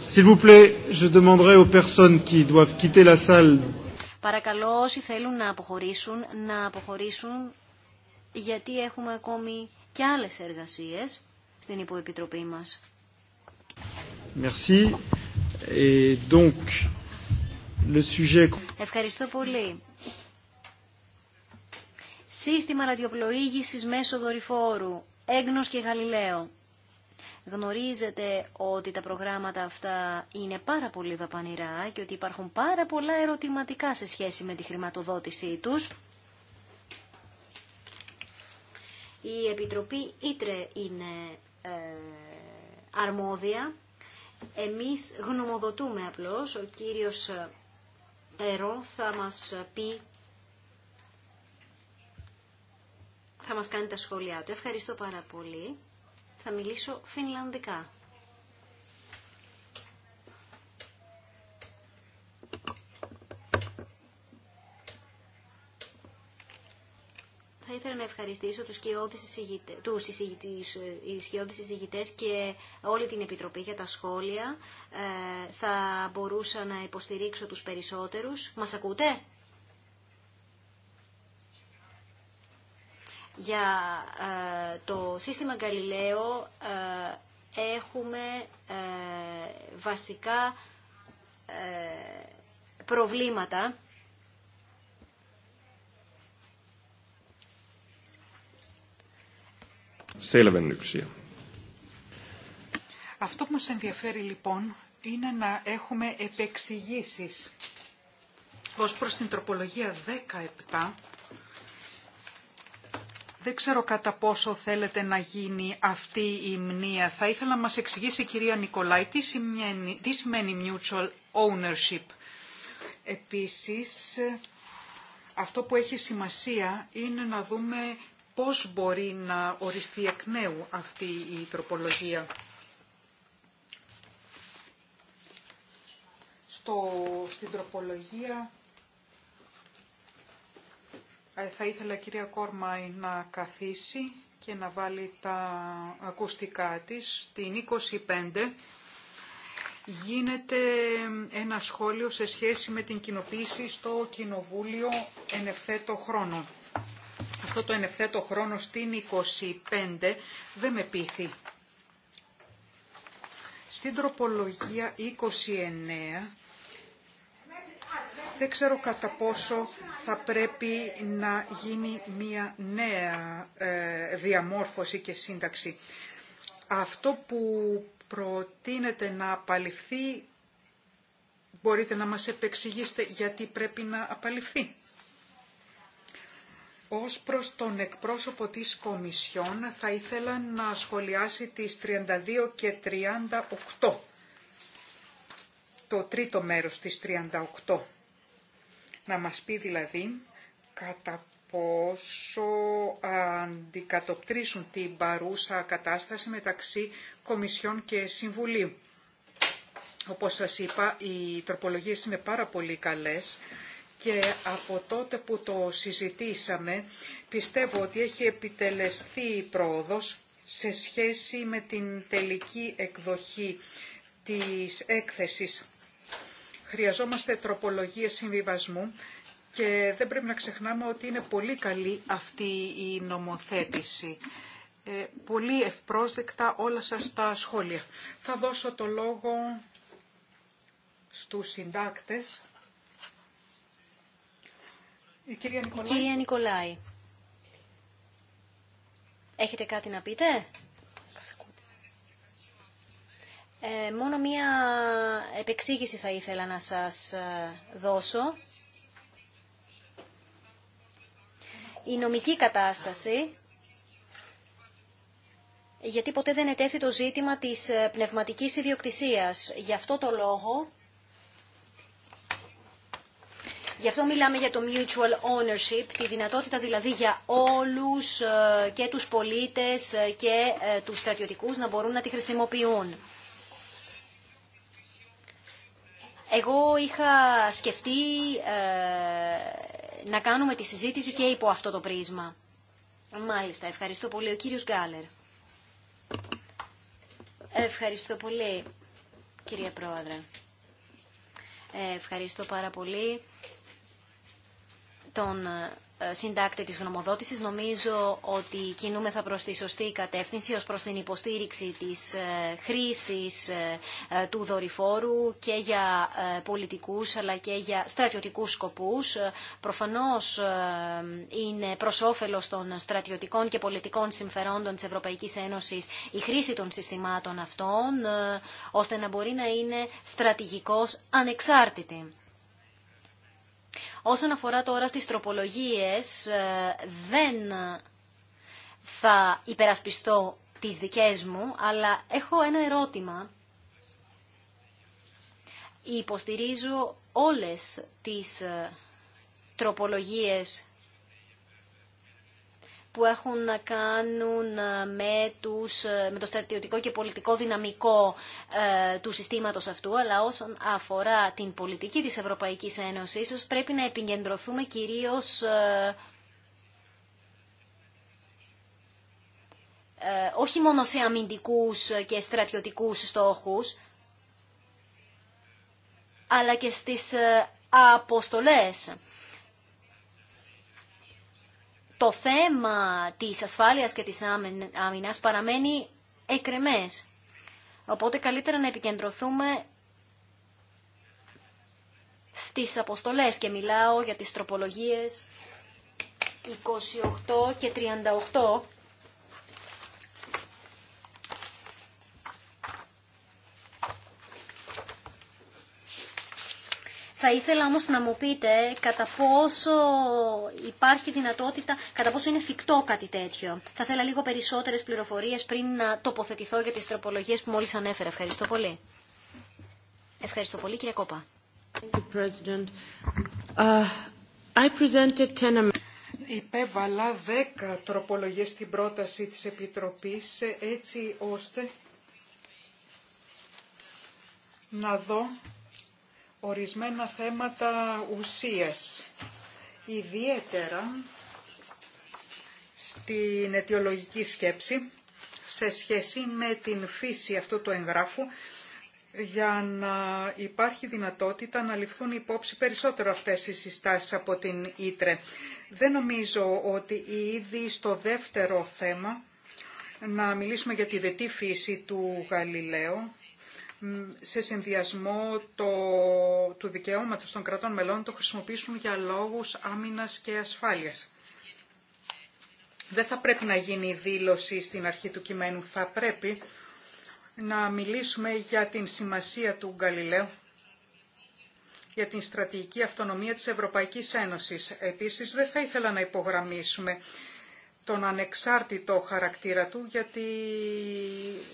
S'il vous plaît, je demanderai personnes qui doivent quitter la salle. Παρακαλώ όσοι θέλουν να αποχωρήσουν, να αποχωρήσουν γιατί έχουμε ακόμη και άλλες εργασίες στην υποεπιτροπή μας. Merci. Et donc, le sujet... Ευχαριστώ πολύ. Σύστημα ραδιοπλοήγησης μέσω δορυφόρου, έγνος και γαλιλαίο. Γνωρίζετε ότι τα προγράμματα αυτά είναι πάρα πολύ δαπανηρά και ότι υπάρχουν πάρα πολλά ερωτηματικά σε σχέση με τη χρηματοδότησή τους. Η Επιτροπή Ήτρε είναι ε, αρμόδια. Εμείς γνωμοδοτούμε απλώς. Ο κύριος Τέρο θα μας πει, θα μας κάνει τα σχόλιά του. Ευχαριστώ πάρα πολύ θα μιλήσω φινλανδικά. Θα ήθελα να ευχαριστήσω τους σκιώδεις ε, εισηγητές και όλη την Επιτροπή για τα σχόλια. Ε, θα μπορούσα να υποστηρίξω τους περισσότερους. Μας ακούτε? Για ε, το σύστημα Galileo ε, έχουμε ε, βασικά προβλήματα. Αυτό που μας ενδιαφέρει λοιπόν είναι να έχουμε επεξηγήσεις ως προς την τροπολογία 17 δεν ξέρω κατά πόσο θέλετε να γίνει αυτή η μνήα. Θα ήθελα να μας εξηγήσει η κυρία Νικολάη τι σημαίνει, τι mutual ownership. Επίσης, αυτό που έχει σημασία είναι να δούμε πώς μπορεί να οριστεί εκ νέου αυτή η τροπολογία. Στο, στην τροπολογία ε, θα ήθελα κυρία Κόρμαϊ να καθίσει και να βάλει τα ακουστικά της. Την 25 γίνεται ένα σχόλιο σε σχέση με την κοινοποίηση στο Κοινοβούλιο εν χρόνο. Αυτό το εν χρόνο στην 25 δεν με πείθει. Στην τροπολογία 29 δεν ξέρω κατά πόσο θα πρέπει να γίνει μια νέα ε, διαμόρφωση και σύνταξη. Αυτό που προτείνεται να απαλληφθεί, μπορείτε να μας επεξηγήσετε γιατί πρέπει να απαλληφθεί. Ως προς τον εκπρόσωπο της Κομισιόν θα ήθελα να σχολιάσει τις 32 και 38, το τρίτο μέρος της 38. Να μας πει δηλαδή κατά πόσο αντικατοπτρίσουν την παρούσα κατάσταση μεταξύ Κομισιών και Συμβουλίου. Όπως σας είπα, οι τροπολογίες είναι πάρα πολύ καλές και από τότε που το συζητήσαμε πιστεύω ότι έχει επιτελεστεί η πρόοδος σε σχέση με την τελική εκδοχή της έκθεσης. Χρειαζόμαστε τροπολογίες συμβιβασμού και δεν πρέπει να ξεχνάμε ότι είναι πολύ καλή αυτή η νομοθέτηση. Ε, πολύ ευπρόσδεκτα όλα σας τα σχόλια. Θα δώσω το λόγο στους συντάκτες. κυρία Νικολάη. Κυρία Νικολάη. Έχετε κάτι να πείτε? Ε, μόνο μία επεξήγηση θα ήθελα να σας ε, δώσω. Η νομική κατάσταση, γιατί ποτέ δεν ετέθη το ζήτημα της ε, πνευματικής ιδιοκτησίας. Γι' αυτό το λόγο, γι' αυτό μιλάμε για το mutual ownership, τη δυνατότητα δηλαδή για όλους και τους πολίτες και τους στρατιωτικούς να μπορούν να τη χρησιμοποιούν. Εγώ είχα σκεφτεί ε, να κάνουμε τη συζήτηση και υπό αυτό το πρίσμα. Μάλιστα, ευχαριστώ πολύ. Ο κύριος Γκάλερ. Ευχαριστώ πολύ, κυρία Πρόεδρε. Ε, ευχαριστώ πάρα πολύ τον ε, ε, συντάκτη της γνωμοδότησης. Νομίζω ότι θα προς τη σωστή κατεύθυνση ως προς την υποστήριξη της ε, χρήσης ε, του δορυφόρου και για πολιτικούς αλλά και για στρατιωτικούς σκοπούς. Προφανώς είναι προς όφελος των στρατιωτικών και πολιτικών συμφερόντων της Ευρωπαϊκής Ένωσης η χρήση των συστημάτων αυτών ώστε να μπορεί να είναι στρατηγικός ανεξάρτητη. Όσον αφορά τώρα στις τροπολογίες, ε, δεν θα υπερασπιστώ τις δικές μου, αλλά έχω ένα ερώτημα. Υποστηρίζω όλες τις ε, τροπολογίες που έχουν να κάνουν ε, με, τους, ε, με το στρατιωτικό και πολιτικό δυναμικό ε, του συστήματος αυτού, αλλά όσον αφορά την πολιτική της Ευρωπαϊκής Ένωσης, πρέπει να επικεντρωθούμε κυρίως όχι μόνο σε αμυντικούς και στρατιωτικούς στόχους, αλλά και στις αποστολές το θέμα της ασφάλειας και της άμυνας παραμένει εκρεμές. Οπότε καλύτερα να επικεντρωθούμε στις αποστολές και μιλάω για τις τροπολογίες 28 και 38 Θα ήθελα όμως να μου πείτε κατά πόσο υπάρχει δυνατότητα, κατά πόσο είναι φυκτό κάτι τέτοιο. Θα ήθελα λίγο περισσότερες πληροφορίες πριν να τοποθετηθώ για τις τροπολογίες που μόλις ανέφερα. Ευχαριστώ πολύ. Ευχαριστώ πολύ κύριε Κόπα. Uh, Υπέβαλα 10 τροπολογίες στην πρόταση της Επιτροπής έτσι ώστε να δω ορισμένα θέματα ουσίας. Ιδιαίτερα στην αιτιολογική σκέψη σε σχέση με την φύση αυτού του εγγράφου για να υπάρχει δυνατότητα να ληφθούν υπόψη περισσότερο αυτές οι συστάσεις από την Ήτρε. Δεν νομίζω ότι ήδη στο δεύτερο θέμα να μιλήσουμε για τη δετή φύση του Γαλιλαίου σε συνδυασμό το, του δικαιώματος των κρατών μελών το χρησιμοποιήσουν για λόγους άμυνας και ασφάλειας. Δεν θα πρέπει να γίνει δήλωση στην αρχή του κειμένου. Θα πρέπει να μιλήσουμε για την σημασία του Γκαλιλαίου για την στρατηγική αυτονομία της Ευρωπαϊκής Ένωσης. Επίσης, δεν θα ήθελα να υπογραμμίσουμε τον ανεξάρτητο χαρακτήρα του γιατί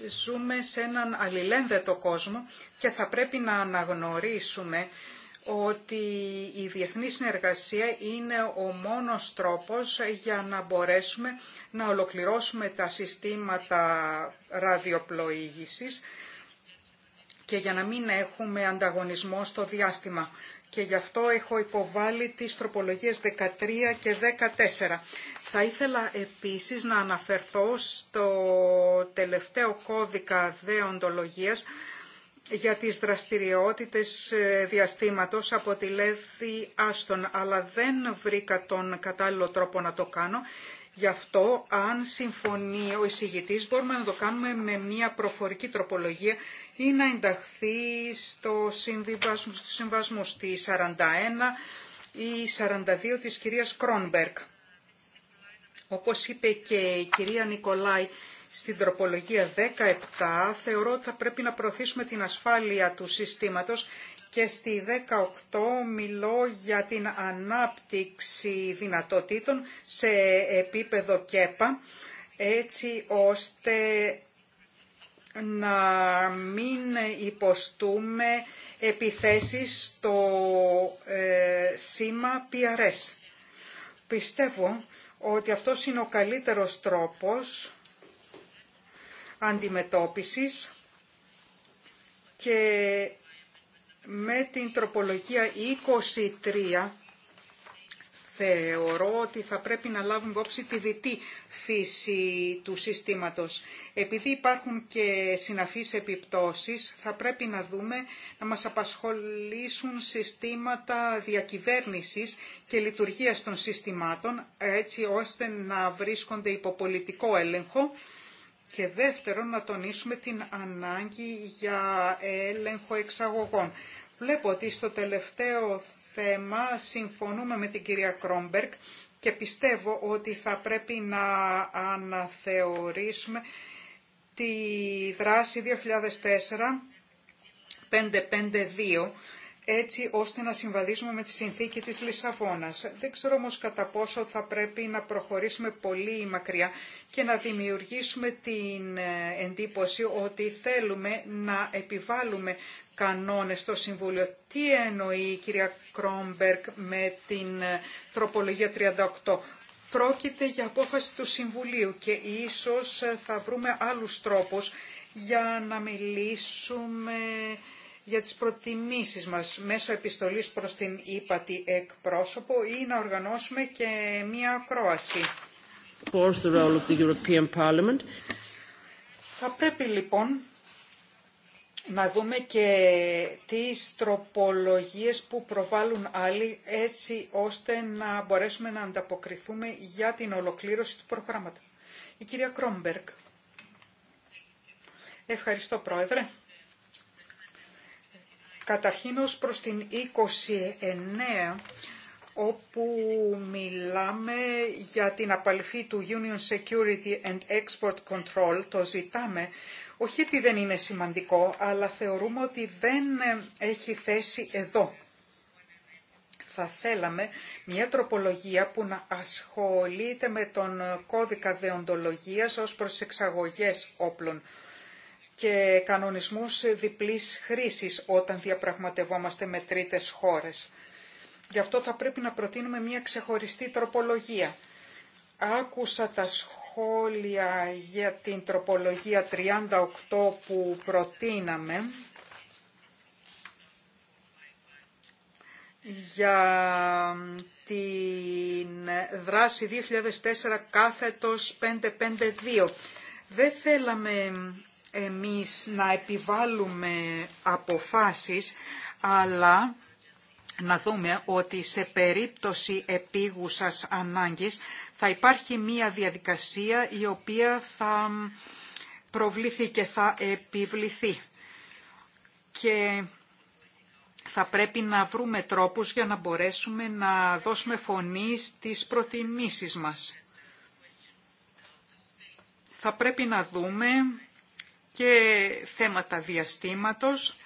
ζούμε σε έναν αλληλένδετο κόσμο και θα πρέπει να αναγνωρίσουμε ότι η διεθνή συνεργασία είναι ο μόνος τρόπος για να μπορέσουμε να ολοκληρώσουμε τα συστήματα ραδιοπλοήγησης και για να μην έχουμε ανταγωνισμό στο διάστημα και γι' αυτό έχω υποβάλει τις τροπολογίες 13 και 14. Θα ήθελα επίσης να αναφερθώ στο τελευταίο κώδικα δεοντολογίας για τις δραστηριότητες ε, διαστήματος από τη Λέβη Άστον, αλλά δεν βρήκα τον κατάλληλο τρόπο να το κάνω. Γι' αυτό, αν συμφωνεί ο εισηγητής, μπορούμε να το κάνουμε με μια προφορική τροπολογία ή να ενταχθεί στο συμβιβασμό στους συμβασμούς 41 ή 42 της κυρίας Κρόνμπερκ. Όπως είπε και η κυρία Νικολάη στην τροπολογία 17, θεωρώ ότι θα πρέπει να προωθήσουμε την ασφάλεια του συστήματος και στη 18 μιλώ για την ανάπτυξη δυνατοτήτων σε επίπεδο ΚΕΠΑ, έτσι ώστε να μην υποστούμε επιθέσεις στο ε, σήμα PRS. Πιστεύω ότι αυτό είναι ο καλύτερος τρόπος αντιμετώπισης και με την τροπολογία 23 θεωρώ ότι θα πρέπει να λάβουν υπόψη τη διτή φύση του συστήματος. Επειδή υπάρχουν και συναφείς επιπτώσεις, θα πρέπει να δούμε να μας απασχολήσουν συστήματα διακυβέρνησης και λειτουργίας των συστημάτων, έτσι ώστε να βρίσκονται υπό πολιτικό έλεγχο και δεύτερον να τονίσουμε την ανάγκη για έλεγχο εξαγωγών. Βλέπω ότι στο τελευταίο θέμα συμφωνούμε με την κυρία Κρόμπερκ και πιστεύω ότι θα πρέπει να αναθεωρήσουμε τη δράση 2004-552 έτσι ώστε να συμβαδίζουμε με τη συνθήκη της Λισαβόνας. Δεν ξέρω όμως κατά πόσο θα πρέπει να προχωρήσουμε πολύ μακριά και να δημιουργήσουμε την ε, εντύπωση ότι θέλουμε να επιβάλλουμε κανόνες στο Συμβούλιο. Τι εννοεί η κυρία Κρόμπερκ με την ε, τροπολογία 38. Πρόκειται για απόφαση του Συμβουλίου και ίσως ε, θα βρούμε άλλους τρόπους για να μιλήσουμε για τις προτιμήσεις μας μέσω επιστολής προς την ύπατη εκπρόσωπο ή να οργανώσουμε και μία ακρόαση. Θα πρέπει λοιπόν να δούμε και τις τροπολογίες που προβάλλουν άλλοι έτσι ώστε να μπορέσουμε να ανταποκριθούμε για την ολοκλήρωση του προγράμματος. Η κυρία Κρόμπεργκ. Ευχαριστώ πρόεδρε. Καταρχήν ως προς την 29 όπου μιλάμε για την απαλήφη του Union Security and Export Control, το ζητάμε όχι ότι δεν είναι σημαντικό, αλλά θεωρούμε ότι δεν ε, έχει θέση εδώ. Θα θέλαμε μια τροπολογία που να ασχολείται με τον ε, κώδικα δεοντολογίας ως προς εξαγωγές όπλων και κανονισμούς διπλής χρήσης όταν διαπραγματευόμαστε με τρίτες χώρες. Γι' αυτό θα πρέπει να προτείνουμε μια ξεχωριστή τροπολογία. Άκουσα τα σχόλια σχόλια για την τροπολογία 38 που προτείναμε για την δράση 2004 κάθετος 552. Δεν θέλαμε εμείς να επιβάλλουμε αποφάσεις, αλλά να δούμε ότι σε περίπτωση επίγουσας ανάγκης θα υπάρχει μία διαδικασία η οποία θα προβληθεί και θα επιβληθεί. Και θα πρέπει να βρούμε τρόπους για να μπορέσουμε να δώσουμε φωνή στις προτιμήσεις μας. Θα πρέπει να δούμε και θέματα διαστήματος,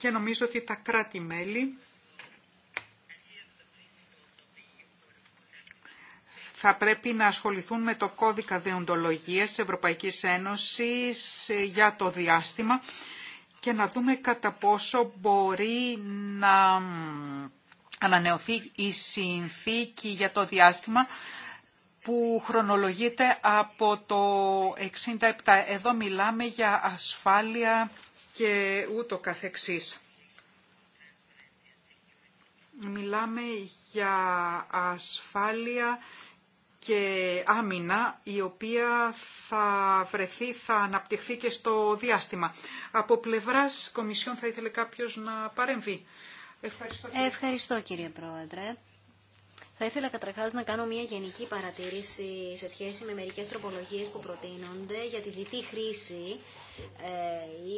και νομίζω ότι τα κράτη-μέλη θα πρέπει να ασχοληθούν με το κώδικα δεοντολογίας της Ευρωπαϊκής Ένωσης για το διάστημα και να δούμε κατά πόσο μπορεί να ανανεωθεί η συνθήκη για το διάστημα που χρονολογείται από το 67. Εδώ μιλάμε για ασφάλεια και ούτω καθεξής. Μιλάμε για ασφάλεια και άμυνα η οποία θα βρεθεί, θα αναπτυχθεί και στο διάστημα. Από πλευράς Κομισιόν θα ήθελε κάποιος να παρέμβει. Ευχαριστώ κύριε, Ευχαριστώ, κύριε Πρόεδρε. Θα ήθελα καταρχά να κάνω μια γενική παρατήρηση σε σχέση με μερικές τροπολογίες που προτείνονται για τη διτή χρήση ε,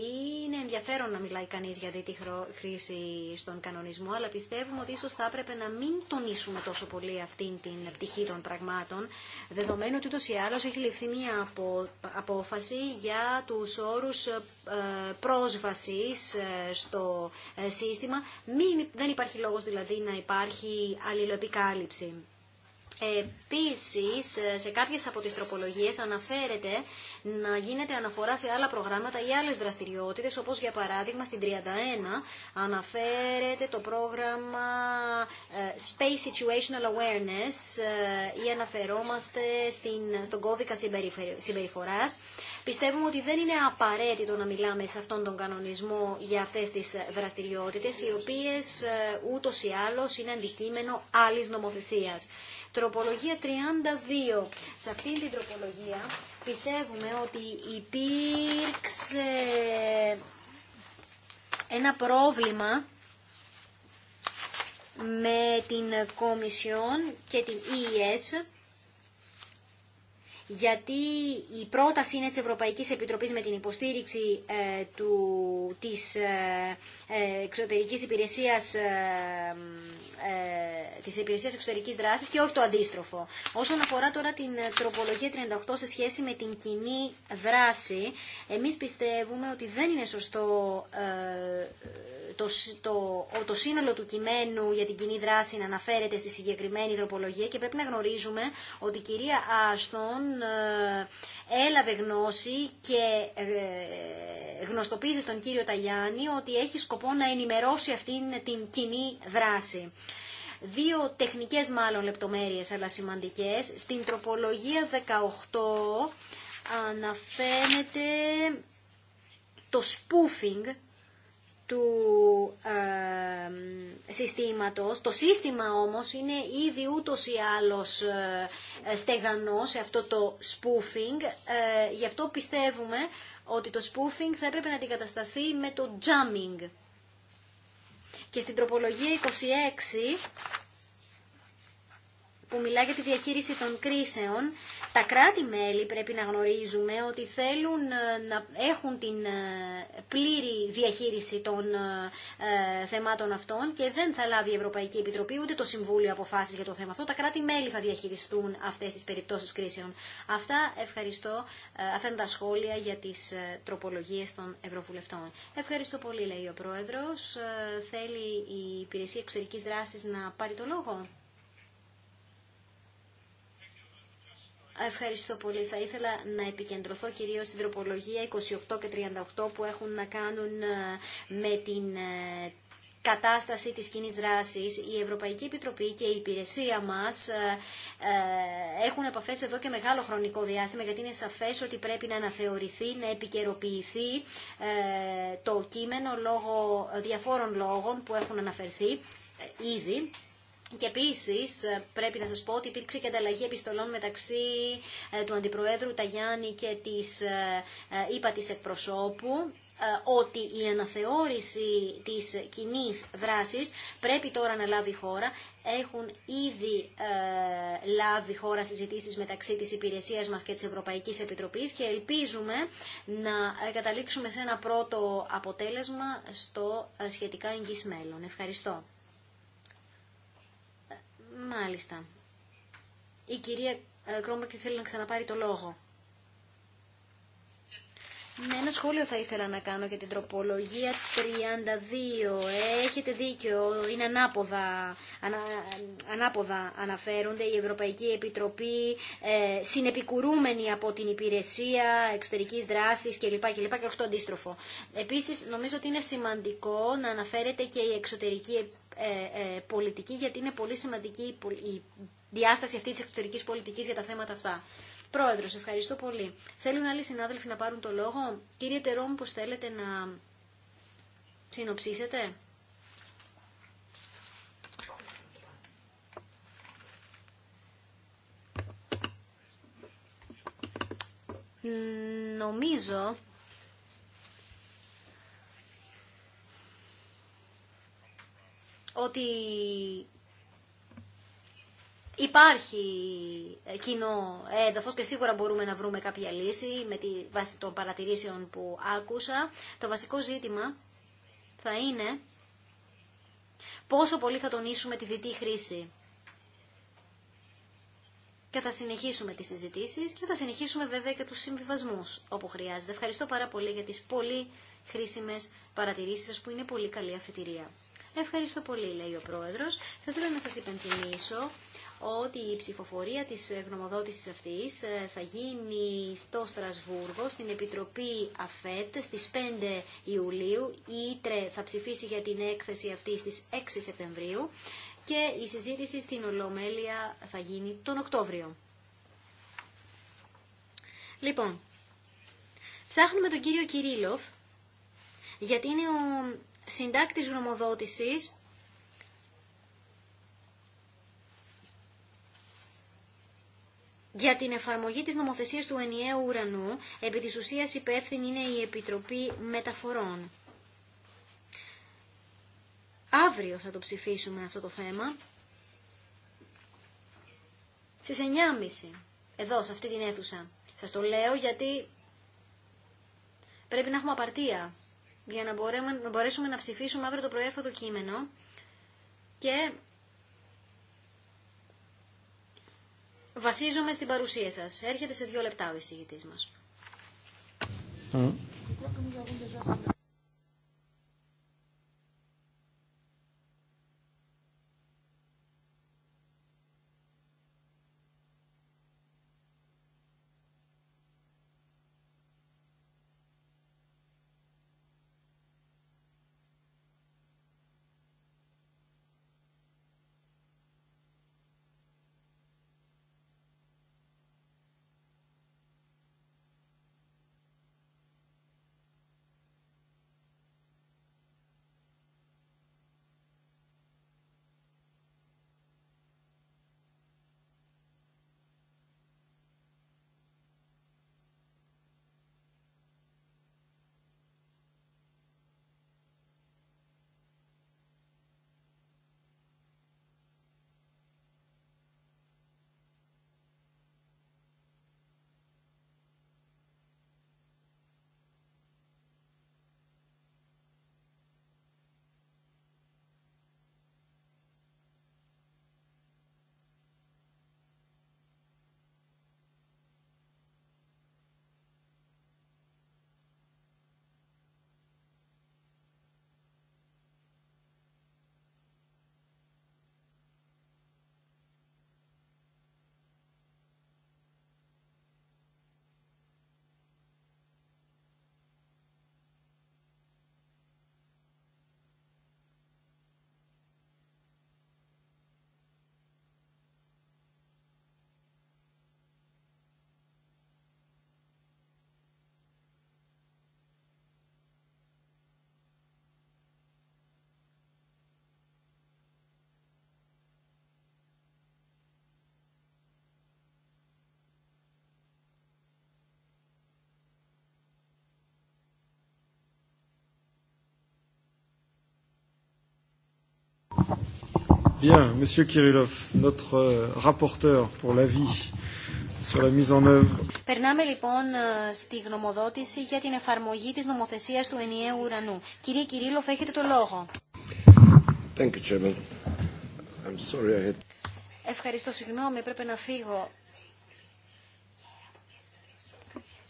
είναι ενδιαφέρον να μιλάει κανείς για δίτη χρήση στον κανονισμό, αλλά πιστεύουμε ότι ίσως θα έπρεπε να μην τονίσουμε τόσο πολύ αυτήν την πτυχή των πραγμάτων, δεδομένου ότι ούτως ή άλλως έχει ληφθεί μια απόφαση για τους όρους ε, πρόσβασης ε, στο σύστημα. δεν υπάρχει λόγος δηλαδή να υπάρχει αλληλοεπικάλυψη. Επίσης, σε κάποιες από τις τροπολογίες αναφέρεται να γίνεται αναφορά σε άλλα προγράμματα ή άλλες δραστηριότητες, όπως για παράδειγμα στην 31 αναφέρεται το πρόγραμμα ε, Space Situational Awareness ε, ή αναφερόμαστε στην, στον κώδικα συμπεριφοράς. Πιστεύουμε ότι δεν είναι απαραίτητο να μιλάμε σε αυτόν τον κανονισμό για αυτές τις δραστηριότητες, οι οποίες ε, ούτως ή άλλως είναι αντικείμενο άλλης νομοθεσίας. Τροπολογία 32. Σε αυτήν την τροπολογία πιστεύουμε ότι υπήρξε ένα πρόβλημα με την Κομισιόν και την ΙΕΣ e e γιατί η πρόταση είναι της Ευρωπαϊκής Επιτροπής με την υποστήριξη ε, του, της ε, ε εξωτερικής υπηρεσίας, ε, της υπηρεσίας εξωτερικής δράσης και όχι το αντίστροφο. Όσον αφορά τώρα την τροπολογία 38 σε σχέση με την κοινή δράση, εμείς πιστεύουμε ότι δεν είναι σωστό το, το, το σύνολο του κειμένου για την κοινή δράση να αναφέρεται στη συγκεκριμένη τροπολογία και πρέπει να γνωρίζουμε ότι η κυρία Άστον ε, έλαβε γνώση και ε, γνωστοποίησε στον κύριο Ταγιάννη ότι έχει σκοπό να ενημερώσει αυτήν την κοινή δράση δύο τεχνικές μάλλον λεπτομέρειες αλλά σημαντικές. Στην τροπολογία 18 αναφέρεται το spoofing του συστήματος. Το σύστημα όμως είναι ήδη ούτως ή άλλως ε, στεγανό σε αυτό το spoofing. Ε, γι' αυτό πιστεύουμε ότι το spoofing θα έπρεπε να αντικατασταθεί με το jamming. Και στην τροπολογία 26 που μιλάει για τη διαχείριση των κρίσεων, τα κράτη-μέλη πρέπει να γνωρίζουμε ότι θέλουν ε, να έχουν την ε, πλήρη διαχείριση των ε, θεμάτων αυτών και δεν θα λάβει η Ευρωπαϊκή Επιτροπή ούτε το Συμβούλιο αποφάσεις για το θέμα αυτό. Τα κράτη-μέλη θα διαχειριστούν αυτές τις περιπτώσεις κρίσεων. Αυτά ευχαριστώ. Αυτά είναι τα σχόλια για τις τροπολογίες των Ευρωβουλευτών. Ευχαριστώ πολύ, λέει ο Πρόεδρος. Θέλει η Υπηρεσία Εξωτερικής Δράσης να πάρει το λόγο. Ευχαριστώ πολύ. Θα ήθελα να επικεντρωθώ κυρίως στην τροπολογία 28 και 38 που έχουν να κάνουν ε, με την ε, κατάσταση της κοινή δράσης. Η Ευρωπαϊκή Επιτροπή και η υπηρεσία μας ε, έχουν επαφές εδώ και μεγάλο χρονικό διάστημα γιατί είναι σαφές ότι πρέπει να αναθεωρηθεί, να επικαιροποιηθεί το κείμενο λόγω διαφόρων λόγων που έχουν αναφερθεί ήδη και επίση ε, πρέπει να σα πω ότι υπήρξε και ανταλλαγή επιστολών μεταξύ ε, του Αντιπροέδρου Ταγιάννη και τη ΥΠΑ ε, τη εκπροσώπου ότι η αναθεώρηση της κοινή δράσης πρέπει τώρα να λάβει χώρα. Έχουν ήδη λάβει χώρα συζητήσεις μεταξύ της υπηρεσίας μας και της Ευρωπαϊκής Επιτροπής και ελπίζουμε να καταλήξουμε σε ένα πρώτο αποτέλεσμα στο σχετικά εγγύς μέλλον. Ευχαριστώ. Μάλιστα. Η κυρία ε, Κρόμπακη θέλει να ξαναπάρει το λόγο. Με ναι, ένα σχόλιο θα ήθελα να κάνω για την τροπολογία 32. Έχετε δίκιο, είναι ανάποδα, ανα, ανάποδα αναφέρονται. Η Ευρωπαϊκή Επιτροπή ε, συνεπικουρούμενη από την υπηρεσία εξωτερικής δράσης κλπ. Και, και αυτό αντίστροφο. Επίσης, νομίζω ότι είναι σημαντικό να αναφέρεται και η εξωτερική ε, ε, πολιτική, γιατί είναι πολύ σημαντική η διάσταση αυτή τη εξωτερικής πολιτικής για τα θέματα αυτά. Πρόεδρο, ευχαριστώ πολύ. Θέλουν άλλοι συνάδελφοι να πάρουν το λόγο. Κύριε Τερόμ, πώς θέλετε να συνοψίσετε. Νομίζω ότι υπάρχει κοινό έδαφος και σίγουρα μπορούμε να βρούμε κάποια λύση με τη βάση των παρατηρήσεων που άκουσα. Το βασικό ζήτημα θα είναι πόσο πολύ θα τονίσουμε τη διτή χρήση. Και θα συνεχίσουμε τις συζητήσεις και θα συνεχίσουμε βέβαια και τους συμβιβασμούς όπου χρειάζεται. Ευχαριστώ πάρα πολύ για τις πολύ χρήσιμες παρατηρήσεις σας που είναι πολύ καλή αφετηρία. Ευχαριστώ πολύ, λέει ο Πρόεδρος. Θα ήθελα να σας υπενθυμίσω ότι η ψηφοφορία της γνωμοδότησης αυτής ε, θα γίνει στο Στρασβούργο, στην Επιτροπή ΑΦΕΤ, στις 5 Ιουλίου. Η ΙΤΡΕ θα ψηφίσει για την έκθεση αυτή στις 6 Σεπτεμβρίου και η συζήτηση στην Ολομέλεια θα γίνει τον Οκτώβριο. Λοιπόν, ψάχνουμε τον κύριο Κυρίλοφ, γιατί είναι ο συντάκτης γνωμοδότησης Για την εφαρμογή της νομοθεσίας του ενιαίου ουρανού, επί της ουσίας υπεύθυνη είναι η Επιτροπή Μεταφορών. Αύριο θα το ψηφίσουμε αυτό το θέμα. Στις 9.30, εδώ, σε αυτή την αίθουσα. Σας το λέω γιατί πρέπει να έχουμε απαρτία για να, μπορέσουμε να ψηφίσουμε αύριο το πρωί αυτό το κείμενο και βασίζομαι στην παρουσία σας. Έρχεται σε δύο λεπτά ο εισηγητής μας. Bien, Monsieur Kirillov, notre euh, rapporteur pour l'avis sur la mise en œuvre. Περνάμε λοιπόν ε, στη γνωμοδότηση για την εφαρμογή της νομοθεσίας του ενιαίου ουρανού. Κύριε Κυρίλοφ, έχετε το λόγο. Thank you, Chairman. I'm sorry I had... Ευχαριστώ, συγγνώμη, έπρεπε να φύγω.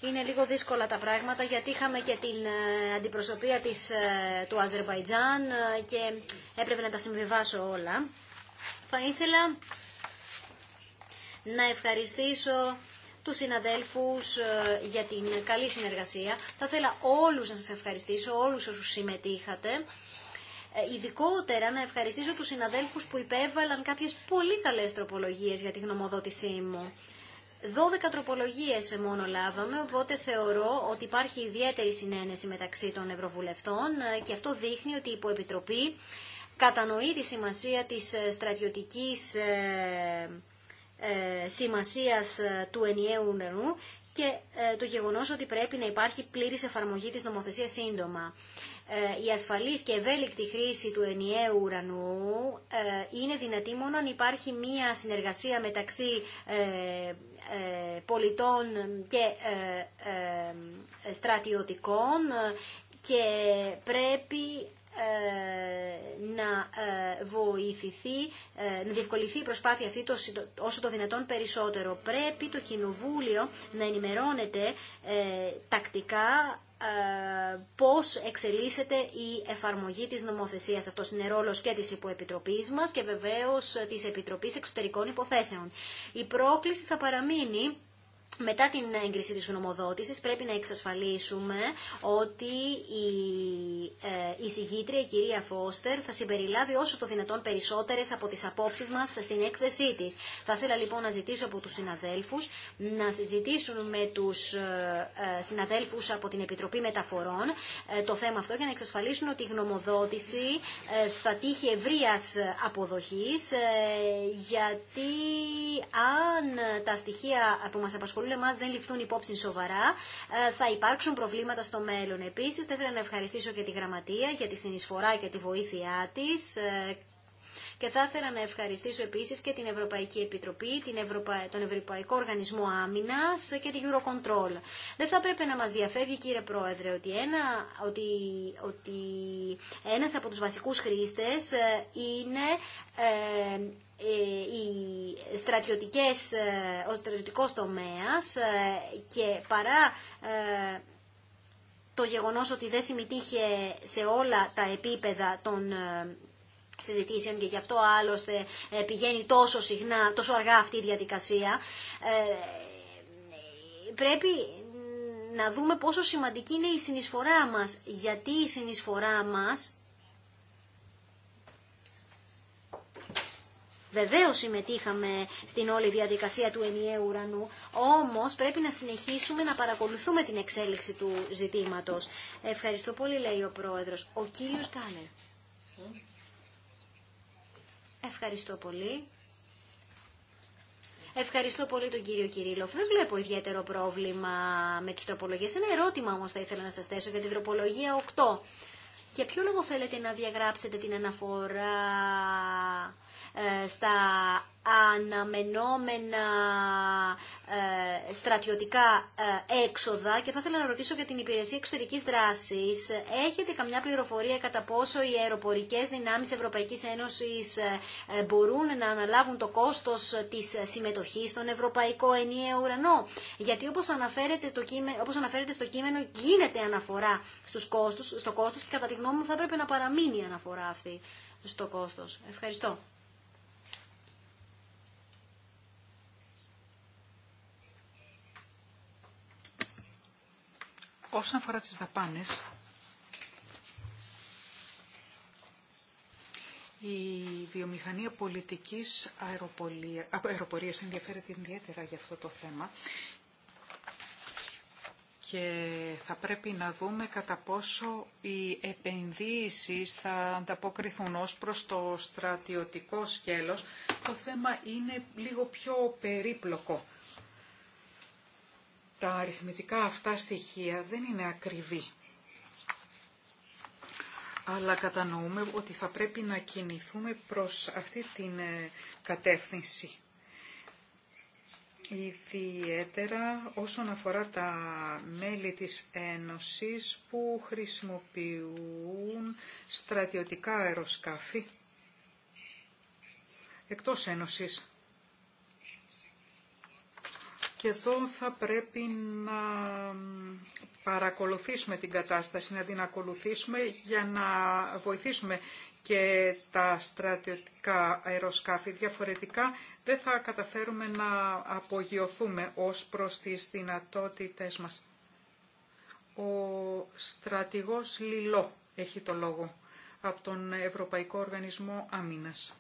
είναι λίγο δύσκολα τα πράγματα γιατί είχαμε και την ε, αντιπροσωπεία της, ε, του Αζερβαϊτζάν ε, και έπρεπε να τα συμβιβάσω όλα. Θα ήθελα να ευχαριστήσω τους συναδέλφους για την καλή συνεργασία. Θα ήθελα όλους να σας ευχαριστήσω, όλους όσους συμμετείχατε. Ειδικότερα να ευχαριστήσω τους συναδέλφους που υπέβαλαν κάποιες πολύ καλές τροπολογίες για τη γνωμοδότησή μου. 12 τροπολογίε μόνο λάβαμε, οπότε θεωρώ ότι υπάρχει ιδιαίτερη συνένεση μεταξύ των Ευρωβουλευτών ε, και αυτό δείχνει ότι η Υποεπιτροπή κατανοεί τη σημασία της ε, στρατιωτικής ε, σημασίας του ενιαίου νερού και το γεγονός ότι πρέπει να υπάρχει πλήρης εφαρμογή της νομοθεσίας σύντομα. Η ασφαλής και ευέλικτη χρήση του ενιαίου ουρανού είναι δυνατή μόνο αν υπάρχει μία συνεργασία μεταξύ ε, πολιτών και ε, ε, στρατιωτικών και πρέπει να βοηθηθεί, να διευκολυθεί η προσπάθεια αυτή όσο το δυνατόν περισσότερο. Πρέπει το Κοινοβούλιο να ενημερώνεται τακτικά ε, πώς εξελίσσεται η εφαρμογή της νομοθεσίας. Αυτός είναι ρόλο και της υποεπιτροπής μας και βεβαίως της Επιτροπής Εξωτερικών Υποθέσεων. Η πρόκληση θα παραμείνει μετά την έγκριση της γνωμοδότησης πρέπει να εξασφαλίσουμε ότι ε, η συγγήτρια, η κυρία Φώστερ, θα συμπεριλάβει όσο το δυνατόν περισσότερες από τις απόψεις μας στην έκθεσή της. Θα ήθελα λοιπόν να ζητήσω από τους συναδέλφους να συζητήσουν με τους ε, ε, συναδέλφους από την Επιτροπή Μεταφορών το θέμα αυτό για να εξασφαλίσουν ότι η γνωμοδότηση θα τύχει ευρεία αποδοχής γιατί αν τα στοιχεία που μας απασχολούν όλοι εμά δεν ληφθούν υπόψη σοβαρά, ε, θα υπάρξουν προβλήματα στο μέλλον. Επίση, θα ήθελα να ευχαριστήσω και τη Γραμματεία για τη συνεισφορά και τη βοήθειά τη. Ε, και θα ήθελα να ευχαριστήσω επίσης και την Ευρωπαϊκή Επιτροπή, την τον Ευρωπαϊκό Οργανισμό Άμυνας και την Eurocontrol. Δεν θα πρέπει να μας διαφεύγει κύριε Πρόεδρε ότι, ένα, ότι, ότι ένας από τους βασικούς χρήστες ε, είναι... Ε, οι στρατιωτικές, ε, ο στρατιωτικός τομέας ε, και παρά το γεγονός ότι δεν συμμετείχε σε όλα τα επίπεδα των συζητήσεων και γι' αυτό άλλωστε πηγαίνει τόσο συχνά, τόσο αργά αυτή η διαδικασία, πρέπει να δούμε πόσο σημαντική είναι η συνεισφορά μας, γιατί η συνεισφορά μας Βεβαίως συμμετείχαμε στην όλη διαδικασία του ενιαίου ουρανού, όμως πρέπει να συνεχίσουμε να παρακολουθούμε την εξέλιξη του ζητήματος. Ευχαριστώ πολύ, λέει ο Πρόεδρος. Ο κύριος Κάνερ. Ευχαριστώ πολύ. Ευχαριστώ πολύ τον κύριο Κυρίλοφ. Δεν βλέπω ιδιαίτερο πρόβλημα με τις τροπολογίες. Ένα ερώτημα όμως θα ήθελα να σας θέσω για την τροπολογία 8. Για ποιο λόγο θέλετε να διαγράψετε την αναφορά ε, στα αναμενόμενα ε, στρατιωτικά ε, έξοδα και θα ήθελα να ρωτήσω για την υπηρεσία εξωτερικής δράσης. Έχετε καμιά πληροφορία κατά πόσο οι αεροπορικές δυνάμεις Ευρωπαϊκής Ένωσης μπορούν να αναλάβουν το κόστος της συμμετοχής στον Ευρωπαϊκό Ενιαίο Ουρανό. Γιατί όπως αναφέρεται, το κείμενο, όπως αναφέρεται στο κείμενο γίνεται αναφορά στους στο κόστος και κατά τη γνώμη μου θα έπρεπε να παραμείνει η αναφορά αυτή στο κόστος. Ευχαριστώ. Όσον αφορά τις δαπάνες, η βιομηχανία πολιτικής αεροπορίας ενδιαφέρεται ιδιαίτερα για αυτό το θέμα και θα πρέπει να δούμε κατά πόσο οι επενδύσεις θα ανταποκριθούν ως προς το στρατιωτικό σκέλος. Το θέμα είναι λίγο πιο περίπλοκο τα αριθμητικά αυτά στοιχεία δεν είναι ακριβή. Αλλά κατανοούμε ότι θα πρέπει να κινηθούμε προς αυτή την ε, κατεύθυνση. Ιδιαίτερα όσον αφορά τα μέλη της Ένωσης που χρησιμοποιούν στρατιωτικά αεροσκάφη εκτός Ένωσης. Και εδώ θα πρέπει να παρακολουθήσουμε την κατάσταση, να την ακολουθήσουμε για να βοηθήσουμε και τα στρατιωτικά αεροσκάφη. Διαφορετικά δεν θα καταφέρουμε να απογειωθούμε ως προς τις δυνατότητες μας. Ο στρατηγός Λιλό έχει το λόγο από τον Ευρωπαϊκό Οργανισμό Αμήνας.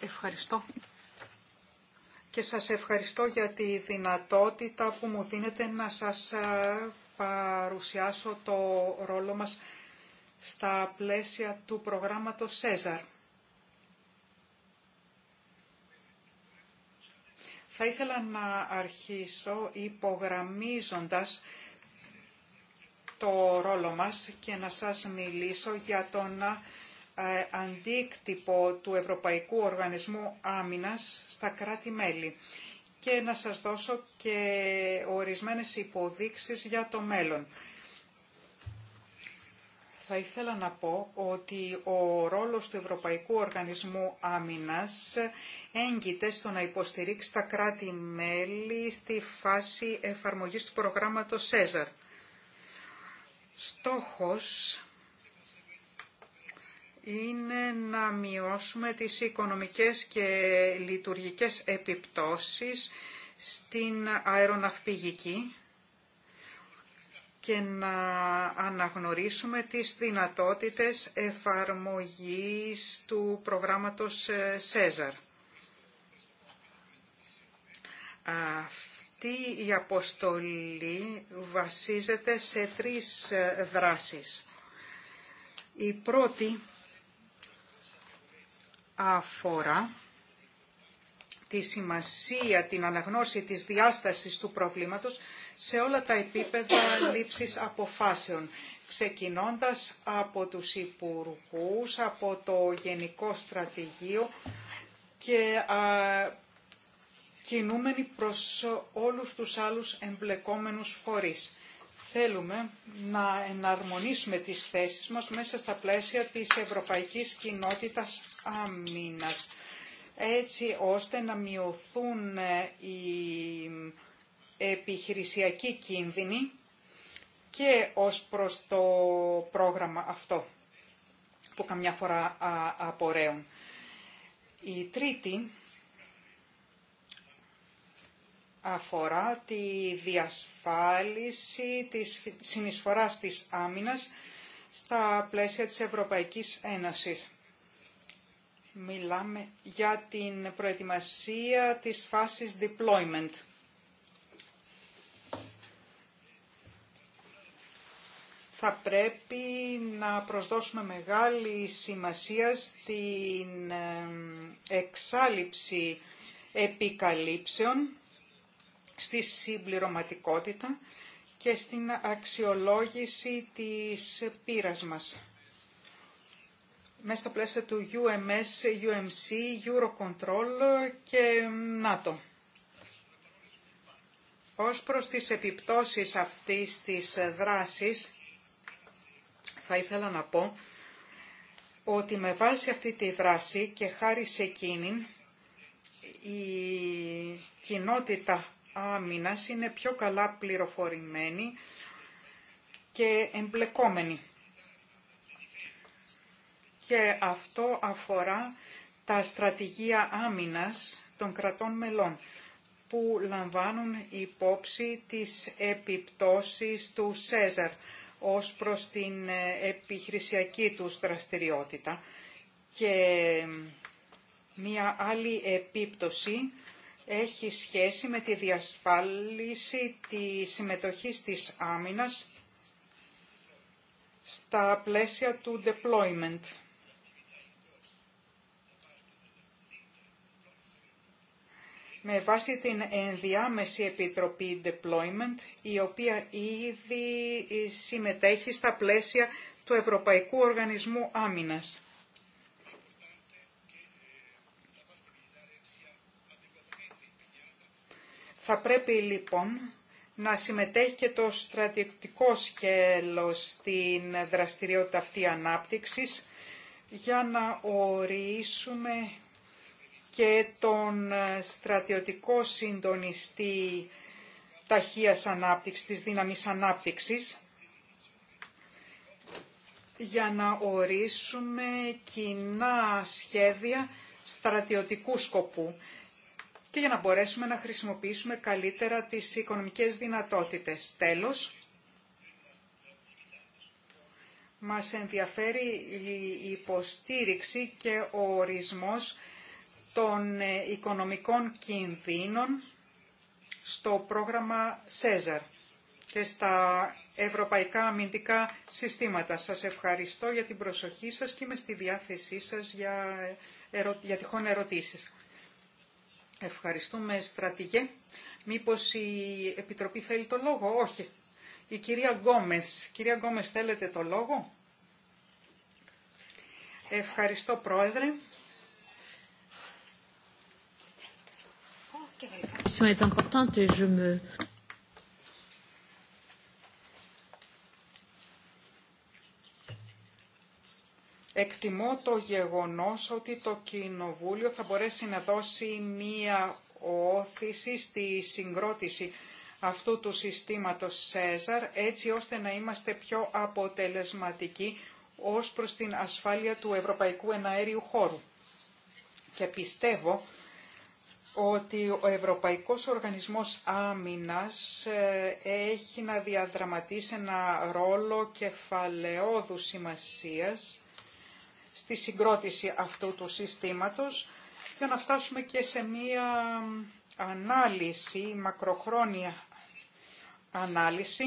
Ευχαριστώ και σας ευχαριστώ για τη δυνατότητα που μου δίνετε να σας ε, παρουσιάσω το ρόλο μας στα πλαίσια του προγράμματος ΣΕΖΑΡ. Θα ήθελα να αρχίσω υπογραμμίζοντας το ρόλο μας και να σας μιλήσω για το ε, αντίκτυπο του Ευρωπαϊκού Οργανισμού Άμυνας στα κράτη-μέλη και να σας δώσω και ορισμένες υποδείξεις για το μέλλον. Θα ήθελα να πω ότι ο ρόλος του Ευρωπαϊκού Οργανισμού Άμυνας έγκυται στο να υποστηρίξει τα κράτη-μέλη στη φάση εφαρμογής του προγράμματος ΣΕΖΑΡ. Στόχος είναι να μειώσουμε τις οικονομικές και λειτουργικές επιπτώσεις στην αεροναυπηγική και να αναγνωρίσουμε τις δυνατότητες εφαρμογής του προγράμματος ε, ΣΕΖΑΡ. Αυτή η αποστολή βασίζεται σε τρεις ε, δράσεις. Η πρώτη αφορά τη σημασία, την αναγνώση της διάστασης του προβλήματος σε όλα τα επίπεδα λήψης αποφάσεων, ξεκινώντας από τους υπουργούς, από το Γενικό Στρατηγείο και α, κινούμενοι προς όλους τους άλλους εμπλεκόμενους φορείς. Θέλουμε να εναρμονίσουμε τις θέσεις μας μέσα στα πλαίσια της Ευρωπαϊκής Κοινότητας άμυνας έτσι ώστε να μειωθούν ε, οι επιχειρησιακοί κίνδυνοι και ως προς το πρόγραμμα αυτό που καμιά φορά απορρέουν. Η τρίτη αφορά τη διασφάλιση της συνεισφοράς της άμυνας στα πλαίσια της Ευρωπαϊκής Ένωσης. Μιλάμε για την προετοιμασία της φάσης deployment. θα πρέπει να προσδώσουμε μεγάλη σημασία στην ε, εξάλληψη επικαλύψεων, στη συμπληρωματικότητα και στην αξιολόγηση της πείρας μας μέσα στα πλαίσια του UMS, UMC, Eurocontrol και NATO. Ως προς τις επιπτώσεις αυτής της δράσης, θα ήθελα να πω ότι με βάση αυτή τη δράση και χάρη σε εκείνη, η κοινότητα άμυνας είναι πιο καλά πληροφορημένη και εμπλεκόμενη και αυτό αφορά τα στρατηγία άμυνας των κρατών μελών που λαμβάνουν υπόψη τις επιπτώσεις του ΣΕΖΑΡ ως προς την ε, επιχρησιακή του δραστηριότητα. Και μία άλλη επίπτωση έχει σχέση με τη διασφάλιση τη συμμετοχής της άμυνας στα πλαίσια του deployment με βάση την ενδιάμεση επιτροπή deployment, η οποία ήδη συμμετέχει στα πλαίσια του Ευρωπαϊκού Οργανισμού Άμυνας. Θα πρέπει λοιπόν να συμμετέχει και το στρατιωτικό σκέλος στην δραστηριότητα αυτή ανάπτυξης για να ορίσουμε και τον ε, στρατιωτικό συντονιστή ταχείας ανάπτυξης, της δύναμης ανάπτυξης, για να ορίσουμε κοινά σχέδια στρατιωτικού σκοπού και για να μπορέσουμε να χρησιμοποιήσουμε καλύτερα τις οικονομικές δυνατότητες. Τέλος, μας ενδιαφέρει η υποστήριξη και ο ορισμός των ε, οικονομικών κινδύνων στο πρόγραμμα ΣΕΖΑΡ και στα ευρωπαϊκά αμυντικά συστήματα. Σας ευχαριστώ για την προσοχή σας και είμαι στη διάθεσή σας για, ε, ερω... για τυχόν ερωτήσεις. Ευχαριστούμε, στρατηγέ. Μήπως η Επιτροπή θέλει το λόγο. Όχι. Η κυρία Γκόμες. Κυρία Γκόμες, θέλετε το λόγο. Ευχαριστώ, Πρόεδρε. Εκτιμώ το γεγονός ότι το Κοινοβούλιο θα μπορέσει να δώσει μία όθηση στη συγκρότηση αυτού του συστήματος ΣΕΖΑΡ, έτσι ώστε να είμαστε πιο αποτελεσματικοί ως προς την ασφάλεια του ευρωπαϊκού εναέριου χώρου. Και πιστεύω ότι ο Ευρωπαϊκός Οργανισμός Άμυνας ε, έχει να διαδραματίσει ένα ρόλο κεφαλαιόδου σημασίας στη συγκρότηση αυτού του συστήματος για να φτάσουμε και σε μία ανάλυση, μακροχρόνια ανάλυση,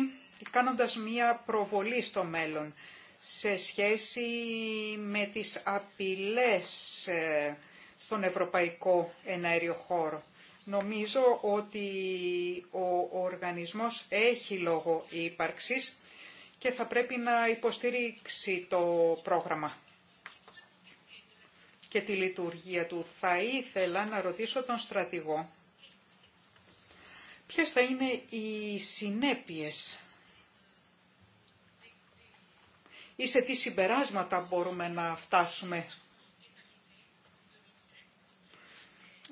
κάνοντας μία προβολή στο μέλλον σε σχέση με τις απειλές ε, στον ευρωπαϊκό εναέριο χώρο. Νομίζω ότι ο οργανισμός έχει λόγο ύπαρξης και θα πρέπει να υποστηρίξει το πρόγραμμα και τη λειτουργία του. Θα ήθελα να ρωτήσω τον στρατηγό ποιες θα είναι οι συνέπειες ή σε τι συμπεράσματα μπορούμε να φτάσουμε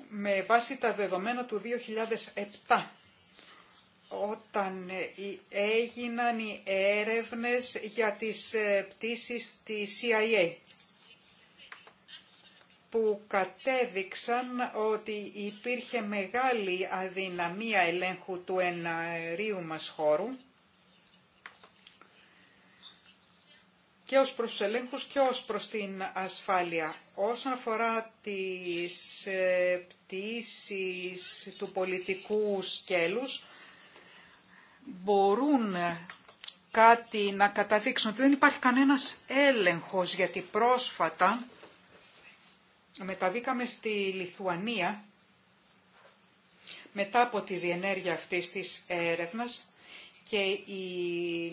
με βάση τα δεδομένα του 2007 όταν ε, έγιναν οι έρευνες για τις ε, πτήσεις της CIA που κατέδειξαν ότι υπήρχε μεγάλη αδυναμία ελέγχου του εναερίου μας χώρου και ως προς τους ελέγχους και ως προς την ασφάλεια. Όσον αφορά τις ε, πτήσεις του πολιτικού σκέλους, μπορούν κάτι να καταδείξουν ότι δεν υπάρχει κανένας έλεγχος, γιατί πρόσφατα μεταβήκαμε στη Λιθουανία μετά από τη διενέργεια αυτής της έρευνας και η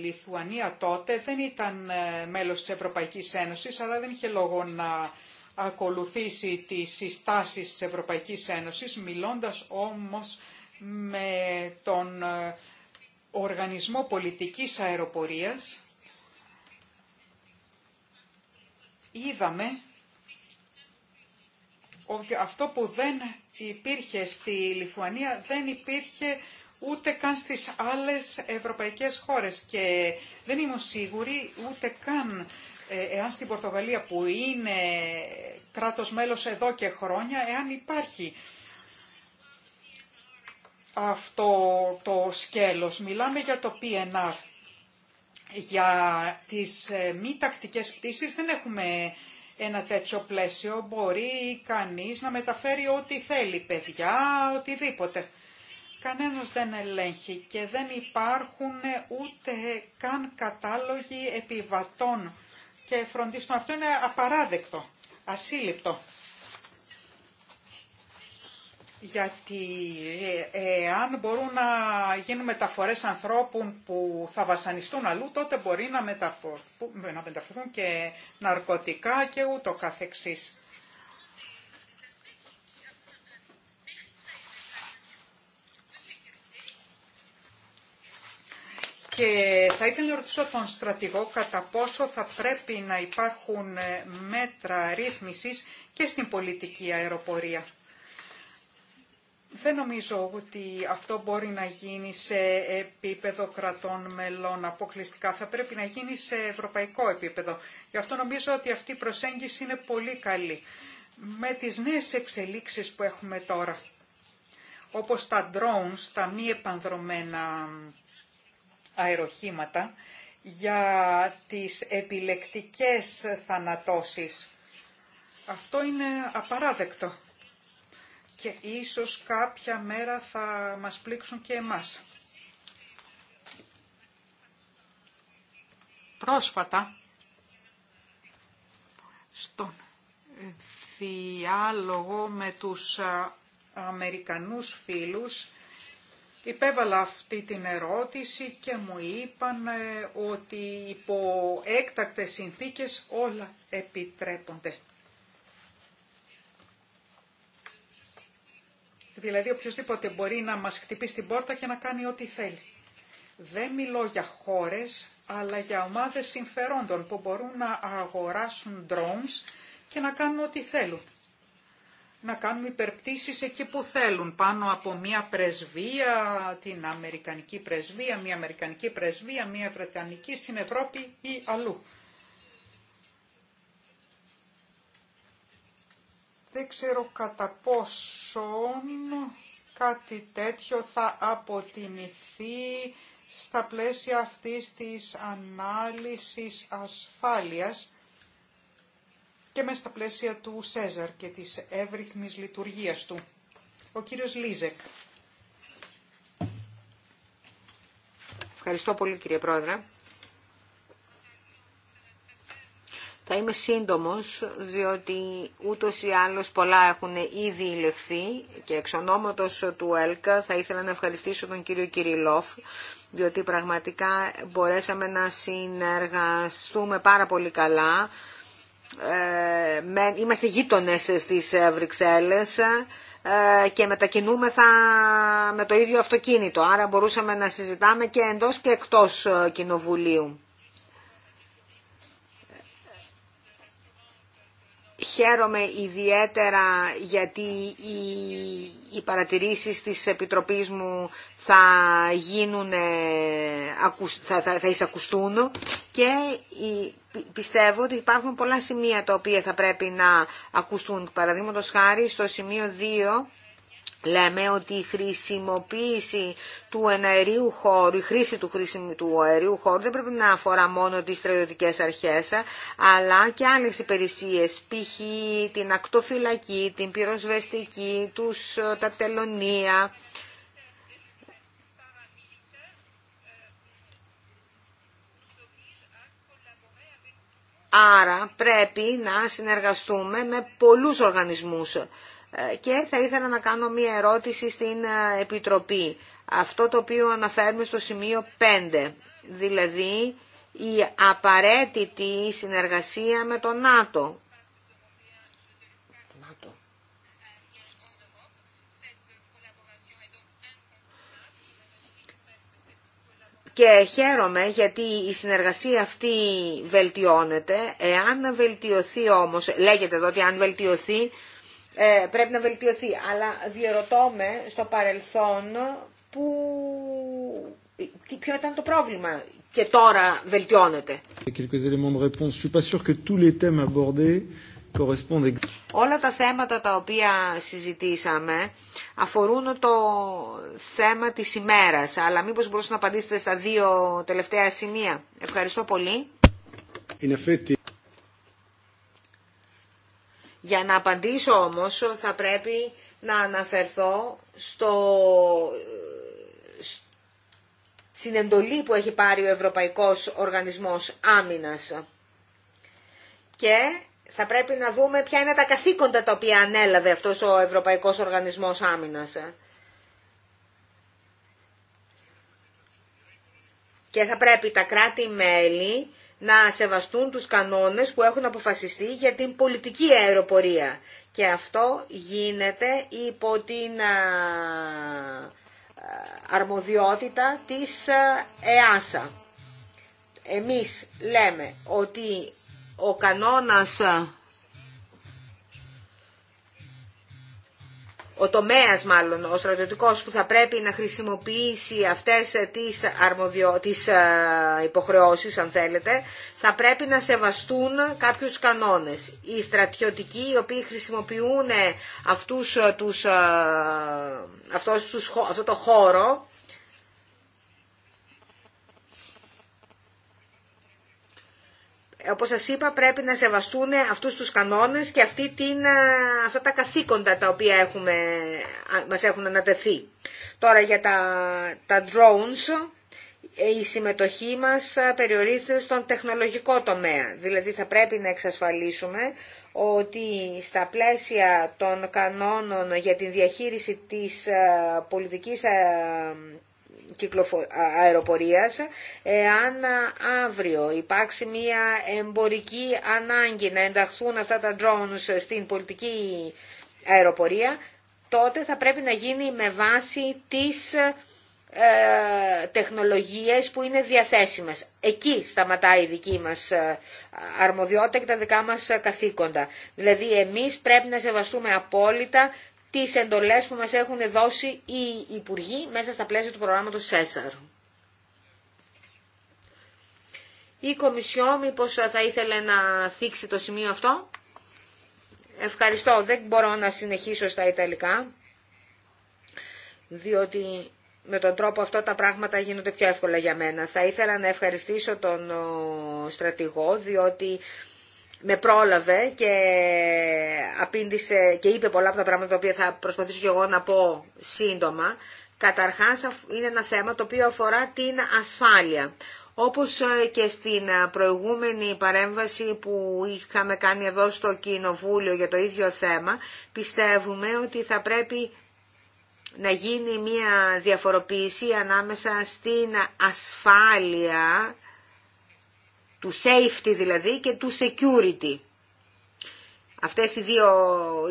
Λιθουανία τότε δεν ήταν ε, μέλος της Ευρωπαϊκής Ένωσης, αλλά δεν είχε λόγο να ακολουθήσει τις συστάσεις της Ευρωπαϊκής Ένωσης, μιλώντας όμως με τον ε, Οργανισμό Πολιτικής Αεροπορίας, είδαμε ότι αυτό που δεν υπήρχε στη Λιθουανία δεν υπήρχε ούτε καν στις άλλες ευρωπαϊκές χώρες και δεν είμαι σίγουρη ούτε καν ε, εάν στην Πορτογαλία που είναι κράτος μέλος εδώ και χρόνια, εάν υπάρχει αυτό το σκέλος. Μιλάμε για το PNR. Για τις ε, μη τακτικές πτήσεις δεν έχουμε ένα τέτοιο πλαίσιο. Μπορεί κανείς να μεταφέρει ό,τι θέλει, παιδιά, οτιδήποτε κανένας δεν ελέγχει και δεν υπάρχουν ε, ούτε καν κατάλογοι επιβατών και φροντίστων. Αυτό είναι απαράδεκτο, ασύλληπτο. Γιατί αν ε, ε, μπορούν να γίνουν μεταφορές ανθρώπων που θα βασανιστούν αλλού, τότε μπορεί να μεταφορθούν, να μεταφορθούν και ναρκωτικά και ούτω καθεξής. Και θα ήθελα να ρωτήσω τον στρατηγό κατά πόσο θα πρέπει να υπάρχουν ε, μέτρα ρύθμισης και στην πολιτική αεροπορία. Δεν νομίζω ότι αυτό μπορεί να γίνει σε επίπεδο κρατών μελών αποκλειστικά. Θα πρέπει να γίνει σε ευρωπαϊκό επίπεδο. Γι' αυτό νομίζω ότι αυτή η προσέγγιση είναι πολύ καλή. Με τις νέες εξελίξεις που έχουμε τώρα, όπως τα drones, τα μη επανδρομένα αεροχήματα για τις επιλεκτικές θανατώσεις. Αυτό είναι απαράδεκτο και ίσως κάποια μέρα θα μας πλήξουν και εμάς. Πρόσφατα, στον διάλογο με τους Αμερικανούς φίλους, Υπέβαλα αυτή την ερώτηση και μου είπαν ε, ότι υπό έκτακτες συνθήκες όλα επιτρέπονται. Δηλαδή οποιοδήποτε μπορεί να μας χτυπήσει την πόρτα και να κάνει ό,τι θέλει. Δεν μιλώ για χώρες, αλλά για ομάδες συμφερόντων που μπορούν να αγοράσουν drones και να κάνουν ό,τι θέλουν να κάνουν υπερπτήσεις εκεί που θέλουν, πάνω από μια πρεσβεία, την Αμερικανική πρεσβεία, μια Αμερικανική πρεσβεία, μια Βρετανική στην Ευρώπη ή αλλού. Δεν ξέρω κατά πόσον κάτι τέτοιο θα αποτιμηθεί στα πλαίσια αυτής της ανάλυσης ασφάλειας και μέσα στα πλαίσια του Σέζαρ και της εύρυθμης λειτουργίας του. Ο κύριος Λίζεκ. Ευχαριστώ πολύ κύριε Πρόεδρε. Θα είμαι σύντομος, διότι ούτως ή άλλως πολλά έχουν ήδη ηλεχθεί και εξ ονόματος του ΕΛΚΑ θα ήθελα να ευχαριστήσω τον κύριο Κυριλόφ, διότι πραγματικά μπορέσαμε να συνεργαστούμε πάρα πολύ καλά ε, είμαστε γείτονες στις ε, Βρυξέλλες ε, και μετακινούμεθα με το ίδιο αυτοκίνητο. Άρα μπορούσαμε να συζητάμε και εντός και εκτός κοινοβουλίου. Χαίρομαι ιδιαίτερα γιατί οι, παρατηρήσεις της Επιτροπής μου θα γίνουν, ε, θα, θα, θα εισακουστούν και πιστεύω ότι υπάρχουν πολλά σημεία τα οποία θα πρέπει να ακουστούν. Παραδείγματος χάρη στο σημείο 2 Λέμε ότι η χρησιμοποίηση του εναερίου χώρου, η χρήση του, του αερίου χώρου δεν πρέπει να αφορά μόνο τις στρατιωτικές αρχές, αλλά και άλλες υπηρεσίες, π.χ. την ακτοφυλακή, την πυροσβεστική, τους, ε, τα τελωνία. Άρα πρέπει να συνεργαστούμε με πολλούς οργανισμούς και θα ήθελα να κάνω μία ερώτηση στην ε, Επιτροπή. Αυτό το οποίο αναφέρουμε στο σημείο 5, δηλαδή η απαραίτητη συνεργασία με το ΝΑΤΟ. Και χαίρομαι γιατί η συνεργασία αυτή βελτιώνεται. Εάν βελτιωθεί όμως, λέγεται εδώ ότι αν βελτιωθεί ε, πρέπει να βελτιωθεί. Αλλά διερωτώ με στο παρελθόν που... ποιο ήταν το πρόβλημα και τώρα βελτιώνεται. Όλα τα θέματα τα οποία συζητήσαμε αφορούν το θέμα της ημέρας, αλλά μήπως μπορούσατε να απαντήσετε στα δύο τελευταία σημεία. Ευχαριστώ πολύ. Για να απαντήσω όμως θα πρέπει να αναφερθώ στο... στην εντολή που έχει πάρει ο Ευρωπαϊκός Οργανισμός Άμυνας. Και θα πρέπει να δούμε ποια είναι τα καθήκοντα τα οποία ανέλαβε αυτός ο Ευρωπαϊκός Οργανισμός Άμυνας. Και θα πρέπει τα κράτη-μέλη να σεβαστούν τους κανόνες που έχουν αποφασιστεί για την πολιτική αεροπορία. Και αυτό γίνεται υπό την αρμοδιότητα της ΕΑΣΑ. Εμείς λέμε ότι ο κανόνας ο τομέας μάλλον, ο στρατιωτικός που θα πρέπει να χρησιμοποιήσει αυτές ε, τις, αρμοδιο... τις ε, υποχρεώσεις αν θέλετε, θα πρέπει να σεβαστούν κάποιους κανόνες. Οι στρατιωτικοί οι οποίοι χρησιμοποιούν αυτούς ε, τους, αυτό το χώρο όπως σας είπα πρέπει να σεβαστούν αυτούς τους κανόνες και αυτή την, αυτά τα καθήκοντα τα οποία έχουμε, μας έχουν ανατεθεί. Τώρα για τα, τα drones, ε, η συμμετοχή μας περιορίζεται στον τεχνολογικό τομέα. Δηλαδή θα πρέπει να εξασφαλίσουμε ότι στα πλαίσια των κανόνων για την διαχείριση της πολιτικής αεροπορίας εάν αύριο υπάρξει μια εμπορική ανάγκη να ενταχθούν αυτά τα drones στην πολιτική αεροπορία τότε θα πρέπει να γίνει με βάση τις ε, τεχνολογίες που είναι διαθέσιμες. Εκεί σταματάει η δική μας ε, αρμοδιότητα και τα δικά μας καθήκοντα. Δηλαδή εμείς πρέπει να σεβαστούμε απόλυτα τις εντολές που μας έχουν δώσει οι Υπουργοί μέσα στα πλαίσια του προγράμματος ΣΕΣΑΡ. Η Κομισιό μήπως θα ήθελε να θίξει το σημείο αυτό. Ευχαριστώ, δεν μπορώ να συνεχίσω στα Ιταλικά, διότι με τον τρόπο αυτό τα πράγματα γίνονται πιο εύκολα για μένα. Θα ήθελα να ευχαριστήσω τον στρατηγό, διότι με πρόλαβε και απήντησε και είπε πολλά από τα πράγματα τα οποία θα προσπαθήσω και εγώ να πω σύντομα. Καταρχάς είναι ένα θέμα το οποίο αφορά την ασφάλεια. Όπως ε, και στην ε, προηγούμενη παρέμβαση που είχαμε κάνει εδώ στο Κοινοβούλιο για το ίδιο θέμα, πιστεύουμε ότι θα πρέπει να γίνει μια διαφοροποίηση ανάμεσα στην ασφάλεια του safety δηλαδή και του security. Αυτές οι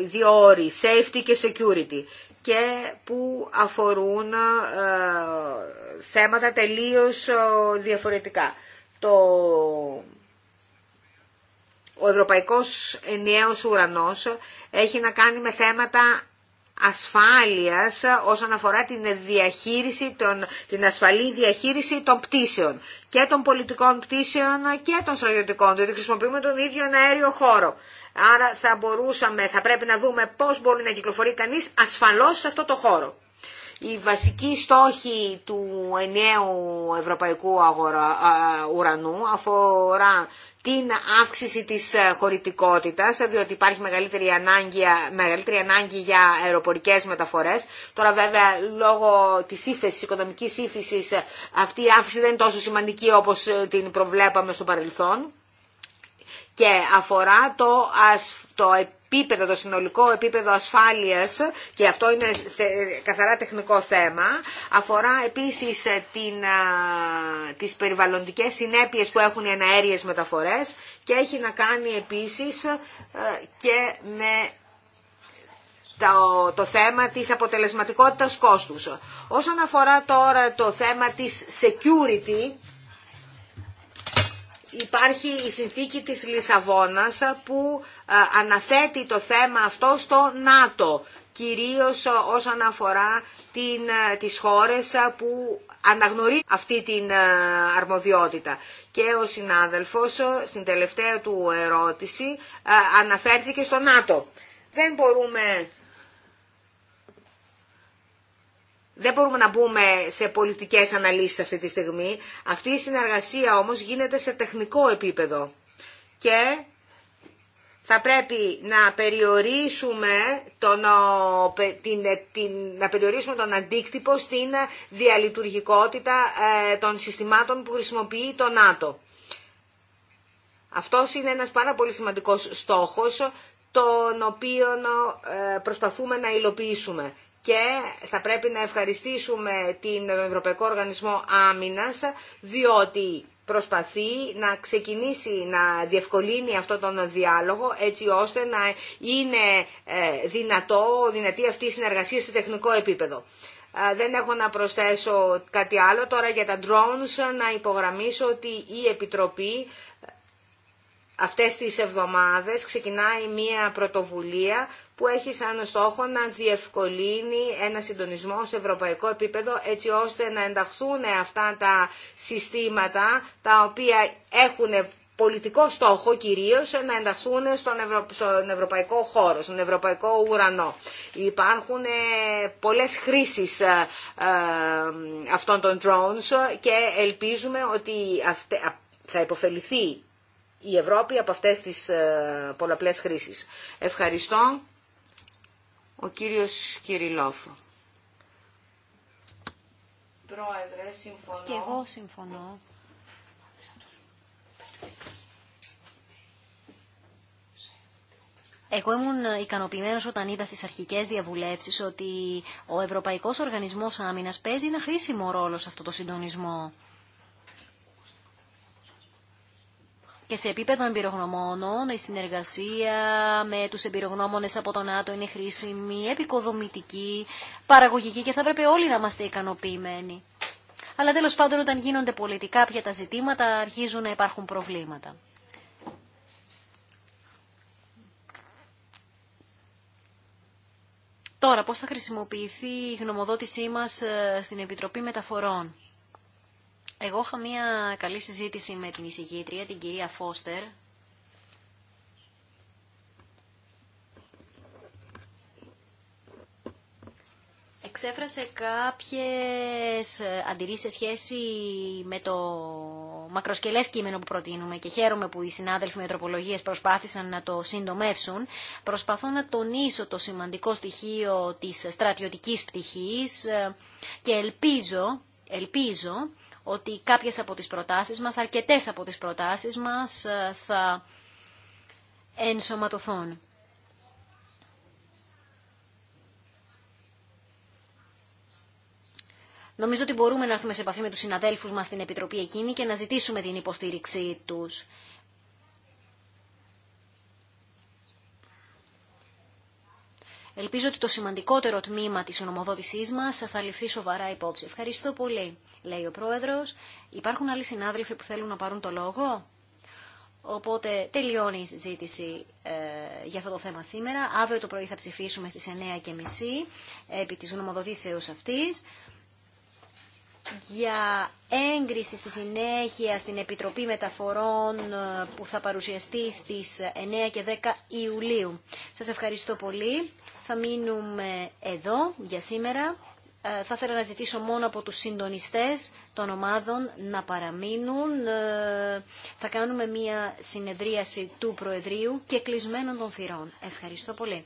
δύο, όροι, safety και security, και που αφορούν ε, θέματα τελείως ε, διαφορετικά. Το, ο Ευρωπαϊκός Ενιαίος Ουρανός έχει να κάνει με θέματα ασφάλειας ε, όσον αφορά την, διαχείριση των, την ασφαλή διαχείριση των πτήσεων και των πολιτικών πτήσεων και των στρατιωτικών, διότι χρησιμοποιούμε τον ίδιο αέριο χώρο. Άρα θα μπορούσαμε, θα πρέπει να δούμε πώς μπορεί να κυκλοφορεί κανείς ασφαλώς σε αυτό το χώρο. Η βασική στόχοι του ενιαίου ευρωπαϊκού αγορα, ουρανού αφορά την αύξηση της ε, χωρητικότητας, ε, διότι υπάρχει μεγαλύτερη ανάγκη, ε, μεγαλύτερη ανάγκη για αεροπορικές μεταφορές. Τώρα βέβαια λόγω της ύφεσης, οικονομικής ύφεσης, αυτή η αύξηση δεν είναι τόσο σημαντική όπως την προβλέπαμε στο παρελθόν και αφορά το, το επίπεδο, το συνολικό επίπεδο ασφάλειας και αυτό είναι καθαρά τεχνικό θέμα. Αφορά επίσης ε, την, τις περιβαλλοντικές συνέπειες που έχουν οι αναέριες μεταφορές και έχει να κάνει επίσης ε, και με το, το θέμα της αποτελεσματικότητας κόστους. Όσον αφορά τώρα το θέμα της security, υπάρχει η συνθήκη της Λισαβόνας που ε, αναθέτει το θέμα αυτό στο ΝΑΤΟ, κυρίως όσον αφορά την, ε, τις χώρες που αναγνωρίζει αυτή την ε, αρμοδιότητα. Και ο συνάδελφος στην τελευταία του ερώτηση αναφέρθηκε στο ΝΑΤΟ. Δεν μπορούμε Δεν μπορούμε να μπούμε σε πολιτικές αναλύσεις αυτή τη στιγμή. Αυτή η συνεργασία όμως γίνεται σε τεχνικό επίπεδο. Και θα πρέπει να περιορίσουμε τον, ε, την, να περιορίσουμε τον αντίκτυπο στην διαλειτουργικότητα ε, των συστημάτων που χρησιμοποιεί το ΝΑΤΟ. Αυτός είναι ένας πάρα πολύ σημαντικός στόχος τον οποίο ε, προσπαθούμε να υλοποιήσουμε και θα πρέπει να ευχαριστήσουμε την Ευρωπαϊκό Οργανισμό Άμυνας διότι προσπαθεί να ξεκινήσει να διευκολύνει αυτό τον διάλογο έτσι ώστε να είναι ε, δυνατό, δυνατή αυτή η συνεργασία σε τεχνικό επίπεδο. Ε, δεν έχω να προσθέσω κάτι άλλο. Τώρα για τα drones να υπογραμμίσω ότι η Επιτροπή ε, αυτές τις εβδομάδες ξεκινάει μία πρωτοβουλία που έχει σαν στόχο να διευκολύνει ένα συντονισμό σε ευρωπαϊκό επίπεδο έτσι ώστε να ενταχθούν αυτά τα συστήματα τα οποία έχουν πολιτικό στόχο κυρίως να ενταχθούν στον, ευρω... ευρωπαϊκό χώρο, στον ευρωπαϊκό ουρανό. Υπάρχουν ε, πολλές χρήσεις ε, ε, αυτών των drones και ελπίζουμε ότι θα υποφεληθεί η Ευρώπη από αυτές τις πολλαπλές χρήσεις. Ευχαριστώ. Ο κύριος Κυριλόφο. Πρόεδρε, συμφωνώ. Και εγώ συμφωνώ. Εγώ ήμουν ικανοποιημένο όταν είδα στι αρχικέ διαβουλεύσει ότι ο Ευρωπαϊκό Οργανισμό Άμυνα παίζει ένα χρήσιμο ρόλο σε αυτό το συντονισμό. και σε επίπεδο εμπειρογνωμόνων η συνεργασία με τους εμπειρογνώμονες από τον ΝΑΤΟ είναι χρήσιμη, επικοδομητική, παραγωγική και θα έπρεπε όλοι να είμαστε ικανοποιημένοι. Αλλά τέλος πάντων όταν γίνονται πολιτικά πια τα ζητήματα αρχίζουν να υπάρχουν προβλήματα. Τώρα, πώς θα χρησιμοποιηθεί η γνωμοδότησή μας ε, στην Επιτροπή Μεταφορών. Εγώ είχα μια καλή συζήτηση με την εισηγήτρια, την κυρία Φώστερ, εξέφρασε κάποιες αντιρρήσεις σε σχέση με το μακροσκελές κείμενο που προτείνουμε και χαίρομαι που οι συνάδελφοι με προσπάθησαν να το συντομεύσουν. Προσπαθώ να τονίσω το σημαντικό στοιχείο της στρατιωτικής πτυχής και ελπίζω, ελπίζω ότι κάποιες από τις προτάσεις μας, αρκετές από τις προτάσεις μας ε, θα ενσωματωθούν. Νομίζω ότι μπορούμε να έρθουμε σε επαφή με τους συναδέλφους μας στην Επιτροπή εκείνη και να ζητήσουμε την υποστήριξή τους. Ελπίζω ότι το σημαντικότερο τμήμα της ονομοδότησής μας θα ληφθεί σοβαρά υπόψη. Ευχαριστώ πολύ, λέει ο Πρόεδρος. Υπάρχουν άλλοι συνάδελφοι που θέλουν να πάρουν το λόγο. Οπότε τελειώνει η συζήτηση ε, για αυτό το θέμα σήμερα. Αύριο το πρωί θα ψηφίσουμε στις 9.30 επί της γνωμοδοτήσεως αυτής για έγκριση στη συνέχεια στην Επιτροπή Μεταφορών ε, που θα παρουσιαστεί στις 9 και 10 Ιουλίου. Σας ευχαριστώ πολύ. Θα μείνουμε εδώ για σήμερα. Ε, θα ήθελα να ζητήσω μόνο από τους συντονιστές των ομάδων να παραμείνουν. Ε, θα κάνουμε μια συνεδρίαση του προεδρίου και κλεισμένων των θυρών. Ευχαριστώ πολύ.